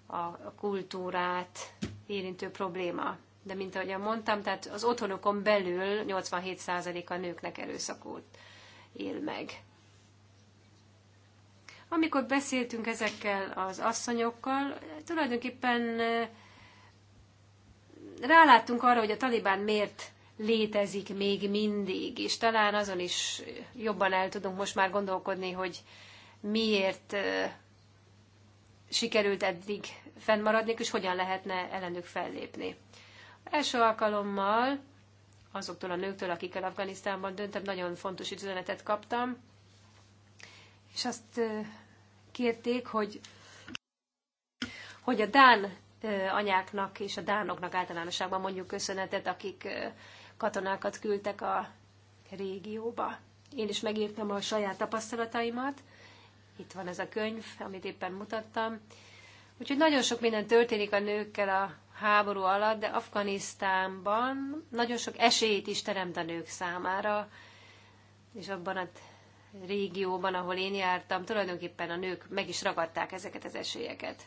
a kultúrát érintő probléma. De mint ahogyan mondtam, tehát az otthonokon belül 87% a nőknek erőszakot él meg. Amikor beszéltünk ezekkel az asszonyokkal, tulajdonképpen ráláttunk arra, hogy a talibán miért létezik még mindig, és talán azon is jobban el tudunk most már gondolkodni, hogy miért sikerült eddig fennmaradni, és hogyan lehetne ellenük fellépni. Első alkalommal azoktól a nőktől, akikkel Afganisztánban döntem, nagyon fontos üzenetet kaptam, és azt kérték, hogy, hogy a Dán anyáknak és a Dánoknak általánosságban mondjuk köszönetet, akik katonákat küldtek a régióba. Én is megírtam a saját tapasztalataimat, itt van ez a könyv, amit éppen mutattam. Úgyhogy nagyon sok minden történik a nőkkel a háború alatt, de Afganisztánban nagyon sok esélyt is teremt a nők számára, és abban a régióban, ahol én jártam, tulajdonképpen a nők meg is ragadták ezeket az esélyeket.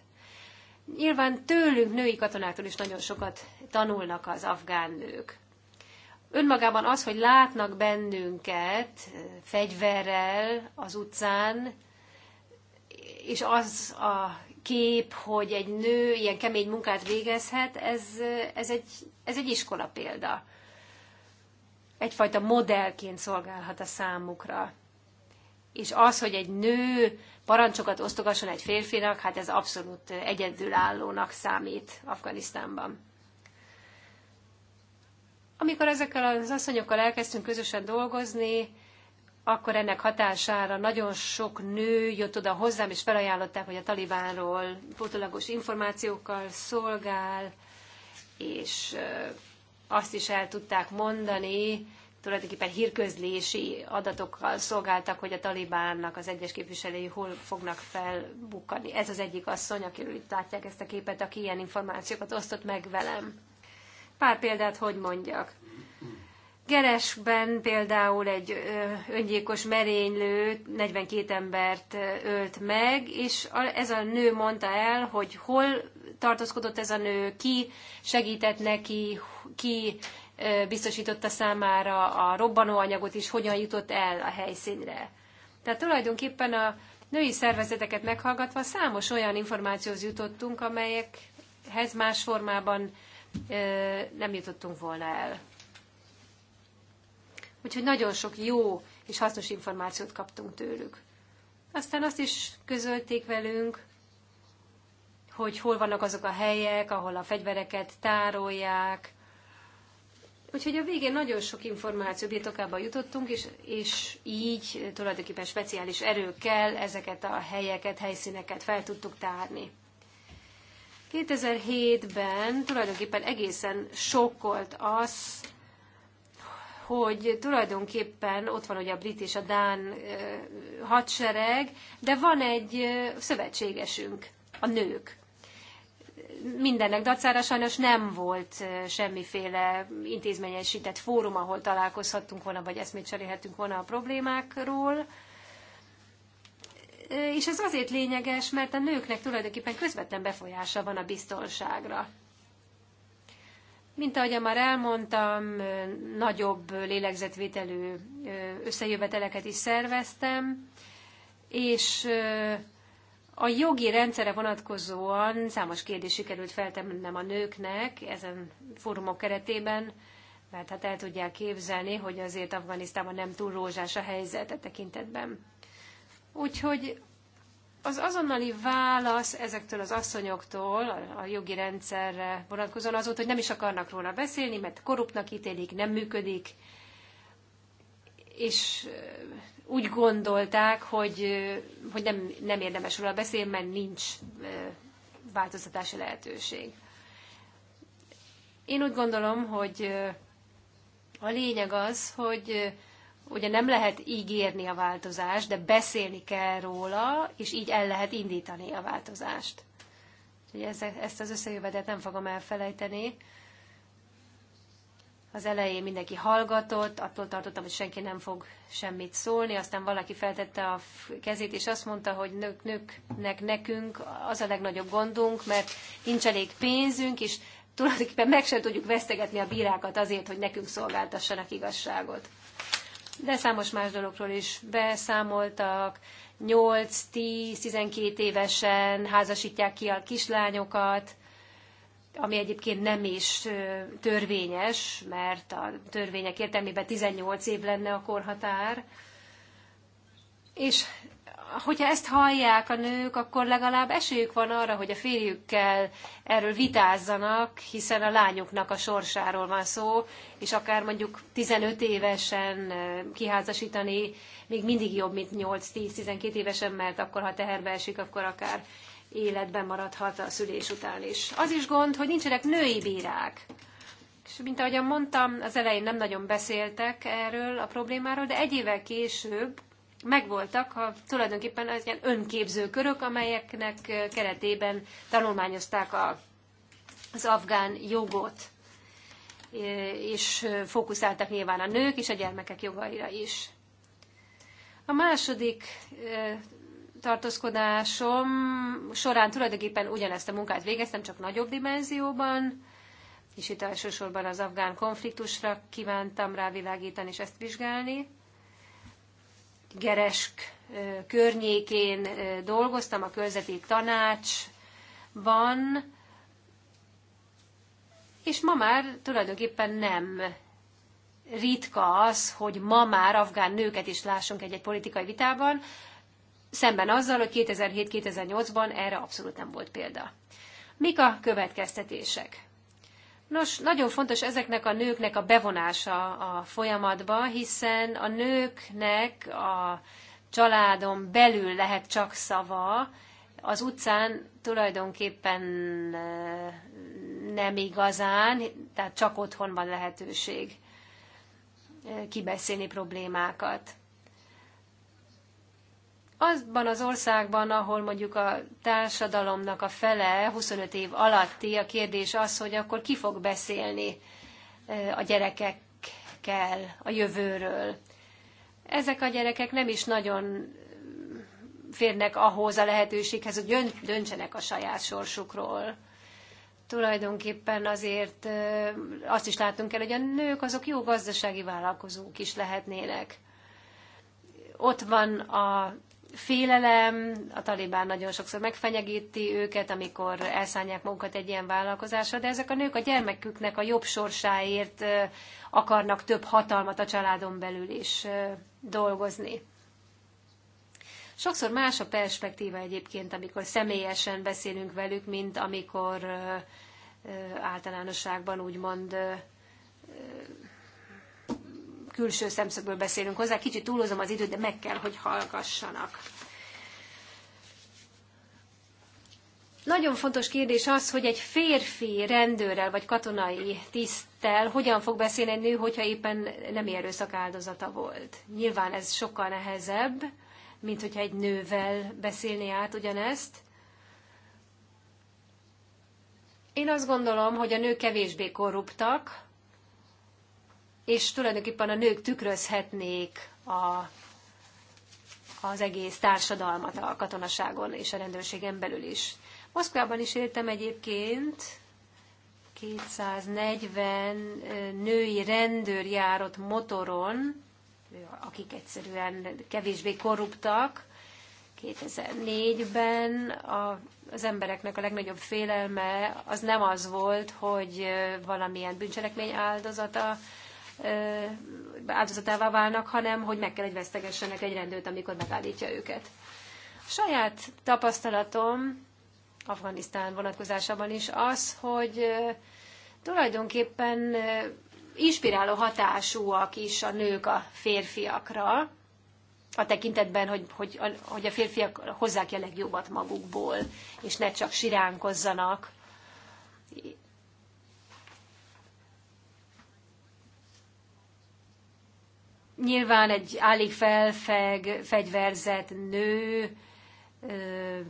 Nyilván tőlünk, női katonáktól is nagyon sokat tanulnak az afgán nők. Önmagában az, hogy látnak bennünket fegyverrel az utcán, és az a kép, hogy egy nő ilyen kemény munkát végezhet, ez, ez, egy, ez egy iskola példa. Egyfajta modellként szolgálhat a számukra. És az, hogy egy nő parancsokat osztogasson egy férfinak, hát ez abszolút egyedülállónak számít Afganisztánban. Amikor ezekkel az asszonyokkal elkezdtünk közösen dolgozni, akkor ennek hatására nagyon sok nő jött oda hozzám, és felajánlották, hogy a talibánról pótolagos információkkal szolgál, és azt is el tudták mondani, tulajdonképpen hírközlési adatokkal szolgáltak, hogy a talibánnak az egyes képviselői hol fognak felbukkanni. Ez az egyik asszony, akiről itt látják ezt a képet, aki ilyen információkat osztott meg velem. Pár példát hogy mondjak. Geresben például egy öngyilkos merénylő 42 embert ölt meg, és ez a nő mondta el, hogy hol tartózkodott ez a nő, ki segített neki, ki biztosította számára a robbanóanyagot, és hogyan jutott el a helyszínre. Tehát tulajdonképpen a női szervezeteket meghallgatva számos olyan információhoz jutottunk, amelyekhez más formában nem jutottunk volna el. Úgyhogy nagyon sok jó és hasznos információt kaptunk tőlük. Aztán azt is közölték velünk, hogy hol vannak azok a helyek, ahol a fegyvereket tárolják. Úgyhogy a végén nagyon sok információ birtokába jutottunk, és, és így tulajdonképpen speciális erőkkel ezeket a helyeket, helyszíneket fel tudtuk tárni. 2007-ben tulajdonképpen egészen sokkolt az, hogy tulajdonképpen ott van ugye a brit és a dán hadsereg, de van egy szövetségesünk, a nők. Mindennek dacára sajnos nem volt semmiféle intézményesített fórum, ahol találkozhattunk volna, vagy eszmét cserélhettünk volna a problémákról. És ez azért lényeges, mert a nőknek tulajdonképpen közvetlen befolyása van a biztonságra mint ahogy már elmondtam, nagyobb lélegzetvételű összejöveteleket is szerveztem, és a jogi rendszere vonatkozóan számos kérdés sikerült feltennem a nőknek ezen fórumok keretében, mert hát el tudják képzelni, hogy azért Afganisztában nem túl rózsás a helyzet e tekintetben. Úgyhogy az azonnali válasz ezektől az asszonyoktól a jogi rendszerre vonatkozóan az volt, hogy nem is akarnak róla beszélni, mert korruptnak ítélik, nem működik, és úgy gondolták, hogy, hogy nem, nem érdemes róla beszélni, mert nincs változtatási lehetőség. Én úgy gondolom, hogy a lényeg az, hogy Ugye nem lehet ígérni a változást, de beszélni kell róla, és így el lehet indítani a változást. Úgyhogy ezt az összejövetet nem fogom elfelejteni. Az elején mindenki hallgatott, attól tartottam, hogy senki nem fog semmit szólni, aztán valaki feltette a kezét, és azt mondta, hogy nők, nőknek nekünk az a legnagyobb gondunk, mert nincs elég pénzünk, és tulajdonképpen meg sem tudjuk vesztegetni a bírákat azért, hogy nekünk szolgáltassanak igazságot de számos más dologról is beszámoltak. 8-10-12 évesen házasítják ki a kislányokat, ami egyébként nem is törvényes, mert a törvények értelmében 18 év lenne a korhatár. És hogyha ezt hallják a nők, akkor legalább esélyük van arra, hogy a férjükkel erről vitázzanak, hiszen a lányoknak a sorsáról van szó, és akár mondjuk 15 évesen kiházasítani még mindig jobb, mint 8-10-12 évesen, mert akkor, ha teherbe esik, akkor akár életben maradhat a szülés után is. Az is gond, hogy nincsenek női bírák. És mint ahogyan mondtam, az elején nem nagyon beszéltek erről a problémáról, de egy évvel később megvoltak ha tulajdonképpen az ilyen önképző körök, amelyeknek keretében tanulmányozták a, az afgán jogot, és fókuszáltak nyilván a nők és a gyermekek jogaira is. A második tartózkodásom során tulajdonképpen ugyanezt a munkát végeztem, csak nagyobb dimenzióban, és itt elsősorban az afgán konfliktusra kívántam rávilágítani és ezt vizsgálni. Geresk környékén dolgoztam a körzeti tanácsban, és ma már tulajdonképpen nem ritka az, hogy ma már afgán nőket is lássunk egy-egy politikai vitában, szemben azzal, hogy 2007-2008-ban erre abszolút nem volt példa. Mik a következtetések? Nos, nagyon fontos ezeknek a nőknek a bevonása a folyamatba, hiszen a nőknek a családon belül lehet csak szava, az utcán tulajdonképpen e, nem igazán, tehát csak otthon van lehetőség e, kibeszélni problémákat azban az országban, ahol mondjuk a társadalomnak a fele 25 év alatti, a kérdés az, hogy akkor ki fog beszélni a gyerekekkel a jövőről. Ezek a gyerekek nem is nagyon férnek ahhoz a lehetőséghez, hogy döntsenek a saját sorsukról. Tulajdonképpen azért azt is látunk el, hogy a nők azok jó gazdasági vállalkozók is lehetnének. Ott van a félelem, a talibán nagyon sokszor megfenyegíti őket, amikor elszállják magukat egy ilyen vállalkozásra, de ezek a nők a gyermeküknek a jobb sorsáért akarnak több hatalmat a családon belül is dolgozni. Sokszor más a perspektíva egyébként, amikor személyesen beszélünk velük, mint amikor általánosságban úgymond külső szemszögből beszélünk hozzá. Kicsit túlozom az időt, de meg kell, hogy hallgassanak. Nagyon fontos kérdés az, hogy egy férfi rendőrrel vagy katonai tiszttel hogyan fog beszélni egy nő, hogyha éppen nem erőszak áldozata volt. Nyilván ez sokkal nehezebb, mint hogyha egy nővel beszélni át ugyanezt. Én azt gondolom, hogy a nők kevésbé korruptak, és tulajdonképpen a nők tükrözhetnék a, az egész társadalmat a katonaságon és a rendőrségen belül is. Moszkvában is éltem egyébként, 240 női rendőr járott motoron, akik egyszerűen kevésbé korruptak. 2004-ben a, az embereknek a legnagyobb félelme az nem az volt, hogy valamilyen bűncselekmény áldozata áldozatává válnak, hanem hogy meg kell, hogy vesztegessenek egy rendőrt, amikor megállítja őket. A saját tapasztalatom Afganisztán vonatkozásában is az, hogy tulajdonképpen inspiráló hatásúak is a nők a férfiakra, a tekintetben, hogy, hogy, a, hogy a férfiak hozzák a legjobbat magukból, és ne csak siránkozzanak, Nyilván egy állig felfeg, fegyverzett nő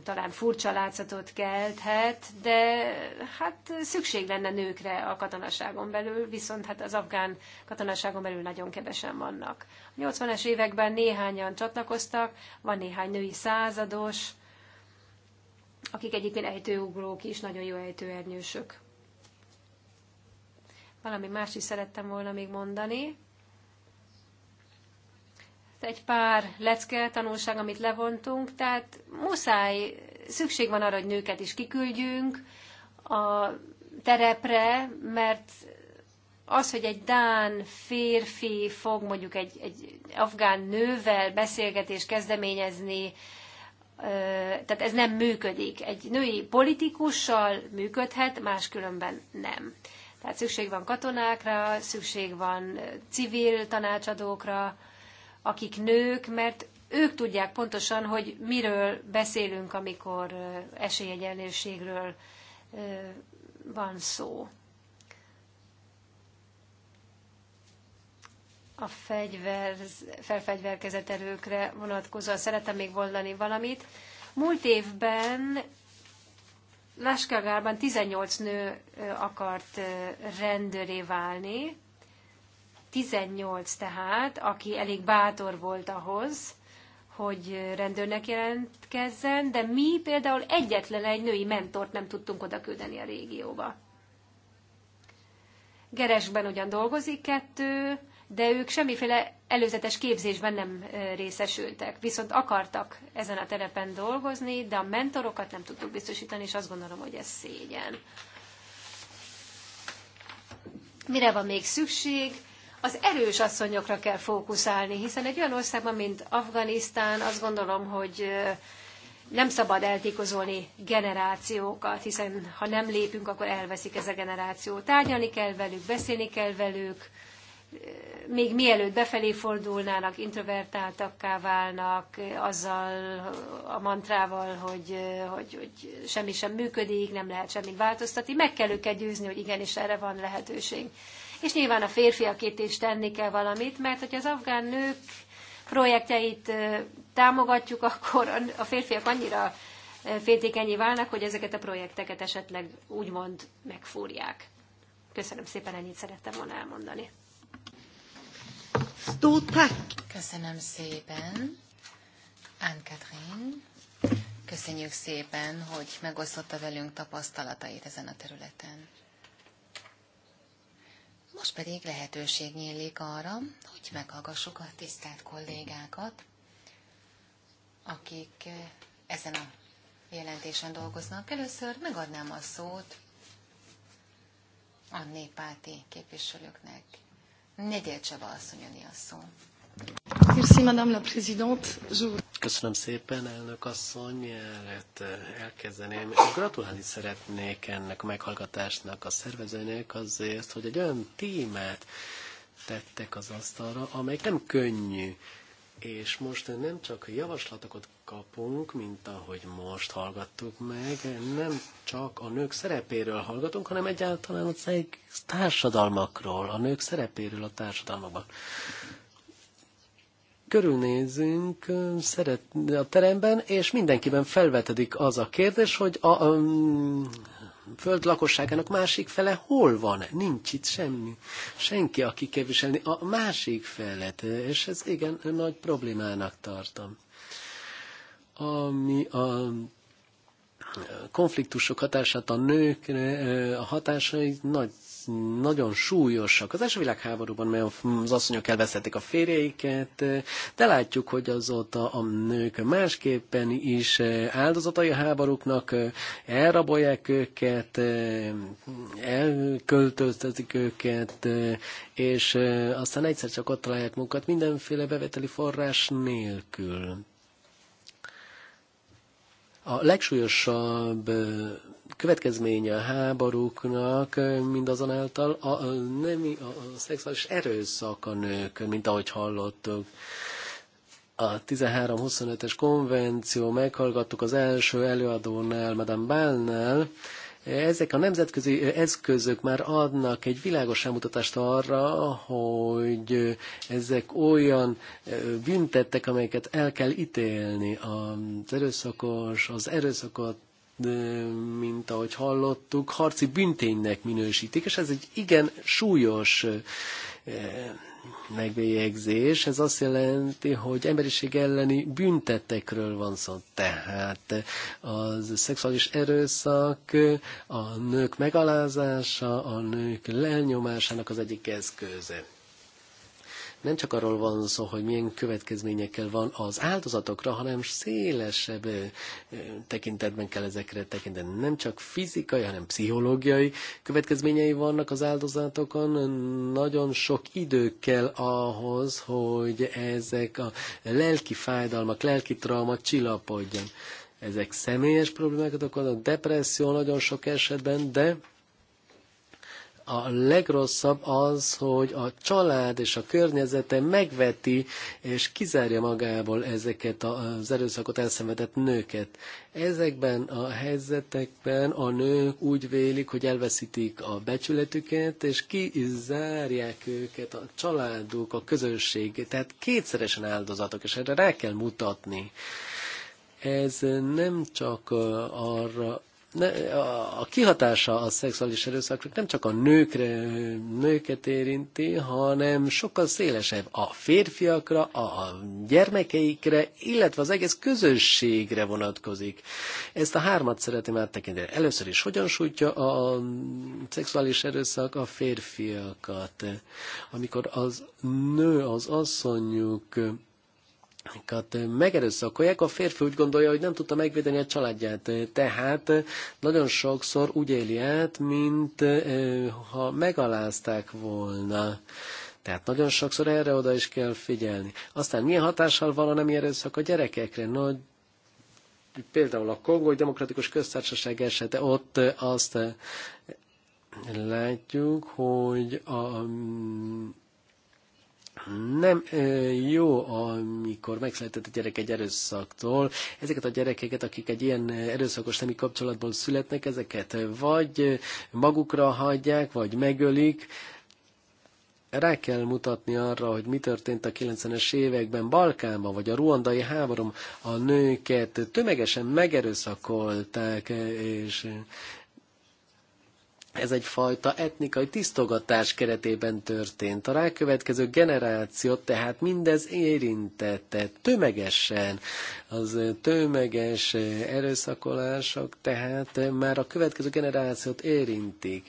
talán furcsa látszatot kelthet, de hát szükség lenne nőkre a katonaságon belül, viszont hát az afgán katonaságon belül nagyon kevesen vannak. A 80-es években néhányan csatlakoztak, van néhány női százados, akik egyébként ejtőugrók is, nagyon jó ejtőernyősök. Valami más is szerettem volna még mondani egy pár lecke tanulság, amit levontunk, tehát muszáj, szükség van arra, hogy nőket is kiküldjünk a terepre, mert az, hogy egy Dán férfi fog mondjuk egy, egy afgán nővel beszélgetést kezdeményezni, tehát ez nem működik. Egy női politikussal működhet, máskülönben nem. Tehát szükség van katonákra, szükség van civil tanácsadókra, akik nők, mert ők tudják pontosan, hogy miről beszélünk, amikor esélyegyenlőségről van szó. A fegyver, felfegyverkezett erőkre vonatkozóan szeretem még mondani valamit. Múlt évben Láskagárban 18 nő akart rendőré válni, 18 tehát, aki elég bátor volt ahhoz, hogy rendőrnek jelentkezzen, de mi például egyetlen egy női mentort nem tudtunk oda küldeni a régióba. Geresben ugyan dolgozik kettő, de ők semmiféle előzetes képzésben nem részesültek. Viszont akartak ezen a terepen dolgozni, de a mentorokat nem tudtuk biztosítani, és azt gondolom, hogy ez szégyen. Mire van még szükség? az erős asszonyokra kell fókuszálni, hiszen egy olyan országban, mint Afganisztán, azt gondolom, hogy nem szabad eltékozolni generációkat, hiszen ha nem lépünk, akkor elveszik ez a generáció. Tárgyalni kell velük, beszélni kell velük, még mielőtt befelé fordulnának, introvertáltakká válnak, azzal a mantrával, hogy, hogy, hogy semmi sem működik, nem lehet semmit változtatni, meg kell őket győzni, hogy igenis erre van lehetőség és nyilván a férfiakét is tenni kell valamit, mert hogy az afgán nők projektjeit támogatjuk, akkor a férfiak annyira féltékenyé válnak, hogy ezeket a projekteket esetleg úgymond megfúrják. Köszönöm szépen, ennyit szerettem volna elmondani. Köszönöm szépen, Anne-Catherine. Köszönjük szépen, hogy megosztotta velünk tapasztalatait ezen a területen. Most pedig lehetőség nyílik arra, hogy meghallgassuk a tisztelt kollégákat, akik eh, ezen a jelentésen dolgoznak. Először megadnám a szót a népáti képviselőknek. Negyed Csaba asszony a szó. Köszönöm szépen, elnök asszony, mielőtt eh, elkezdeném. Gratulálni szeretnék ennek a meghallgatásnak a szervezőnek azért, hogy egy olyan témát tettek az asztalra, amely nem könnyű. És most nem csak javaslatokat kapunk, mint ahogy most hallgattuk meg, nem csak a nők szerepéről hallgatunk, hanem egyáltalán az egész társadalmakról, a nők szerepéről a társadalmakban körülnézünk szeret, a teremben, és mindenkiben felvetedik az a kérdés, hogy a, a, a föld lakosságának másik fele hol van? Nincs itt semmi. Senki, aki képviselni a másik felet, és ez igen nagy problémának tartom. Ami a konfliktusok hatását a nőkre, a hatásai nagy nagyon súlyosak. Az első világháborúban, mert az asszonyok elveszették a férjeiket, de látjuk, hogy azóta a nők másképpen is áldozatai a háborúknak, elrabolják őket, elköltöztetik őket, és aztán egyszer csak ott találják munkat mindenféle beveteli forrás nélkül. A legsúlyosabb következménye a háborúknak mindazonáltal a, a, nemi, a, a szexuális erőszak a nők, mint ahogy hallottuk a 13-25-es konvenció meghallgattuk az első előadónál, Madame Bálnál, ezek a nemzetközi eszközök már adnak egy világos rámutatást arra, hogy ezek olyan büntettek, amelyeket el kell ítélni. Az erőszakos, az erőszakot mint ahogy hallottuk, harci bünténynek minősítik, és ez egy igen súlyos megbélyegzés, ez azt jelenti, hogy emberiség elleni büntetekről van szó. Tehát az szexuális erőszak, a nők megalázása, a nők lenyomásának az egyik eszköze nem csak arról van szó, hogy milyen következményekkel van az áldozatokra, hanem szélesebb tekintetben kell ezekre tekinteni. Nem csak fizikai, hanem pszichológiai következményei vannak az áldozatokon. Nagyon sok idő kell ahhoz, hogy ezek a lelki fájdalmak, lelki trauma csillapodjanak. Ezek személyes problémákat okoznak, depresszió nagyon sok esetben, de a legrosszabb az, hogy a család és a környezete megveti és kizárja magából ezeket az erőszakot elszenvedett nőket. Ezekben a helyzetekben a nők úgy vélik, hogy elveszítik a becsületüket, és kizárják őket a családuk, a közösség. Tehát kétszeresen áldozatok, és erre rá kell mutatni. Ez nem csak arra a kihatása a szexuális erőszaknak nem csak a nőkre, nőket érinti, hanem sokkal szélesebb a férfiakra, a gyermekeikre, illetve az egész közösségre vonatkozik. Ezt a hármat szeretném áttekinteni. Először is, hogyan sújtja a szexuális erőszak a férfiakat? Amikor az nő, az asszonyuk megerőszakolják, a férfi úgy gondolja, hogy nem tudta megvédeni a családját. Tehát nagyon sokszor úgy éli át, mint ha megalázták volna. Tehát nagyon sokszor erre-oda is kell figyelni. Aztán milyen hatással van a nem erőszak a gyerekekre? Nagy például a Kongói Demokratikus Köztársaság esete, ott azt látjuk, hogy a nem jó, amikor megszületett a gyerek egy erőszaktól. Ezeket a gyerekeket, akik egy ilyen erőszakos nemi kapcsolatból születnek, ezeket vagy magukra hagyják, vagy megölik. Rá kell mutatni arra, hogy mi történt a 90-es években Balkánban, vagy a ruandai háborom a nőket tömegesen megerőszakolták, és ez egyfajta etnikai tisztogatás keretében történt. A rákövetkező generációt tehát mindez érintette tömegesen. Az tömeges erőszakolások tehát már a következő generációt érintik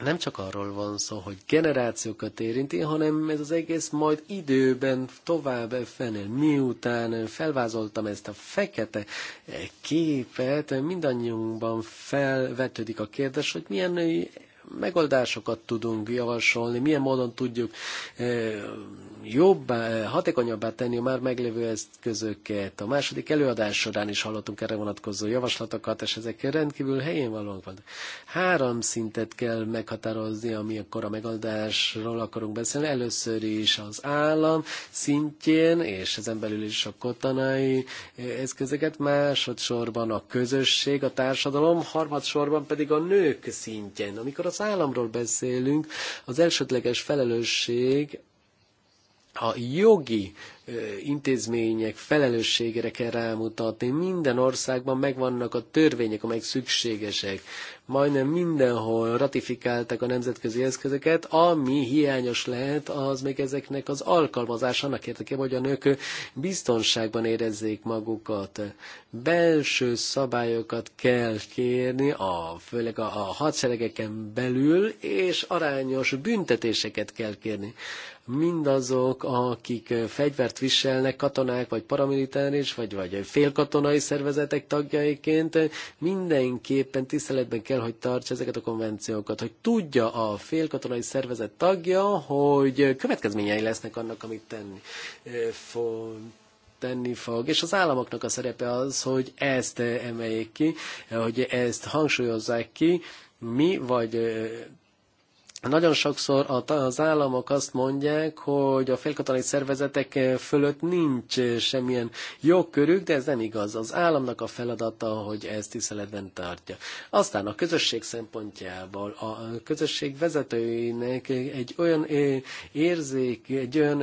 nem csak arról van szó, hogy generációkat érinti, hanem ez az egész majd időben tovább fennél Miután felvázoltam ezt a fekete képet, mindannyiunkban felvetődik a kérdés, hogy milyen megoldásokat tudunk javasolni, milyen módon tudjuk eh, jobbá, hatékonyabbá tenni a már meglévő eszközöket. A második előadás során is hallottunk erre vonatkozó javaslatokat, és ezek rendkívül helyén valók vannak. Három szintet kell meghatározni, akkor a megoldásról akarunk beszélni. Először is az állam szintjén, és ezen belül is a katonai eh, eszközöket, másodszorban a közösség, a társadalom, harmadsorban pedig a nők szintjén. Amikor az államról beszélünk, az elsődleges felelősség a jogi intézmények felelősségére kell rámutatni. Minden országban megvannak a törvények, amelyek szükségesek. Majdnem mindenhol ratifikáltak a nemzetközi eszközöket, ami hiányos lehet az még ezeknek az alkalmazása annak érdekében, hogy a nők biztonságban érezzék magukat. Belső szabályokat kell kérni, a, főleg a, a hadseregeken belül, és arányos büntetéseket kell kérni mindazok, akik fegyvert viselnek katonák, vagy paramilitáris, vagy, vagy félkatonai szervezetek tagjaiként, mindenképpen tiszteletben kell, hogy tartsa ezeket a konvenciókat, hogy tudja a félkatonai szervezet tagja, hogy következményei lesznek annak, amit tenni fog tenni fog, és az államoknak a szerepe az, hogy ezt emeljék ki, hogy ezt hangsúlyozzák ki, mi vagy nagyon sokszor az államok azt mondják, hogy a félkatonai szervezetek eh, fölött nincs eh, semmilyen jogkörük, de ez nem igaz. Az államnak a feladata, hogy ezt tiszteletben tartja. Aztán a közösség szempontjából a közösség vezetőinek egy olyan eh, érzék, egy olyan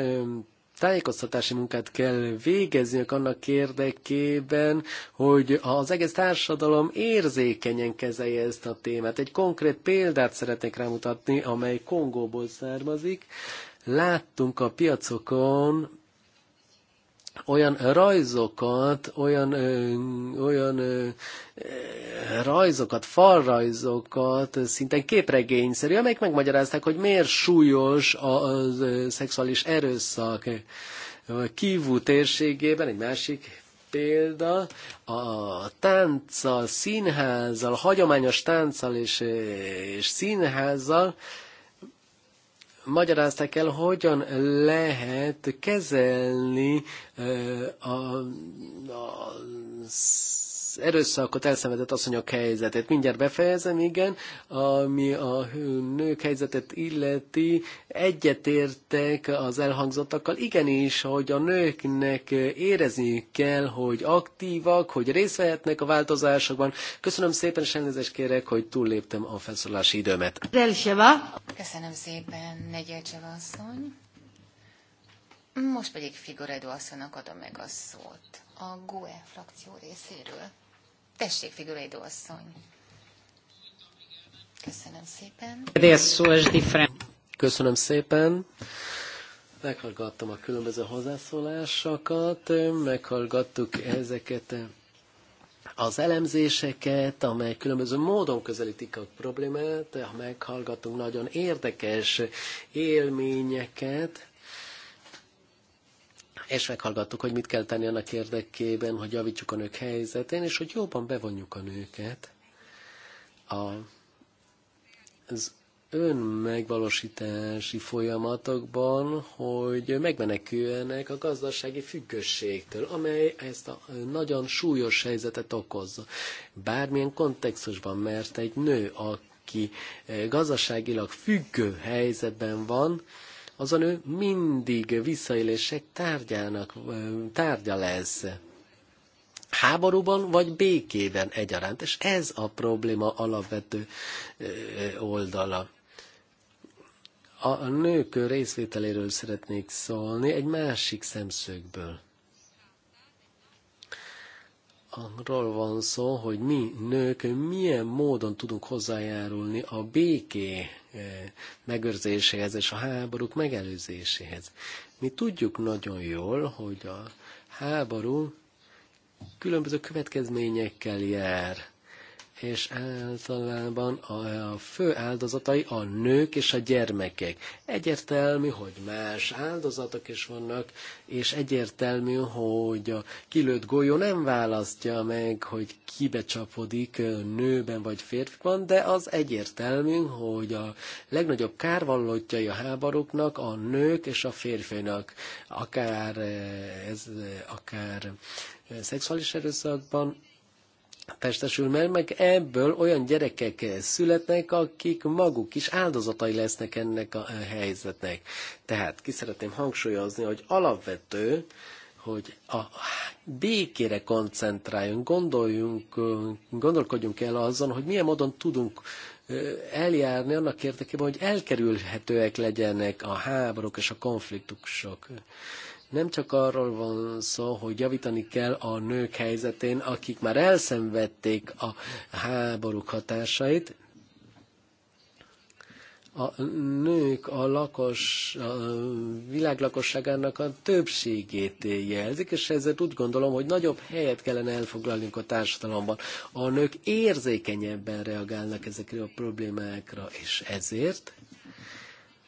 tájékoztatási munkát kell végezniük annak érdekében, hogy az egész társadalom érzékenyen kezelje ezt a témát. Egy konkrét példát szeretnék rámutatni, amely Kongóból származik. Láttunk a piacokon olyan rajzokat, olyan, ö, olyan ö, rajzokat, falrajzokat, szinte képregényszerű, amelyek megmagyarázták, hogy miért súlyos a, a, a szexuális erőszak. Kívú térségében egy másik példa, a tánccal, színházzal, hagyományos tánccal és, és színházzal, magyarázták el, hogyan lehet kezelni a, a erőszakot elszenvedett asszonyok helyzetét. Mindjárt befejezem, igen, ami a nők helyzetet illeti, egyetértek az elhangzottakkal. Igenis, hogy a nőknek érezni kell, hogy aktívak, hogy részt vehetnek a változásokban. Köszönöm szépen, és elnézést kérek, hogy túlléptem a felszólási időmet. Köszönöm szépen, Negyelcseva asszony. Most pedig Figuredo asszonynak adom meg a szót a GUE frakció részéről. Tessék, Figurédó asszony. Köszönöm szépen. Köszönöm szépen. Meghallgattam a különböző hozzászólásokat, meghallgattuk ezeket az elemzéseket, amely különböző módon közelítik a problémát, meghallgattunk nagyon érdekes élményeket, és meghallgattuk, hogy mit kell tenni annak érdekében, hogy javítsuk a nők helyzetén, és hogy jobban bevonjuk a nőket a, az önmegvalósítási folyamatokban, hogy megmeneküljenek a gazdasági függőségtől, amely ezt a nagyon súlyos helyzetet okozza. Bármilyen kontextusban, mert egy nő, aki gazdaságilag függő helyzetben van, a nő mindig visszaélések tárgyának, tárgya lesz háborúban vagy békében egyaránt. És ez a probléma alapvető oldala. A nők részvételéről szeretnék szólni egy másik szemszögből arról van szó, hogy mi nők milyen módon tudunk hozzájárulni a béké eh, megőrzéséhez és a háborúk megelőzéséhez. Mi tudjuk nagyon jól, hogy a háború különböző következményekkel jár és általában a a fő áldozatai a nők és a gyermekek. Egyértelmű, hogy más áldozatok is vannak, és egyértelmű, hogy a kilőtt golyó nem választja meg, hogy kibecsapodik nőben vagy férfiban, de az egyértelmű, hogy a legnagyobb kárvallottjai a háborúknak a nők és a férfinak, akár ez, akár szexuális erőszakban, testesül meg, meg ebből olyan gyerekek születnek, akik maguk is áldozatai lesznek ennek a eh, helyzetnek. Tehát ki szeretném hangsúlyozni, hogy alapvető, hogy a békére koncentráljunk, gondoljunk, eh, gondolkodjunk el azon, hogy milyen módon tudunk eh, eljárni annak érdekében, hogy elkerülhetőek legyenek a háborúk és a konfliktusok. Nem csak arról van szó, hogy javítani kell a nők helyzetén, akik már elszenvedték a háborúk hatásait, a nők a lakos, a világ lakosságának a többségét jelzik, és ezért úgy gondolom, hogy nagyobb helyet kellene elfoglalnunk a társadalomban. A nők érzékenyebben reagálnak ezekre a problémákra, és ezért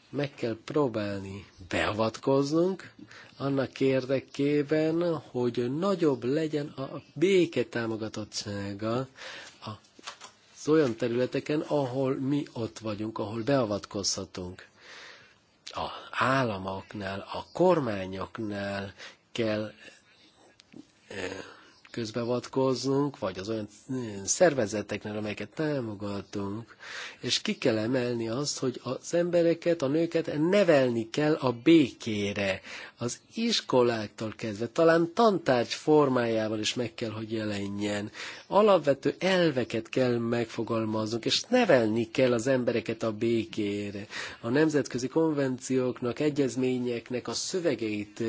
meg kell próbálni beavatkoznunk annak érdekében, hogy nagyobb legyen a béke támogatottsága az olyan területeken, ahol mi ott vagyunk, ahol beavatkozhatunk. A államoknál, a kormányoknál kell eh, közbevatkoznunk, vagy az olyan szervezeteknél, amelyeket támogatunk, és ki kell emelni azt, hogy az embereket, a nőket nevelni kell a békére, az iskoláktól kezdve, talán tantárgy formájával is meg kell, hogy jelenjen. Alapvető elveket kell megfogalmaznunk, és nevelni kell az embereket a békére. A nemzetközi konvencióknak, egyezményeknek a szövegeit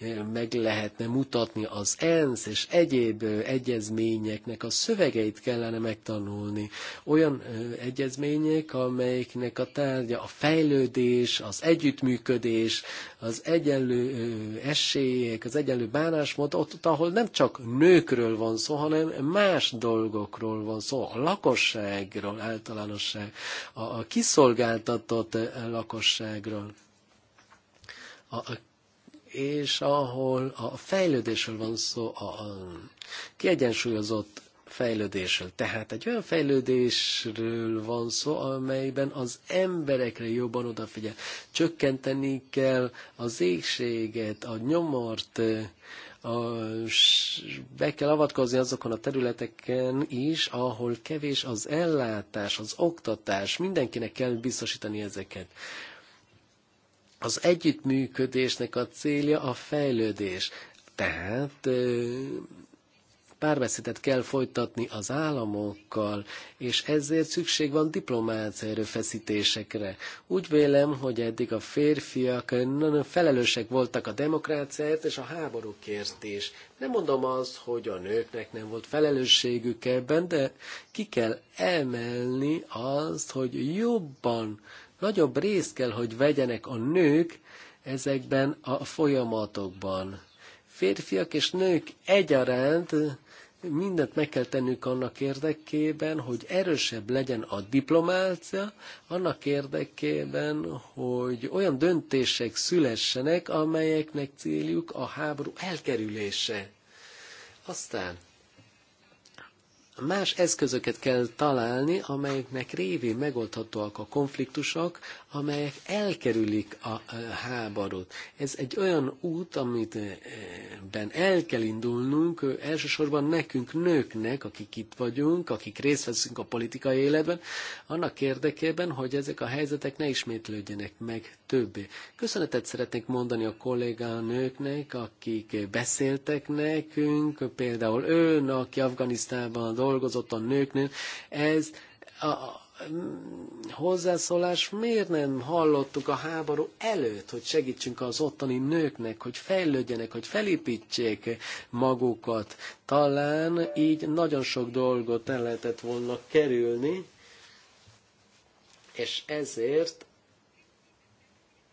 eh, meg lehetne mutatni az ENSZ és egyéb egyéb egyezményeknek a szövegeit kellene megtanulni. Olyan egyezmények, amelyeknek a tárgya a fejlődés, az együttműködés, az egyenlő esélyek, az egyenlő bánásmód, ott, ahol nem csak nőkről van szó, hanem más dolgokról van szó, a lakosságról általánosság, a, a kiszolgáltatott lakosságról. A, a és ahol a fejlődésről van szó, a kiegyensúlyozott fejlődésről. Tehát egy olyan fejlődésről van szó, amelyben az emberekre jobban odafigyel. Csökkenteni kell az égséget, a nyomort, a, be kell avatkozni azokon a területeken is, ahol kevés az ellátás, az oktatás, mindenkinek kell biztosítani ezeket. Az együttműködésnek a célja a fejlődés. Tehát párbeszédet kell folytatni az államokkal, és ezért szükség van diplomáciai erőfeszítésekre. Úgy vélem, hogy eddig a férfiak nagyon felelősek voltak a demokráciáért és a háborúkért is. Nem mondom azt, hogy a nőknek nem volt felelősségük ebben, de ki kell emelni azt, hogy jobban nagyobb részt kell, hogy vegyenek a nők ezekben a folyamatokban. Férfiak és nők egyaránt mindent meg kell tennünk annak érdekében, hogy erősebb legyen a diplomácia, annak érdekében, hogy olyan döntések szülessenek, amelyeknek céljuk a háború elkerülése. Aztán más eszközöket kell találni, amelyeknek révén megoldhatóak a konfliktusok, amelyek elkerülik a háborút. Ez egy olyan út, amit ben el kell indulnunk, elsősorban nekünk nőknek, akik itt vagyunk, akik részt veszünk a politikai életben, annak érdekében, hogy ezek a helyzetek ne ismétlődjenek meg többé. Köszönetet szeretnék mondani a nőknek, akik beszéltek nekünk, például ön, aki Afganisztánban dolgozott a nőknél. Ez a hozzászólás, miért nem hallottuk a háború előtt, hogy segítsünk az ottani nőknek, hogy fejlődjenek, hogy felépítsék magukat. Talán így nagyon sok dolgot el lehetett volna kerülni, és ezért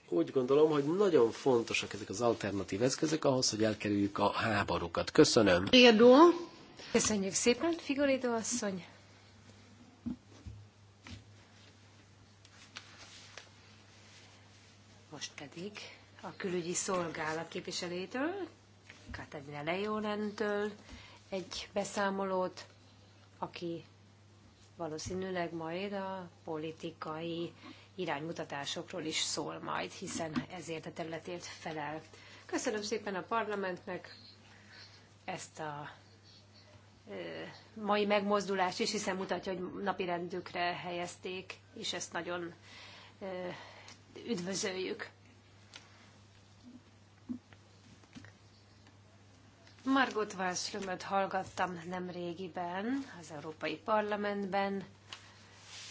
úgy gondolom, hogy nagyon fontosak ezek az alternatív eszközök ahhoz, hogy elkerüljük a háborúkat. Köszönöm. Riadó. Köszönjük szépen, Figolidó asszony. Most pedig a külügyi szolgálat képviselőjétől, Katarina Lejónentől egy beszámolót, aki valószínűleg majd a politikai iránymutatásokról is szól majd, hiszen ezért a területért felel. Köszönöm szépen a parlamentnek ezt a mai megmozdulás is, hiszen mutatja, hogy napirendükre helyezték, és ezt nagyon üdvözöljük. Margot Wallströmöt hallgattam nem régiben, az Európai Parlamentben,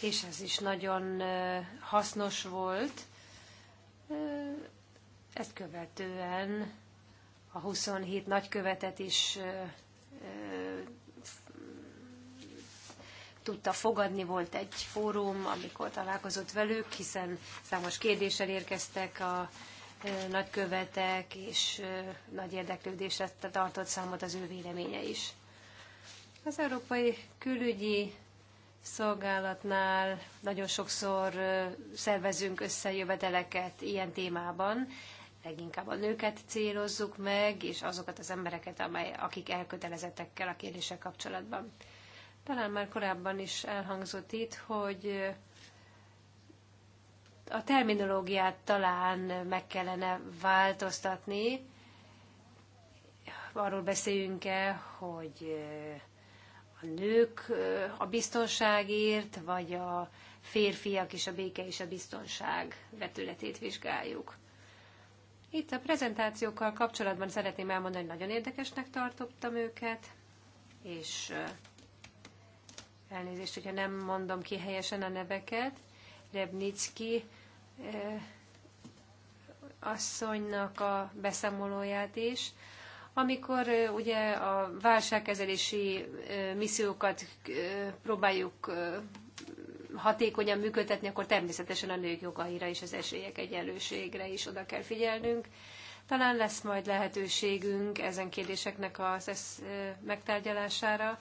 és ez is nagyon hasznos volt. Ezt követően a 27 nagykövetet is tudta fogadni, volt egy fórum, amikor találkozott velük, hiszen számos kérdéssel érkeztek a nagykövetek, és nagy érdeklődésre tartott számot az ő véleménye is. Az Európai Külügyi Szolgálatnál nagyon sokszor szervezünk össze ilyen témában, leginkább a nőket célozzuk meg, és azokat az embereket, amely, akik elkötelezettekkel a kérdések kapcsolatban. Talán már korábban is elhangzott itt, hogy a terminológiát talán meg kellene változtatni. Arról beszéljünk-e, hogy a nők a biztonságért, vagy a férfiak és a béke és a biztonság vetületét vizsgáljuk. Itt a prezentációkkal kapcsolatban szeretném elmondani, hogy nagyon érdekesnek tartottam őket, és elnézést, hogyha nem mondom ki helyesen a neveket, Rebnicki eh, asszonynak a beszámolóját is, amikor eh, ugye a válságkezelési eh, missziókat próbáljuk hatékonyan működtetni, akkor természetesen a nők jogaira és az esélyek egyenlőségre is oda kell figyelnünk. Talán lesz majd lehetőségünk ezen kérdéseknek az megtárgyalására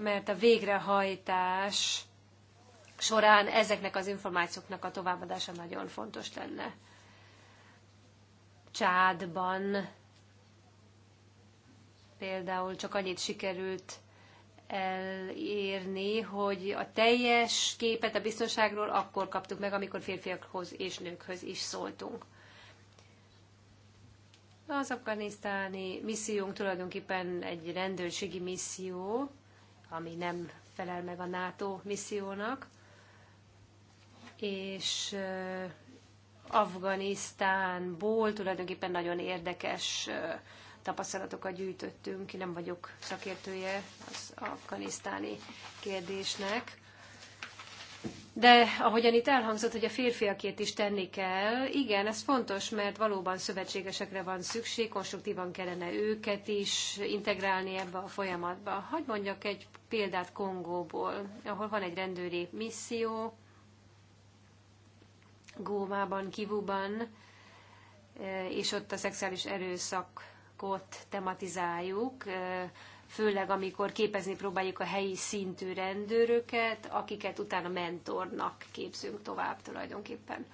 mert a végrehajtás során ezeknek az információknak a továbbadása nagyon fontos lenne. Csádban például csak annyit sikerült elérni, hogy a teljes képet a biztonságról akkor kaptuk meg, amikor férfiakhoz és nőkhöz is szóltunk. Az afganisztáni missziónk tulajdonképpen egy rendőrségi misszió, ami nem felel meg a NATO missziónak, és Afganisztánból tulajdonképpen nagyon érdekes tapasztalatokat gyűjtöttünk. Én nem vagyok szakértője az afganisztáni kérdésnek, de ahogyan itt elhangzott, hogy a férfiakét is tenni kell, igen, ez fontos, mert valóban szövetségesekre van szükség, konstruktívan kellene őket is integrálni ebbe a folyamatba. Hogy mondjak egy példát Kongóból, ahol van egy rendőri misszió, Gómában, Kivuban, és ott a szexuális erőszakot tematizáljuk, főleg amikor képezni próbáljuk a helyi szintű rendőröket, akiket utána mentornak képzünk tovább tulajdonképpen.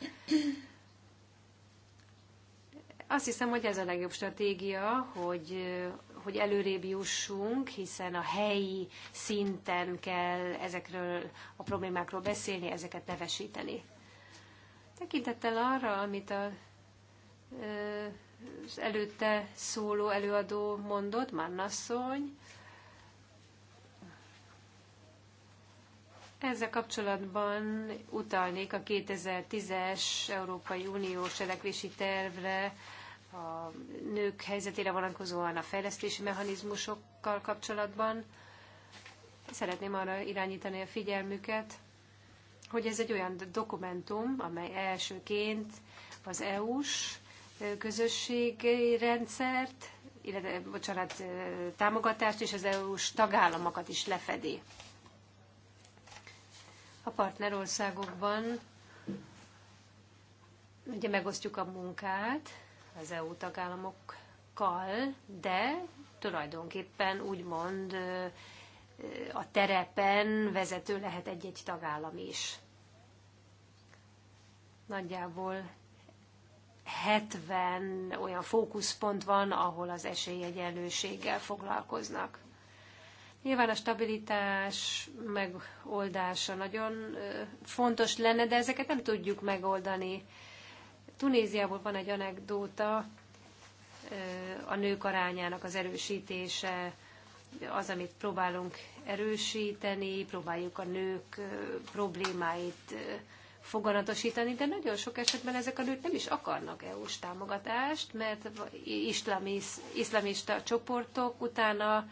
Azt hiszem, hogy ez a legjobb stratégia, hogy, hogy előrébb jussunk, hiszen a helyi szinten kell ezekről a problémákról beszélni, ezeket nevesíteni. Tekintettel arra, amit a az előtte szóló előadó mondott, Mannasszony. Ezzel kapcsolatban utalnék a 2010-es Európai Unió cselekvési tervre, a nők helyzetére vonatkozóan a fejlesztési mechanizmusokkal kapcsolatban. Szeretném arra irányítani a figyelmüket, hogy ez egy olyan dokumentum, amely elsőként az EU-s közösségi rendszert, illetve, eh, bocsánat, eh, támogatást és az EU-s tagállamokat is lefedi. A partnerországokban ugye megosztjuk a munkát az EU tagállamokkal, de tulajdonképpen úgymond eh, a terepen vezető lehet egy-egy tagállam is. Nagyjából 70 olyan fókuszpont van, ahol az esélyegyenlőséggel foglalkoznak. Nyilván a stabilitás megoldása nagyon fontos lenne, de ezeket nem tudjuk megoldani. Tunéziából van egy anekdóta, a nők arányának az erősítése, az, amit próbálunk erősíteni, próbáljuk a nők problémáit foganatosítani, de nagyon sok esetben ezek a nők nem is akarnak EU-s támogatást, mert iszlamis, iszlamista csoportok utána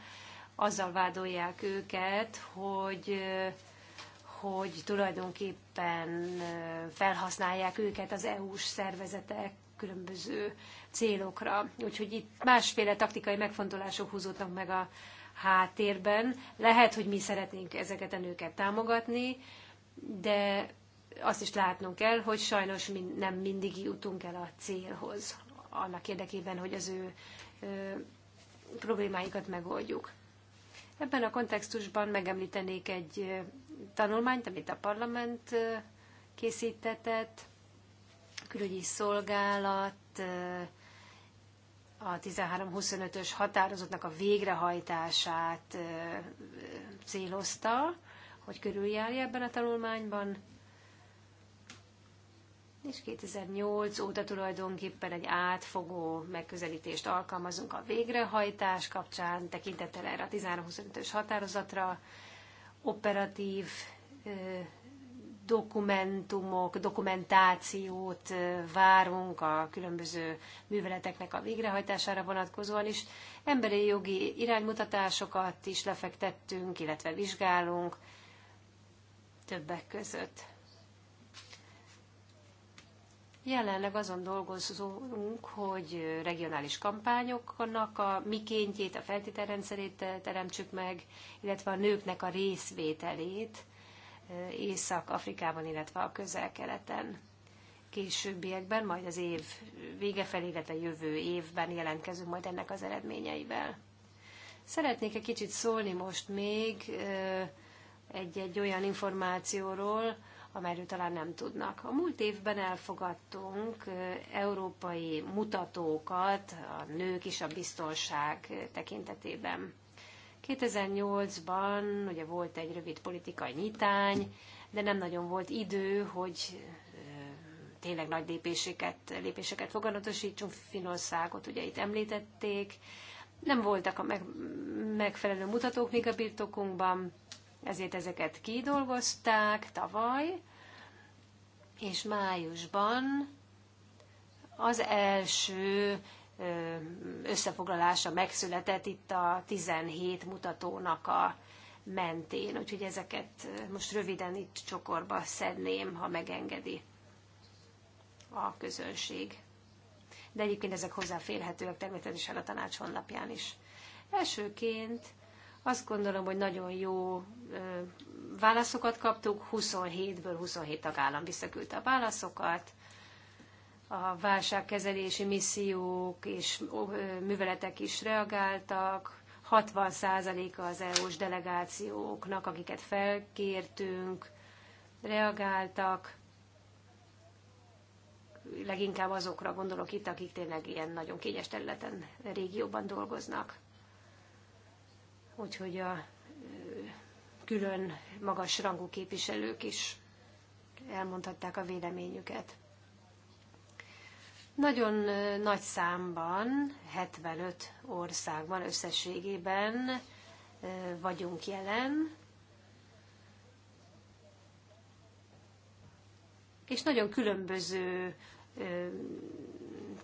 azzal vádolják őket, hogy hogy tulajdonképpen felhasználják őket az EU-s szervezetek különböző célokra. Úgyhogy itt másféle taktikai megfontolások húzódnak meg a háttérben. Lehet, hogy mi szeretnénk ezeket a nőket támogatni, de azt is látnunk kell, hogy sajnos nem mindig jutunk el a célhoz, annak érdekében, hogy az ő problémáikat megoldjuk. Ebben a kontextusban megemlítenék egy tanulmányt, amit a parlament készítetett, külügyi szolgálat, a 13 25 ös határozatnak a végrehajtását célozta, hogy körüljárja ebben a tanulmányban, és 2008 óta tulajdonképpen egy átfogó megközelítést alkalmazunk a végrehajtás kapcsán, tekintettel erre a 1325-ös határozatra, operatív dokumentumok, dokumentációt várunk a különböző műveleteknek a végrehajtására vonatkozóan is. Emberi jogi iránymutatásokat is lefektettünk, illetve vizsgálunk többek között. Jelenleg azon dolgozunk, hogy regionális kampányoknak a mikéntjét, a feltételrendszerét teremtsük meg, illetve a nőknek a részvételét Észak-Afrikában, illetve a közel-keleten. Későbbiekben, majd az év vége felé, illetve jövő évben jelentkezünk majd ennek az eredményeivel. Szeretnék egy kicsit szólni most még egy-egy olyan információról, amelyről talán nem tudnak. A múlt évben elfogadtunk európai mutatókat a nők és a biztonság tekintetében. 2008-ban ugye volt egy rövid politikai nyitány, de nem nagyon volt idő, hogy tényleg nagy lépéseket, lépéseket foganatosítsunk. Finországot ugye itt említették. Nem voltak a megfelelő mutatók még a birtokunkban, ezért ezeket kidolgozták tavaly, és májusban az első összefoglalása megszületett itt a 17 mutatónak a mentén, úgyhogy ezeket most röviden itt csokorba szedném, ha megengedi a közönség. De egyébként ezek hozzáférhetőek természetesen a tanács honlapján is. Elsőként azt gondolom, hogy nagyon jó válaszokat kaptuk, 27-ből 27 tagállam visszaküldte a válaszokat. A válságkezelési missziók és műveletek is reagáltak, 60%-a az EU-s delegációknak, akiket felkértünk, reagáltak. Leginkább azokra gondolok itt, akik tényleg ilyen nagyon kényes területen, régióban dolgoznak úgyhogy a külön magas rangú képviselők is elmondhatták a véleményüket. Nagyon nagy számban, 75 országban összességében vagyunk jelen, és nagyon különböző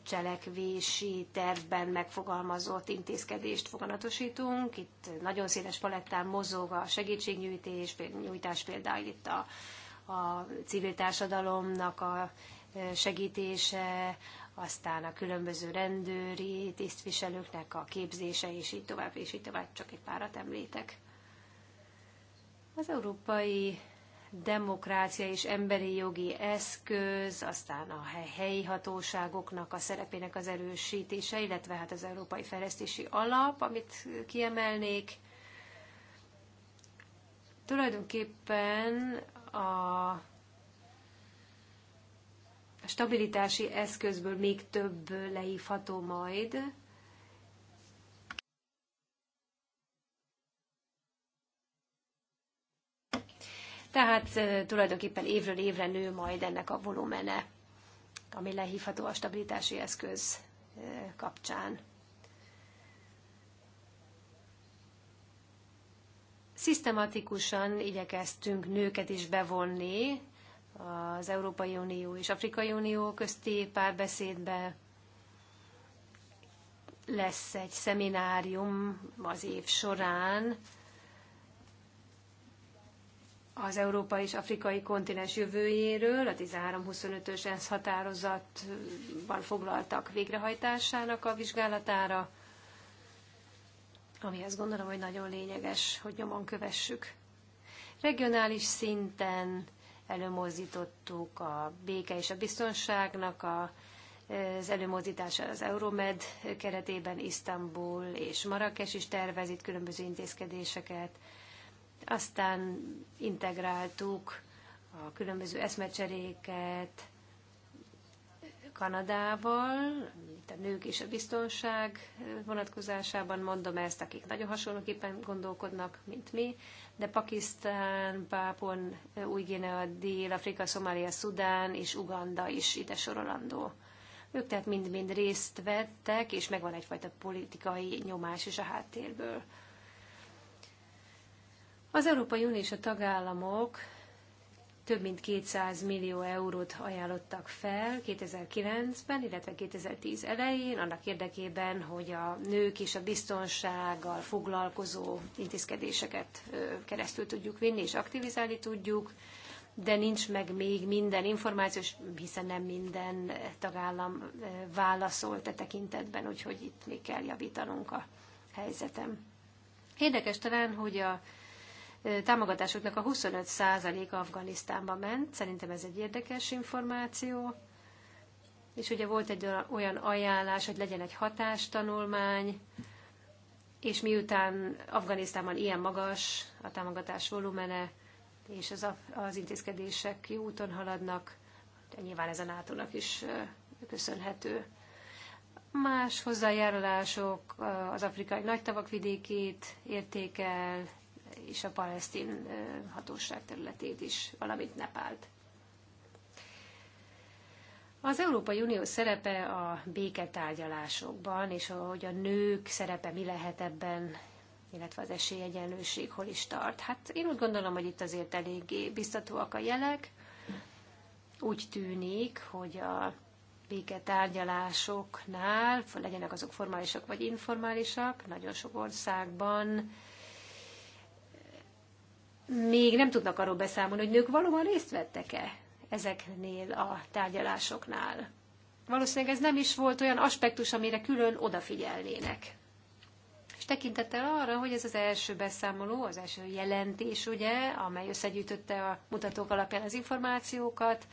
cselekvési tervben megfogalmazott intézkedést foganatosítunk. Itt nagyon széles palettán mozog a segítségnyújtás, nyújtás például itt a, a civil társadalomnak a segítése, aztán a különböző rendőri tisztviselőknek a képzése, és így tovább, és így tovább, csak egy párat említek. Az Európai demokrácia és emberi jogi eszköz, aztán a helyi hatóságoknak a szerepének az erősítése, illetve hát az Európai Fejlesztési Alap, amit kiemelnék. Tulajdonképpen a stabilitási eszközből még több leívható majd, tehát tulajdonképpen évről évre nő majd ennek a volumene, ami lehívható a stabilitási eszköz kapcsán. Szisztematikusan igyekeztünk nőket is bevonni az Európai Unió és Afrikai Unió közti párbeszédbe. Lesz egy szeminárium az év során, az európai és afrikai kontinens jövőjéről, a 13-25-ös ENSZ határozatban foglaltak végrehajtásának a vizsgálatára, ami azt gondolom, hogy nagyon lényeges, hogy nyomon kövessük. Regionális szinten előmozdítottuk a béke és a biztonságnak a, az előmozdítása az Euromed keretében Isztambul és Marrakes is tervezít különböző intézkedéseket, aztán integráltuk a különböző eszmecseréket Kanadával, itt a nők és a biztonság vonatkozásában mondom ezt, akik nagyon hasonlóképpen gondolkodnak, mint mi, de Pakisztán, Pápon, új a Dél-Afrika, Szomália, Szudán és Uganda is ide sorolandó. Ők tehát mind-mind részt vettek, és megvan egyfajta politikai nyomás is a háttérből. Az Európai Unió és a tagállamok több mint 200 millió eurót ajánlottak fel 2009-ben, illetve 2010 elején, annak érdekében, hogy a nők és a biztonsággal foglalkozó intézkedéseket keresztül tudjuk vinni és aktivizálni tudjuk, de nincs meg még minden információs, hiszen nem minden tagállam válaszolt e tekintetben, úgyhogy itt még kell javítanunk a helyzetem. Érdekes talán, hogy a támogatásoknak a 25% Afganisztánba ment. Szerintem ez egy érdekes információ. És ugye volt egy olyan ajánlás, hogy legyen egy hatástanulmány, és miután Afganisztánban ilyen magas a támogatás volumene, és az, az intézkedések jó úton haladnak, de nyilván ez a nato is köszönhető. Más hozzájárulások az afrikai nagytavak vidékét értékel, és a palesztin hatóság területét is, valamint Nepált. Az Európai Unió szerepe a béketárgyalásokban, és hogy a nők szerepe mi lehet ebben, illetve az esélyegyenlőség hol is tart. Hát én úgy gondolom, hogy itt azért eléggé biztatóak a jelek. Úgy tűnik, hogy a béketárgyalásoknál, legyenek azok formálisak vagy informálisak, nagyon sok országban még nem tudnak arról beszámolni, hogy nők valóban részt vettek-e ezeknél a tárgyalásoknál. Valószínűleg ez nem is volt olyan aspektus, amire külön odafigyelnének. És tekintettel arra, hogy ez az első beszámoló, az első jelentés, ugye, amely összegyűjtötte a mutatók alapján az információkat,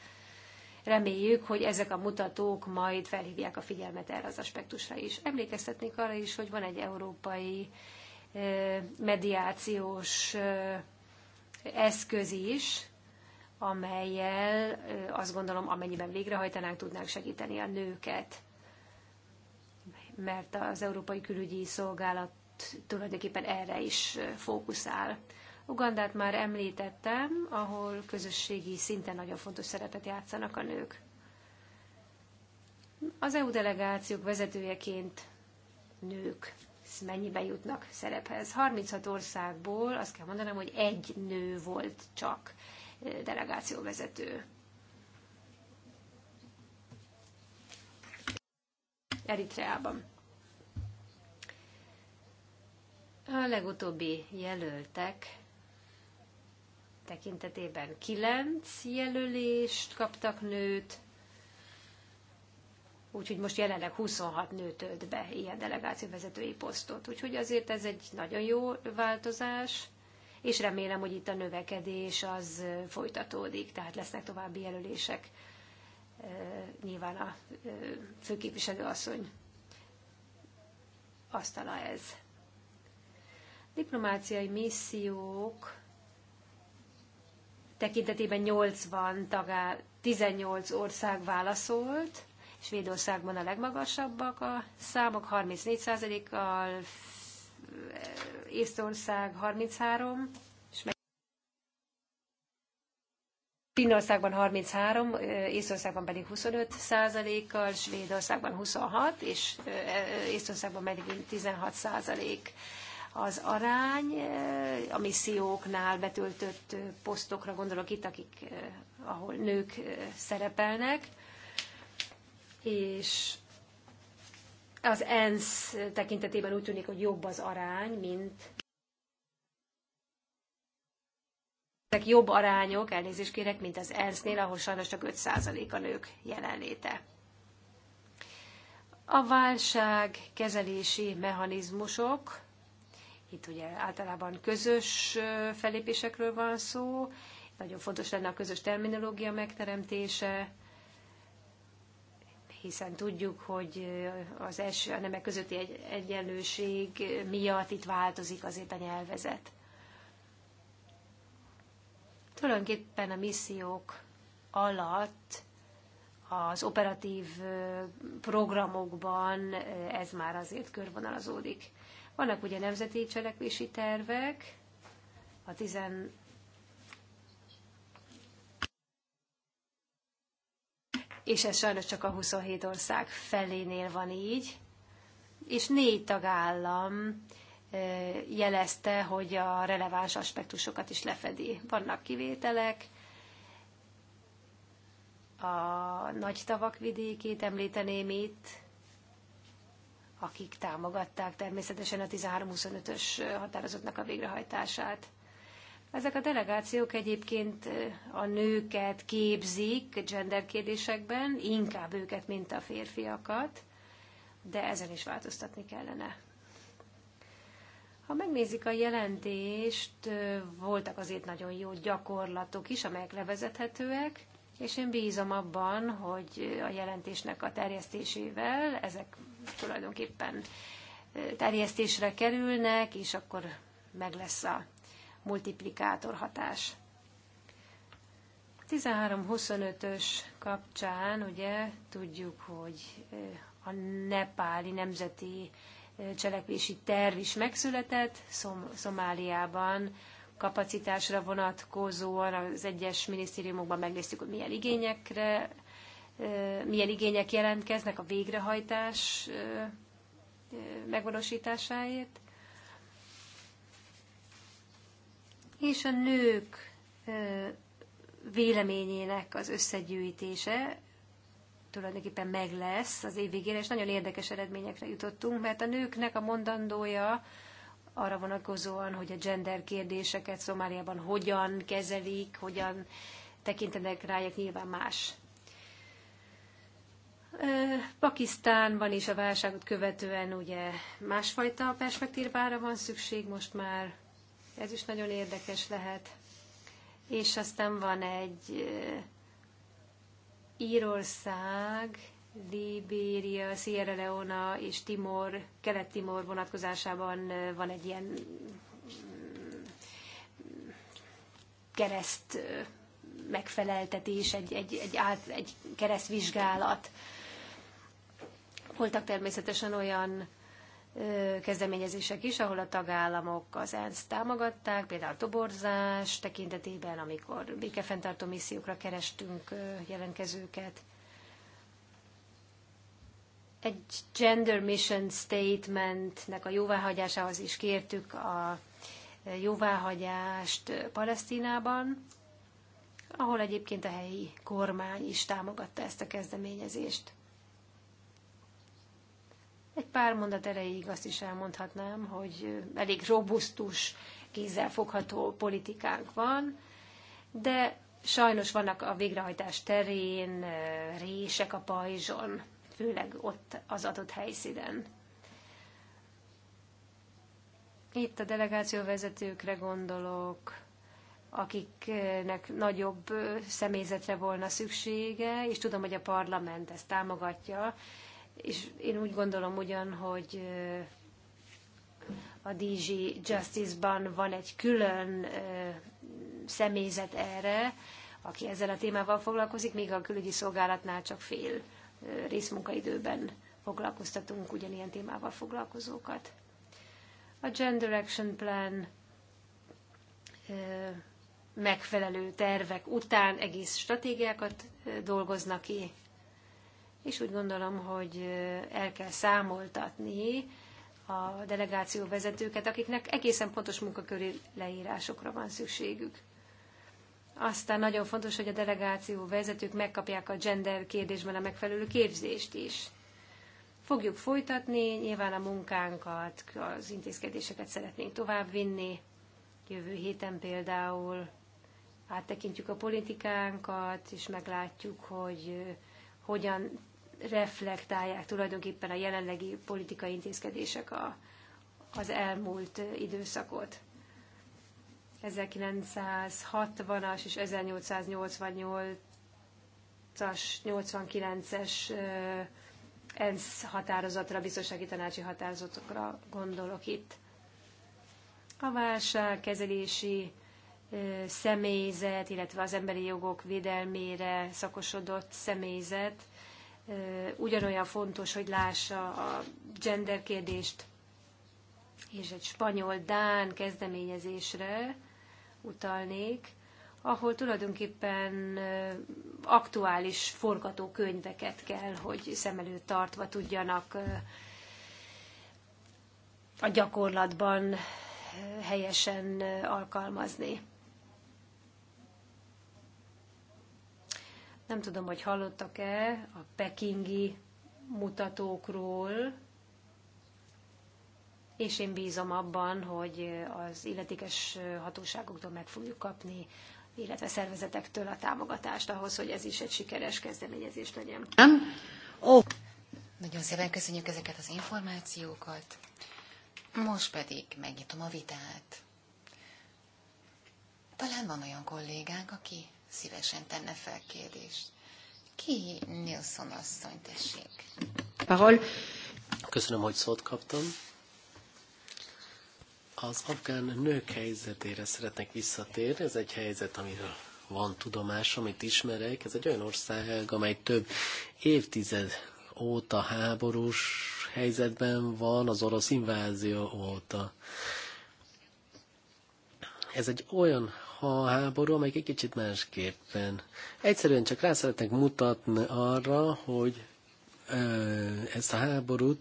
reméljük, hogy ezek a mutatók majd felhívják a figyelmet erre az aspektusra is. Emlékeztetnék arra is, hogy van egy európai eh, mediációs eh, eszköz is, amelyel azt gondolom, amennyiben végrehajtanánk, tudnánk segíteni a nőket. Mert az Európai Külügyi Szolgálat tulajdonképpen erre is fókuszál. Ugandát már említettem, ahol közösségi szinten nagyon fontos szerepet játszanak a nők. Az EU delegációk vezetőjeként nők mennyibe jutnak szerephez. 36 országból azt kell mondanom, hogy egy nő volt csak delegációvezető. Eritreában. A legutóbbi jelöltek tekintetében kilenc jelölést kaptak nőt, Úgyhogy most jelenleg 26 nő tölt be ilyen delegációvezetői posztot. Úgyhogy azért ez egy nagyon jó változás, és remélem, hogy itt a növekedés az folytatódik, tehát lesznek további jelölések nyilván a főképviselő asszony asztala ez. Diplomáciai missziók tekintetében 80 tagá, 18 ország válaszolt, Svédországban a legmagasabbak a számok, 34%-kal, Észtország 33, és meg Finnországban 33, Észtországban pedig 25 százalékkal, Svédországban 26, és eh, Észtországban megint 16 százalék az arány eh, a misszióknál betöltött posztokra gondolok itt, akik, eh, ahol nők szerepelnek és az ENSZ tekintetében úgy tűnik, hogy jobb az arány, mint ezek jobb arányok, elnézést kérek, mint az ENSZ-nél, ahol sajnos csak 5% a nők jelenléte. A válság kezelési mechanizmusok, itt ugye általában közös felépésekről van szó, nagyon fontos lenne a közös terminológia megteremtése, hiszen tudjuk, hogy az első, a nemek közötti egy, egyenlőség miatt itt változik azért a nyelvezet. Tulajdonképpen a missziók alatt az operatív programokban ez már azért körvonalazódik. Vannak ugye nemzeti cselekvési tervek, a és ez sajnos csak a 27 ország felénél van így, és négy tagállam jelezte, hogy a releváns aspektusokat is lefedi. Vannak kivételek, a nagy tavak vidékét említeném itt, akik támogatták természetesen a 13-25-ös határozatnak a végrehajtását. Ezek a delegációk egyébként a nőket képzik gender kérdésekben, inkább őket, mint a férfiakat, de ezen is változtatni kellene. Ha megnézik a jelentést, voltak azért nagyon jó gyakorlatok is, amelyek levezethetőek, és én bízom abban, hogy a jelentésnek a terjesztésével ezek tulajdonképpen terjesztésre kerülnek, és akkor meg lesz a multiplikátor hatás. 13-25-ös kapcsán ugye tudjuk, hogy a nepáli nemzeti cselekvési terv is megszületett, Szom- Szomáliában kapacitásra vonatkozóan az egyes minisztériumokban megnéztük, hogy milyen igényekre, milyen igények jelentkeznek a végrehajtás megvalósításáért. és a nők véleményének az összegyűjtése tulajdonképpen meg lesz az év végére, és nagyon érdekes eredményekre jutottunk, mert a nőknek a mondandója arra vonatkozóan, hogy a gender kérdéseket Szomáliában hogyan kezelik, hogyan tekintenek rájuk, nyilván más. Pakisztánban is a válságot követően ugye másfajta perspektívára van szükség most már, ez is nagyon érdekes lehet. És aztán van egy Írország, Libéria, Sierra Leona és Timor, Kelet-Timor vonatkozásában van egy ilyen mm, kereszt megfeleltetés, egy, egy, egy, át, egy keresztvizsgálat. Voltak természetesen olyan kezdeményezések is, ahol a tagállamok az ENSZ támogatták, például a toborzás tekintetében, amikor békefenntartó missziókra kerestünk jelentkezőket. Egy gender mission statementnek a jóváhagyásához is kértük a jóváhagyást Palesztinában, ahol egyébként a helyi kormány is támogatta ezt a kezdeményezést. Egy pár mondat erejéig azt is elmondhatnám, hogy elég robusztus, kézzelfogható politikánk van, de sajnos vannak a végrehajtás terén eh, rések a pajzson, főleg ott az adott helyszínen. Itt a delegációvezetőkre gondolok, akiknek nagyobb eh, személyzetre volna szüksége, és tudom, hogy a parlament ezt támogatja, és én úgy gondolom ugyan, hogy a DG Justice-ban van egy külön személyzet erre, aki ezzel a témával foglalkozik, még a külügyi szolgálatnál csak fél részmunkaidőben foglalkoztatunk ugyanilyen témával foglalkozókat. A Gender Action Plan megfelelő tervek után egész stratégiákat dolgoznak ki, és úgy gondolom, hogy el kell számoltatni a delegáció vezetőket, akiknek egészen pontos munkaköri leírásokra van szükségük. Aztán nagyon fontos, hogy a delegáció vezetők megkapják a gender kérdésben a megfelelő képzést is. Fogjuk folytatni, nyilván a munkánkat, az intézkedéseket szeretnénk továbbvinni. Jövő héten például áttekintjük a politikánkat, és meglátjuk, hogy hogyan reflektálják tulajdonképpen a jelenlegi politikai intézkedések a, az elmúlt időszakot. 1960-as és 1888-as, 89-es ENSZ határozatra, biztonsági tanácsi határozatokra gondolok itt. A kezelési személyzet, illetve az emberi jogok védelmére szakosodott személyzet ugyanolyan fontos, hogy lássa a gender kérdést, és egy spanyol-dán kezdeményezésre utalnék, ahol tulajdonképpen aktuális forgatókönyveket kell, hogy szem előtt tartva tudjanak a gyakorlatban helyesen alkalmazni. Nem tudom, hogy hallottak-e a pekingi mutatókról, és én bízom abban, hogy az illetékes hatóságoktól meg fogjuk kapni, illetve szervezetektől a támogatást ahhoz, hogy ez is egy sikeres kezdeményezés legyen. Nem? Oh. Nagyon szépen köszönjük ezeket az információkat. Most pedig megnyitom a vitát. Talán van olyan kollégánk, aki szívesen tenne fel kérdést. Ki Nilsson asszony, tessék? Parol. Köszönöm, hogy szót kaptam. Az afgán nők helyzetére szeretnék visszatérni. Ez egy helyzet, amiről van tudomás, amit ismerek. Ez egy olyan ország, amely több évtized óta háborús helyzetben van, az orosz invázió óta. Ez egy olyan a háború, amelyik egy kicsit másképpen. Egyszerűen csak rá szeretnek mutatni arra, hogy ezt a háborút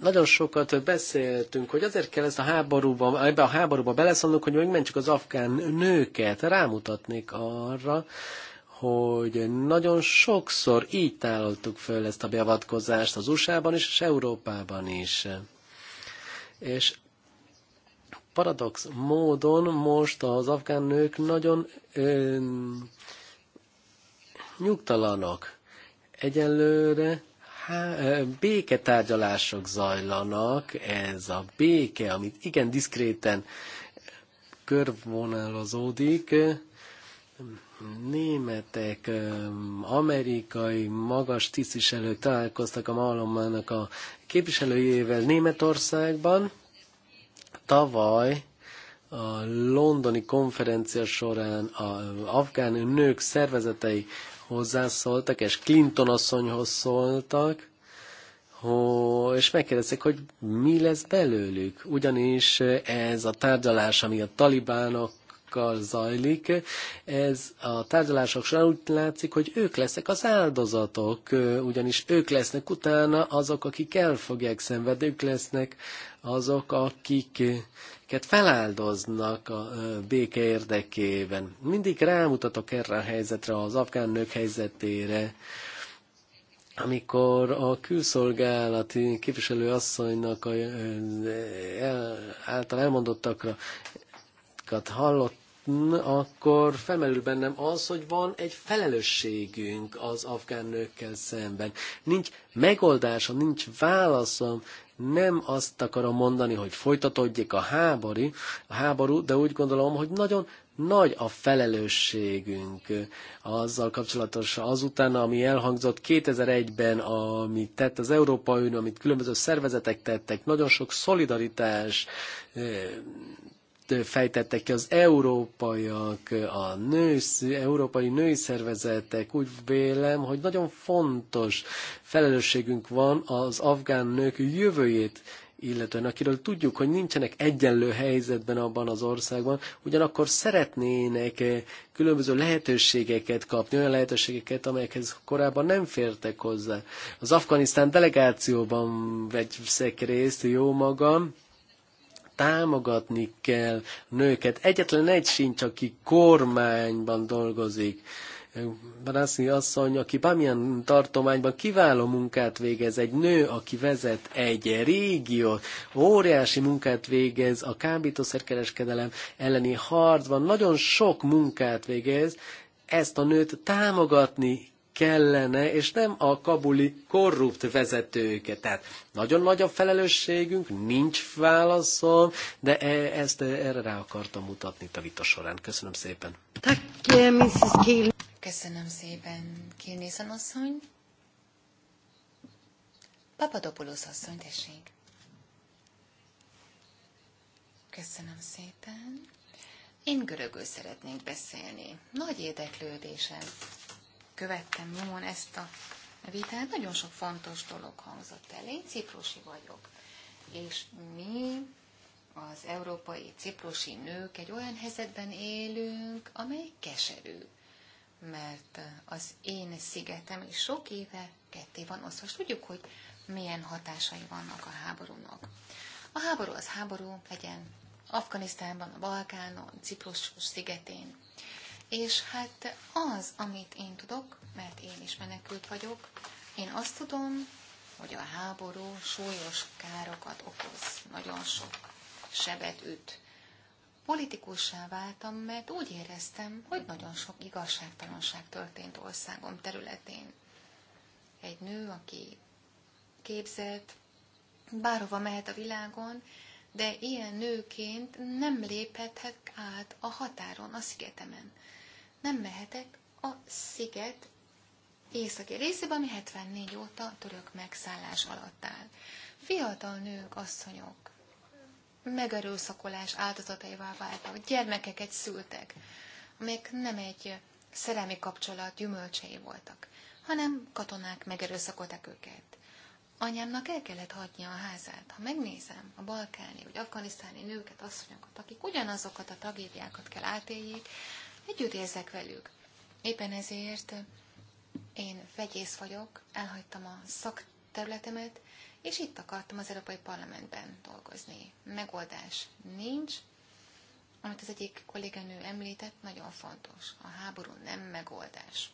nagyon sokat beszéltünk, hogy azért kell ezt a háborúba, ebbe a háborúba beleszólnunk, hogy megmentsük az afgán nőket. Rámutatnék arra, hogy nagyon sokszor így tálaltuk föl ezt a beavatkozást az USA-ban is, és Európában is. És paradox módon most az afgán nők nagyon ö, nyugtalanok. Egyelőre há, béketárgyalások zajlanak, ez a béke, amit igen diszkréten körvonalazódik, németek, amerikai magas tisztviselők találkoztak a Malomának a képviselőjével Németországban, Tavaly a londoni konferencia során a afgán nők szervezetei hozzászóltak, és Clinton asszonyhoz szóltak, és megkérdezték, hogy mi lesz belőlük. Ugyanis ez a tárgyalás, ami a talibánok Oroszországgal zajlik. Ez a tárgyalások során úgy látszik, hogy ők lesznek az áldozatok, ugyanis ők lesznek utána azok, akik el fogják szenvedni, ők lesznek azok, akik feláldoznak a béke érdekében. Mindig rámutatok erre a helyzetre, az afgán nők helyzetére amikor a külszolgálati képviselő asszonynak a, által elmondottakra hallott, akkor felmerül bennem az, hogy van egy felelősségünk az afgán nőkkel szemben. Nincs megoldásom, nincs válaszom, nem azt akarom mondani, hogy folytatódjék a háború, a háború, de úgy gondolom, hogy nagyon nagy a felelősségünk azzal kapcsolatos azután, ami elhangzott 2001-ben, amit tett az európai Unió, amit különböző szervezetek tettek, nagyon sok szolidaritás eh, fejtettek ki az európaiak, a nősz, európai női szervezetek. Úgy vélem, hogy nagyon fontos felelősségünk van az afgán nők jövőjét illetően, akiről tudjuk, hogy nincsenek egyenlő helyzetben abban az országban, ugyanakkor szeretnének különböző lehetőségeket kapni, olyan lehetőségeket, amelyekhez korábban nem fértek hozzá. Az Afganisztán delegációban vegyszek részt, jó magam, támogatni kell nőket. Egyetlen egy sincs, aki kormányban dolgozik. Barászi asszony, aki bármilyen tartományban kiváló munkát végez, egy nő, aki vezet egy régiót, óriási munkát végez a kábítószerkereskedelem elleni harcban, nagyon sok munkát végez, ezt a nőt támogatni kellene, és nem a kabuli korrupt vezetőket. Tehát nagyon nagy a felelősségünk, nincs válaszom, de e ezt e, erre rá akartam mutatni itt a vita során. Köszönöm szépen. E, Köszönöm szépen, Kilnészen asszony. Papadopoulos asszony, tessék. Köszönöm szépen. Én görögül szeretnék beszélni. Nagy érdeklődésem követtem nyomon ezt a vitát, nagyon sok fontos dolog hangzott el. Én ciprusi vagyok, és mi az európai ciprusi nők egy olyan helyzetben élünk, amely keserű. Mert az én szigetem is sok éve ketté van osztva, és tudjuk, hogy milyen hatásai vannak a háborúnak. A háború az háború, legyen Afganisztánban, a Balkánon, Ciprus szigetén. És hát az, amit én tudok, mert én is menekült vagyok, én azt tudom, hogy a háború súlyos károkat okoz, nagyon sok sebet üt. Politikussá váltam, mert úgy éreztem, hogy nagyon sok igazságtalanság történt országom területén. Egy nő, aki képzett, bárhova mehet a világon, de ilyen nőként nem léphetek át a határon, a szigetemen nem mehetek a sziget északi részébe, ami 74 óta török megszállás alatt áll. Fiatal nők, asszonyok megerőszakolás áldozataival váltak, gyermekeket szültek, amik nem egy szerelmi kapcsolat gyümölcsei voltak, hanem katonák megerőszakolták őket. Anyámnak el kellett hagynia a házát. Ha megnézem a balkáni vagy afganisztáni nőket, asszonyokat, akik ugyanazokat a tragédiákat kell átéljék, együtt érzek velük. Éppen ezért én vegyész vagyok, elhagytam a szakterületemet, és itt akartam az Európai Parlamentben dolgozni. Megoldás nincs, amit az egyik kolléganő említett, nagyon fontos. A háború nem megoldás.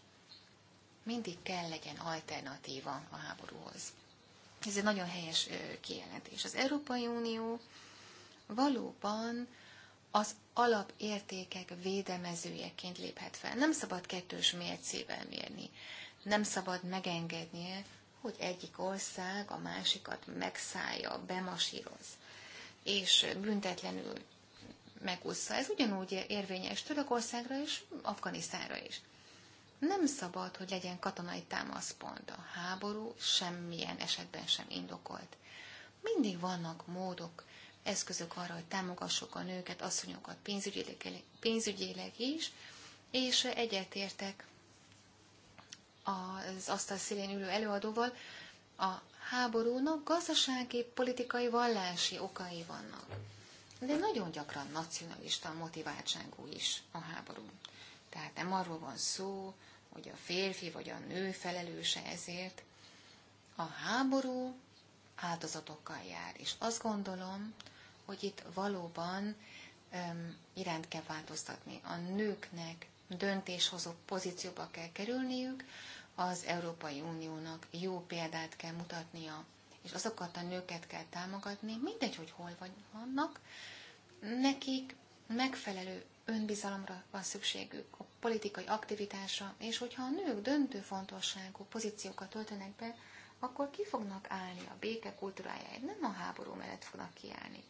Mindig kell legyen alternatíva a háborúhoz. Ez egy nagyon helyes kijelentés. Az Európai Unió valóban az alapértékek védemezőjeként léphet fel. Nem szabad kettős mércével mérni. Nem szabad megengednie, hogy egyik ország a másikat megszállja, bemasíroz, és büntetlenül megúszza. Ez ugyanúgy érvényes Törökországra és Afganisztánra is. Nem szabad, hogy legyen katonai támaszpont. A háború semmilyen esetben sem indokolt. Mindig vannak módok eszközök arra, hogy támogassuk a nőket, asszonyokat pénzügyileg, pénzügyileg is, és egyetértek az asztal szélén ülő előadóval, a háborúnak gazdasági, politikai, vallási okai vannak. De nagyon gyakran nacionalista motiváltságú is a háború. Tehát nem arról van szó, hogy a férfi vagy a nő felelőse ezért. A háború áldozatokkal jár. És azt gondolom, hogy itt valóban um, iránt kell változtatni. A nőknek döntéshozó pozícióba kell kerülniük, az Európai Uniónak jó példát kell mutatnia, és azokat a nőket kell támogatni, mindegy, hogy hol vannak, nekik megfelelő önbizalomra van szükségük, a politikai aktivitásra, és hogyha a nők döntő fontosságú pozíciókat töltenek be, akkor ki fognak állni a béke kultúrájáért, nem a háború mellett fognak kiállni.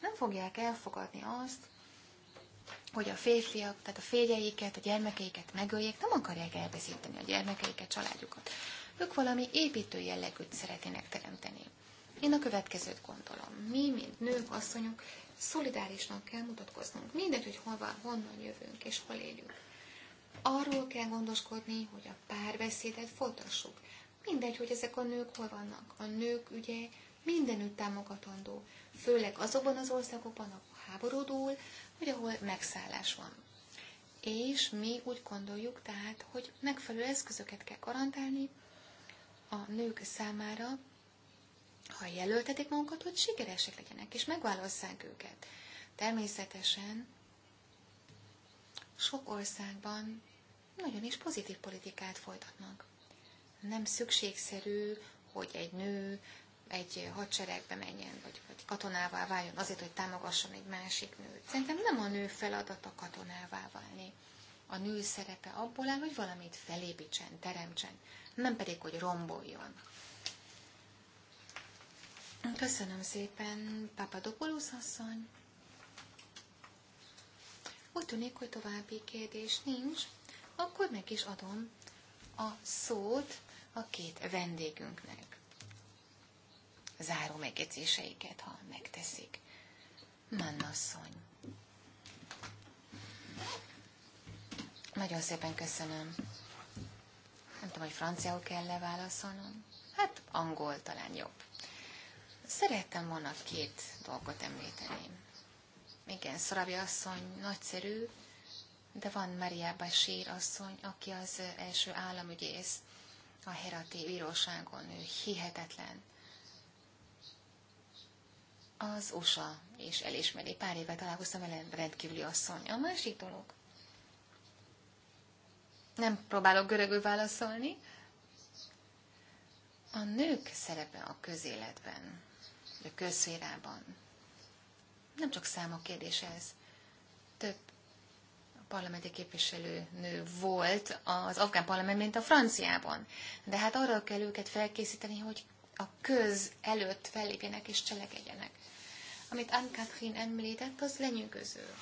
Nem fogják elfogadni azt, hogy a férfiak, tehát a férjeiket, a gyermekeiket megöljék, nem akarják elveszíteni a gyermekeiket, családjukat. Ők valami építő jellegűt szeretnének teremteni. Én a következőt gondolom. Mi, mint nők, asszonyok, szolidárisnak kell mutatkoznunk. Mindegy, hogy hova, honnan jövünk és hol élünk. Arról kell gondoskodni, hogy a párbeszédet folytassuk. Mindegy, hogy ezek a nők hol vannak. A nők ugye mindenütt támogatandó, főleg azokban az országokban, ahol háborúdul, vagy ahol megszállás van. És mi úgy gondoljuk tehát, hogy megfelelő eszközöket kell garantálni a nők számára, ha jelöltetik magukat, hogy sikeresek legyenek, és megválasszák őket. Természetesen sok országban nagyon is pozitív politikát folytatnak nem szükségszerű, hogy egy nő egy hadseregbe menjen, vagy, vagy katonává váljon azért, hogy támogasson egy másik nőt. Szerintem nem a nő feladata katonává válni. A nő szerepe abból áll, hogy valamit felépítsen, teremtsen, nem pedig, hogy romboljon. Köszönöm szépen, Papadopoulos asszony. Úgy tűnik, hogy további kérdés nincs, akkor meg is adom a szót a két vendégünknek. Záró megjegyzéseiket, ha megteszik. Mannasszony. Nagyon szépen köszönöm. Nem tudom, hogy franciául kell válaszolnom. Hát angol talán jobb. Szerettem volna két dolgot említeni. Igen, Szorabi asszony nagyszerű, de van Maria Bashir asszony, aki az első államügyész a Herati bíróságon, ő hihetetlen. Az USA és elismeri. Pár éve találkoztam vele, rendkívüli asszony. A másik dolog. Nem próbálok görögül válaszolni. A nők szerepe a közéletben, a közszférában. Nem csak számok kérdése ez parlamenti képviselő nő volt az afgán parlament, mint a franciában. De hát arra kell őket felkészíteni, hogy a köz előtt fellépjenek és cselekedjenek. Amit Anne-Catherine említett, az lenyűgöző.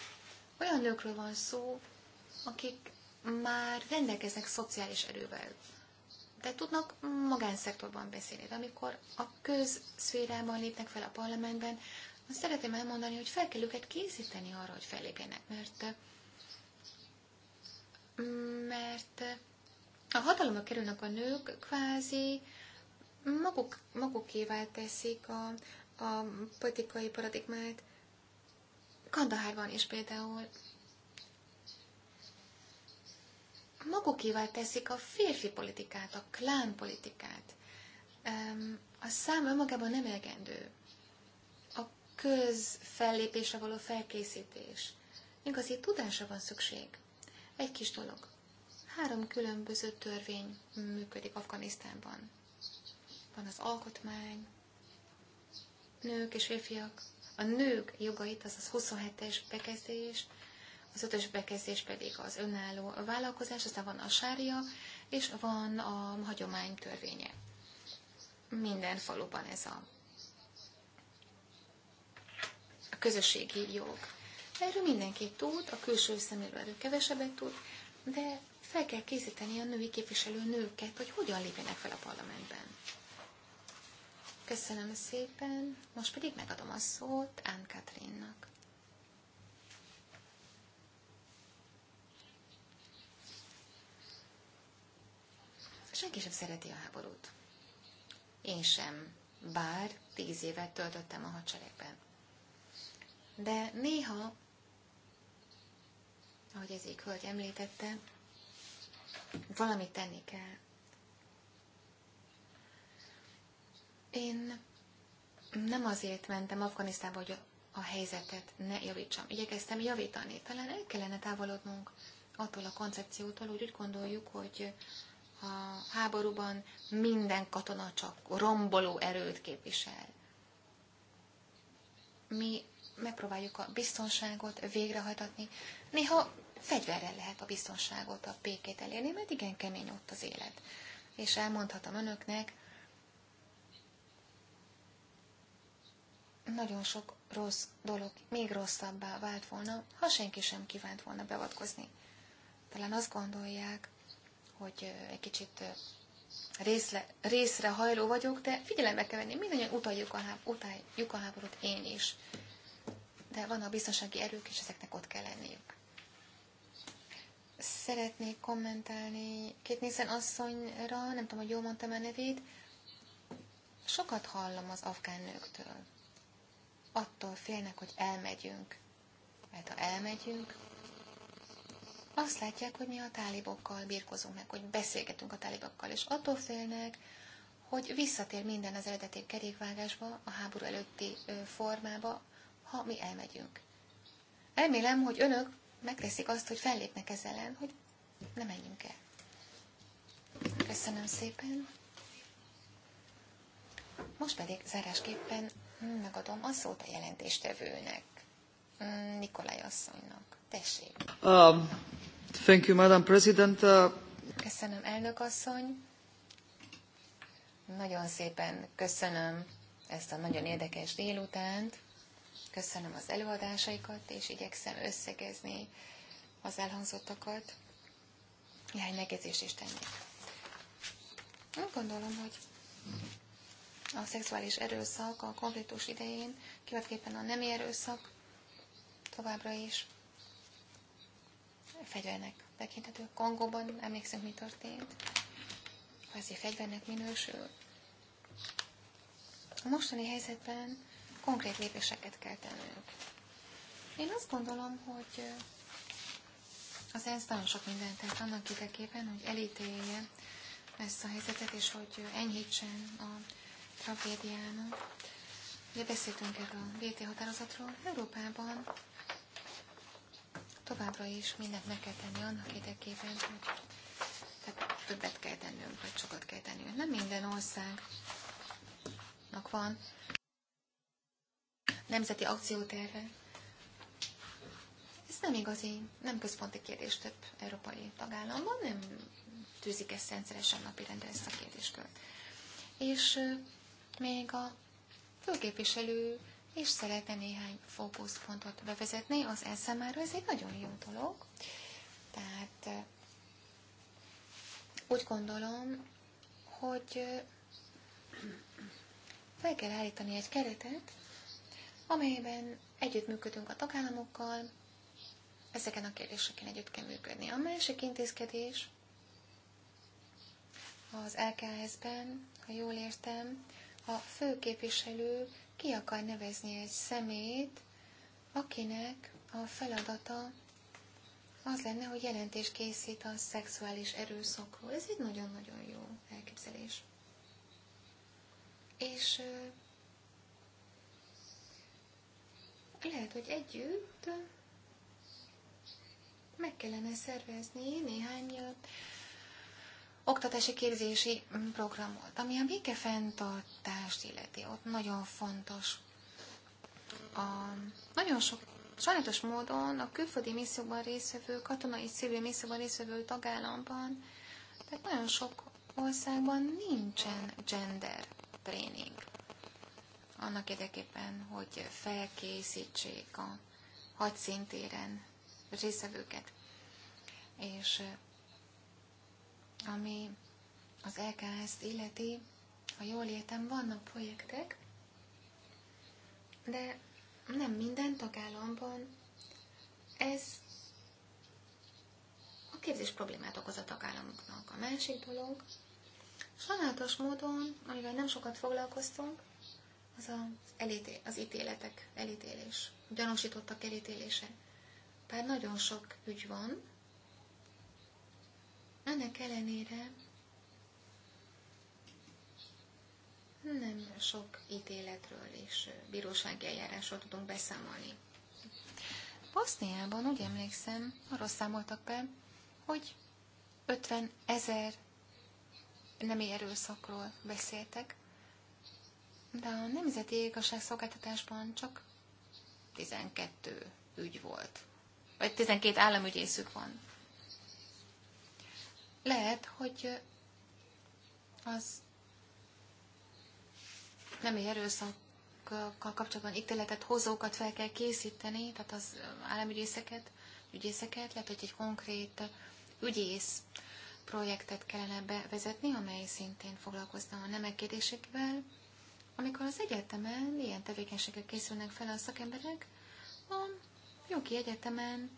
Olyan nőkről van szó, akik már rendelkeznek szociális erővel, de tudnak magánszektorban beszélni. De amikor a közszférában lépnek fel a parlamentben, azt szeretném elmondani, hogy fel kell őket készíteni arra, hogy fellépjenek, mert mert a hatalomra kerülnek a nők, kvázi maguk, magukévá teszik a, a politikai paradigmát. Kandahárban is például magukévá teszik a férfi politikát, a klán politikát. A szám önmagában nem elegendő. A közfellépésre való felkészítés. Igazi tudásra van szükség. Egy kis dolog. Három különböző törvény működik Afganisztánban. Van az alkotmány, nők és férfiak. A nők jogait, azaz 27-es bekezdés, az ötös bekezdés pedig az önálló vállalkozás, aztán van a sárja, és van a hagyomány törvénye. Minden faluban ez a, a közösségi jog. Erről mindenki tud, a külső szeméről erről kevesebbet tud, de fel kell készíteni a női képviselő nőket, hogy hogyan lépjenek fel a parlamentben. Köszönöm szépen, most pedig megadom a szót Ann Katrinnak. Senki sem szereti a háborút. Én sem, bár tíz évet töltöttem a hadseregben. De néha ahogy az így hölgy említette, valamit tenni kell. Én nem azért mentem Afganisztánba, hogy a helyzetet ne javítsam. Igyekeztem javítani. Talán el kellene távolodnunk attól a koncepciótól, hogy úgy gondoljuk, hogy a háborúban minden katona csak romboló erőt képvisel. Mi megpróbáljuk a biztonságot végrehajtatni. Néha fegyverrel lehet a biztonságot, a pékét elérni, mert igen kemény ott az élet. És elmondhatom önöknek, nagyon sok rossz dolog még rosszabbá vált volna, ha senki sem kívánt volna beavatkozni. Talán azt gondolják, hogy egy kicsit részle, részre hajló vagyok, de figyelembe kell venni, mindannyian utaljuk a, utaljuk a háborút én is. De van a biztonsági erők, és ezeknek ott kell lenniük. Szeretnék kommentálni két nézen asszonyra, nem tudom, hogy jól mondtam a nevét. Sokat hallom az afgán nőktől. Attól félnek, hogy elmegyünk. Mert hát, ha elmegyünk, azt látják, hogy mi a tálibokkal birkozunk meg, hogy beszélgetünk a tálibokkal, és attól félnek, hogy visszatér minden az eredeti kerékvágásba, a háború előtti formába, ha mi elmegyünk. Remélem, hogy önök megteszik azt, hogy fellépnek ezzel ellen, hogy nem menjünk el. Köszönöm szépen. Most pedig zárásképpen megadom a szót a jelentéstevőnek, Nikolaj asszonynak. Tessék. Um, thank you, Madam President. Uh... Köszönöm, elnök asszony. Nagyon szépen köszönöm ezt a nagyon érdekes délutánt köszönöm az előadásaikat, és igyekszem összegezni az elhangzottakat. Néhány megjegyzést is tennék. Nem gondolom, hogy a szexuális erőszak a konfliktus idején, kiváltképpen a nemi erőszak továbbra is fegyvernek tekinthető. Kongóban emlékszünk, mi történt. Ezért fegyvernek minősül. A mostani helyzetben konkrét lépéseket kell tennünk. Én azt gondolom, hogy az ENSZ nagyon sok mindent tett annak érdekében, hogy elítélje ezt a helyzetet, és hogy enyhítsen a tragédiának. Ugye beszéltünk erről a VT határozatról. Európában továbbra is mindent meg kell tenni annak érdekében, hogy tehát többet kell tennünk, vagy sokat kell tennünk. Nem minden országnak van nemzeti akcióterve. Ez nem igazi, nem központi kérdés több európai tagállamban, nem tűzik ezt rendszeresen napirendre ezt a kérdéskört. És még a főképviselő és szeretne néhány fókuszpontot bevezetni az eszemára, ez egy nagyon jó dolog. Tehát úgy gondolom, hogy fel kell állítani egy keretet, amelyben együttműködünk a tagállamokkal, ezeken a kérdéseken együtt kell működni. A másik intézkedés az LKS-ben, ha jól értem, a főképviselő ki akar nevezni egy szemét, akinek a feladata az lenne, hogy jelentés készít a szexuális erőszakról. Ez egy nagyon-nagyon jó elképzelés. És Lehet, hogy együtt meg kellene szervezni néhány oktatási képzési mm, programot, ami a békefenntartást illeti. Ott nagyon fontos. A, nagyon sok sajnálatos módon a külföldi misszióban résztvevő, katonai civil misszióban résztvevő tagállamban, tehát nagyon sok országban nincsen gender tréning annak érdekében, hogy felkészítsék a hadszintéren részvevőket. És ami az LKS-t illeti, ha jól értem, vannak projektek, de nem minden tagállamban ez a képzés problémát okoz a tagállamoknak. A másik dolog, sajnálatos módon, amivel nem sokat foglalkoztunk, az a, elíté, az ítéletek elítélés, gyanúsítottak elítélése. Bár nagyon sok ügy van, ennek ellenére nem sok ítéletről és bírósági eljárásról tudunk beszámolni. Boszniában úgy emlékszem, arról számoltak be, hogy 50 ezer nemi erőszakról beszéltek, de a Nemzeti Igazságszolgáltatásban csak 12 ügy volt, vagy 12 államügyészük van. Lehet, hogy az egy erőszakkal kapcsolatban ítéletet hozókat fel kell készíteni, tehát az államügyészeket, ügyészeket, lehet, hogy egy konkrét ügyész projektet kellene bevezetni, amely szintén foglalkozna a nemek kérdésekvel, amikor az egyetemen ilyen tevékenységek készülnek fel a szakemberek, a jogi egyetemen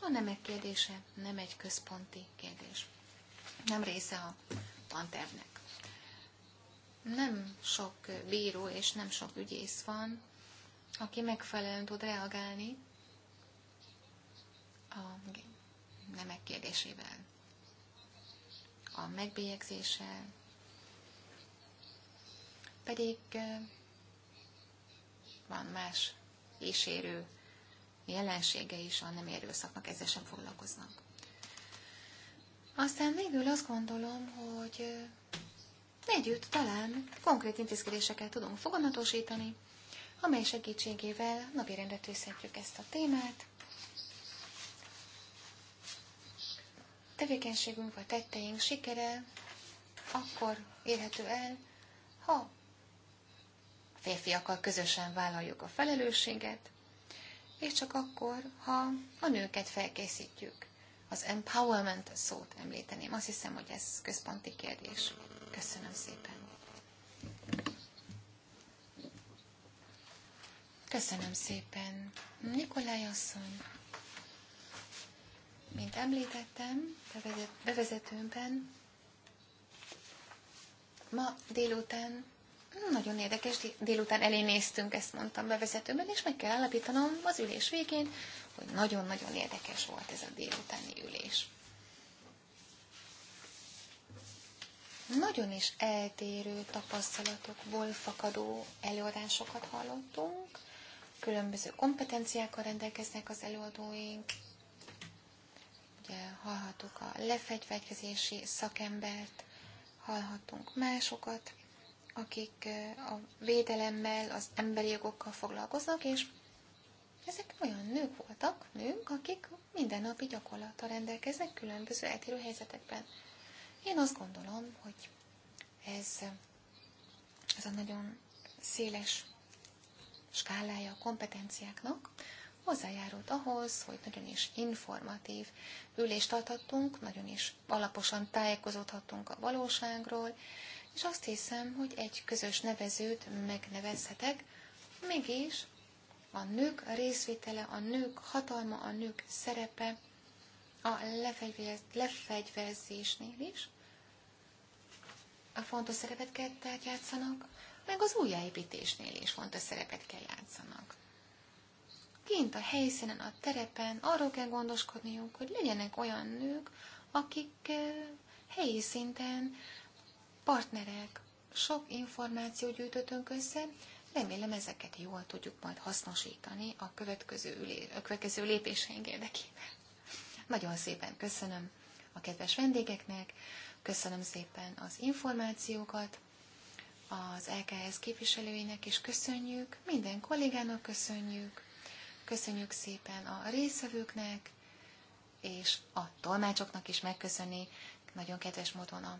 a nemek kérdése nem egy központi kérdés. Nem része a tantervnek. Nem sok bíró és nem sok ügyész van, aki megfelelően tud reagálni a nemek kérdésével, a megbélyegzéssel, pedig van más kísérő jelensége is a nem szaknak, ezzel sem foglalkoznak. Aztán végül azt gondolom, hogy együtt talán konkrét intézkedéseket tudunk foganatosítani, amely segítségével napirendre tűzhetjük ezt a témát. Tevékenységünk vagy tetteink sikere akkor érhető el, ha férfiakkal közösen vállaljuk a felelősséget, és csak akkor, ha a nőket felkészítjük. Az empowerment szót említeném. Azt hiszem, hogy ez központi kérdés. Köszönöm szépen. Köszönöm szépen. Nikolaj asszony, mint említettem bevezetőmben, ma délután nagyon érdekes, délután elé néztünk, ezt mondtam bevezetőben, és meg kell állapítanom az ülés végén, hogy nagyon-nagyon érdekes volt ez a délutáni ülés. Nagyon is eltérő tapasztalatokból fakadó előadásokat hallottunk, különböző kompetenciákkal rendelkeznek az előadóink, ugye hallhattuk a lefegyverkezési szakembert, hallhattunk másokat, akik a védelemmel, az emberi jogokkal foglalkoznak, és ezek olyan nők voltak, nők, akik mindennapi gyakorlattal rendelkeznek különböző eltérő helyzetekben. Én azt gondolom, hogy ez, ez a nagyon széles skálája a kompetenciáknak hozzájárult ahhoz, hogy nagyon is informatív ülést adhattunk, nagyon is alaposan tájékozódhattunk a valóságról, és azt hiszem, hogy egy közös nevezőt megnevezhetek, mégis a nők részvétele, a nők hatalma, a nők szerepe a lefegyverzésnél is a fontos szerepet kell játszanak, meg az újjáépítésnél is fontos szerepet kell játszanak. Kint a helyszínen, a terepen arról kell gondoskodniuk, hogy legyenek olyan nők, akik eh, helyi szinten partnerek. Sok információt gyűjtöttünk össze, remélem ezeket jól tudjuk majd hasznosítani a következő, ülé, a következő lépéseink érdekében. Nagyon szépen köszönöm a kedves vendégeknek, köszönöm szépen az információkat, az LKS képviselőinek is köszönjük, minden kollégának köszönjük, köszönjük szépen a részvevőknek, és a tolmácsoknak is megköszönni nagyon kedves módon a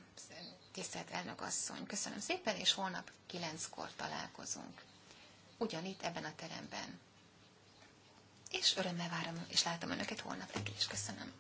Tisztelt elnök asszony, köszönöm szépen, és holnap kilenckor találkozunk. Ugyanitt ebben a teremben. És örömmel várom, és látom Önöket holnap reggel is. Köszönöm.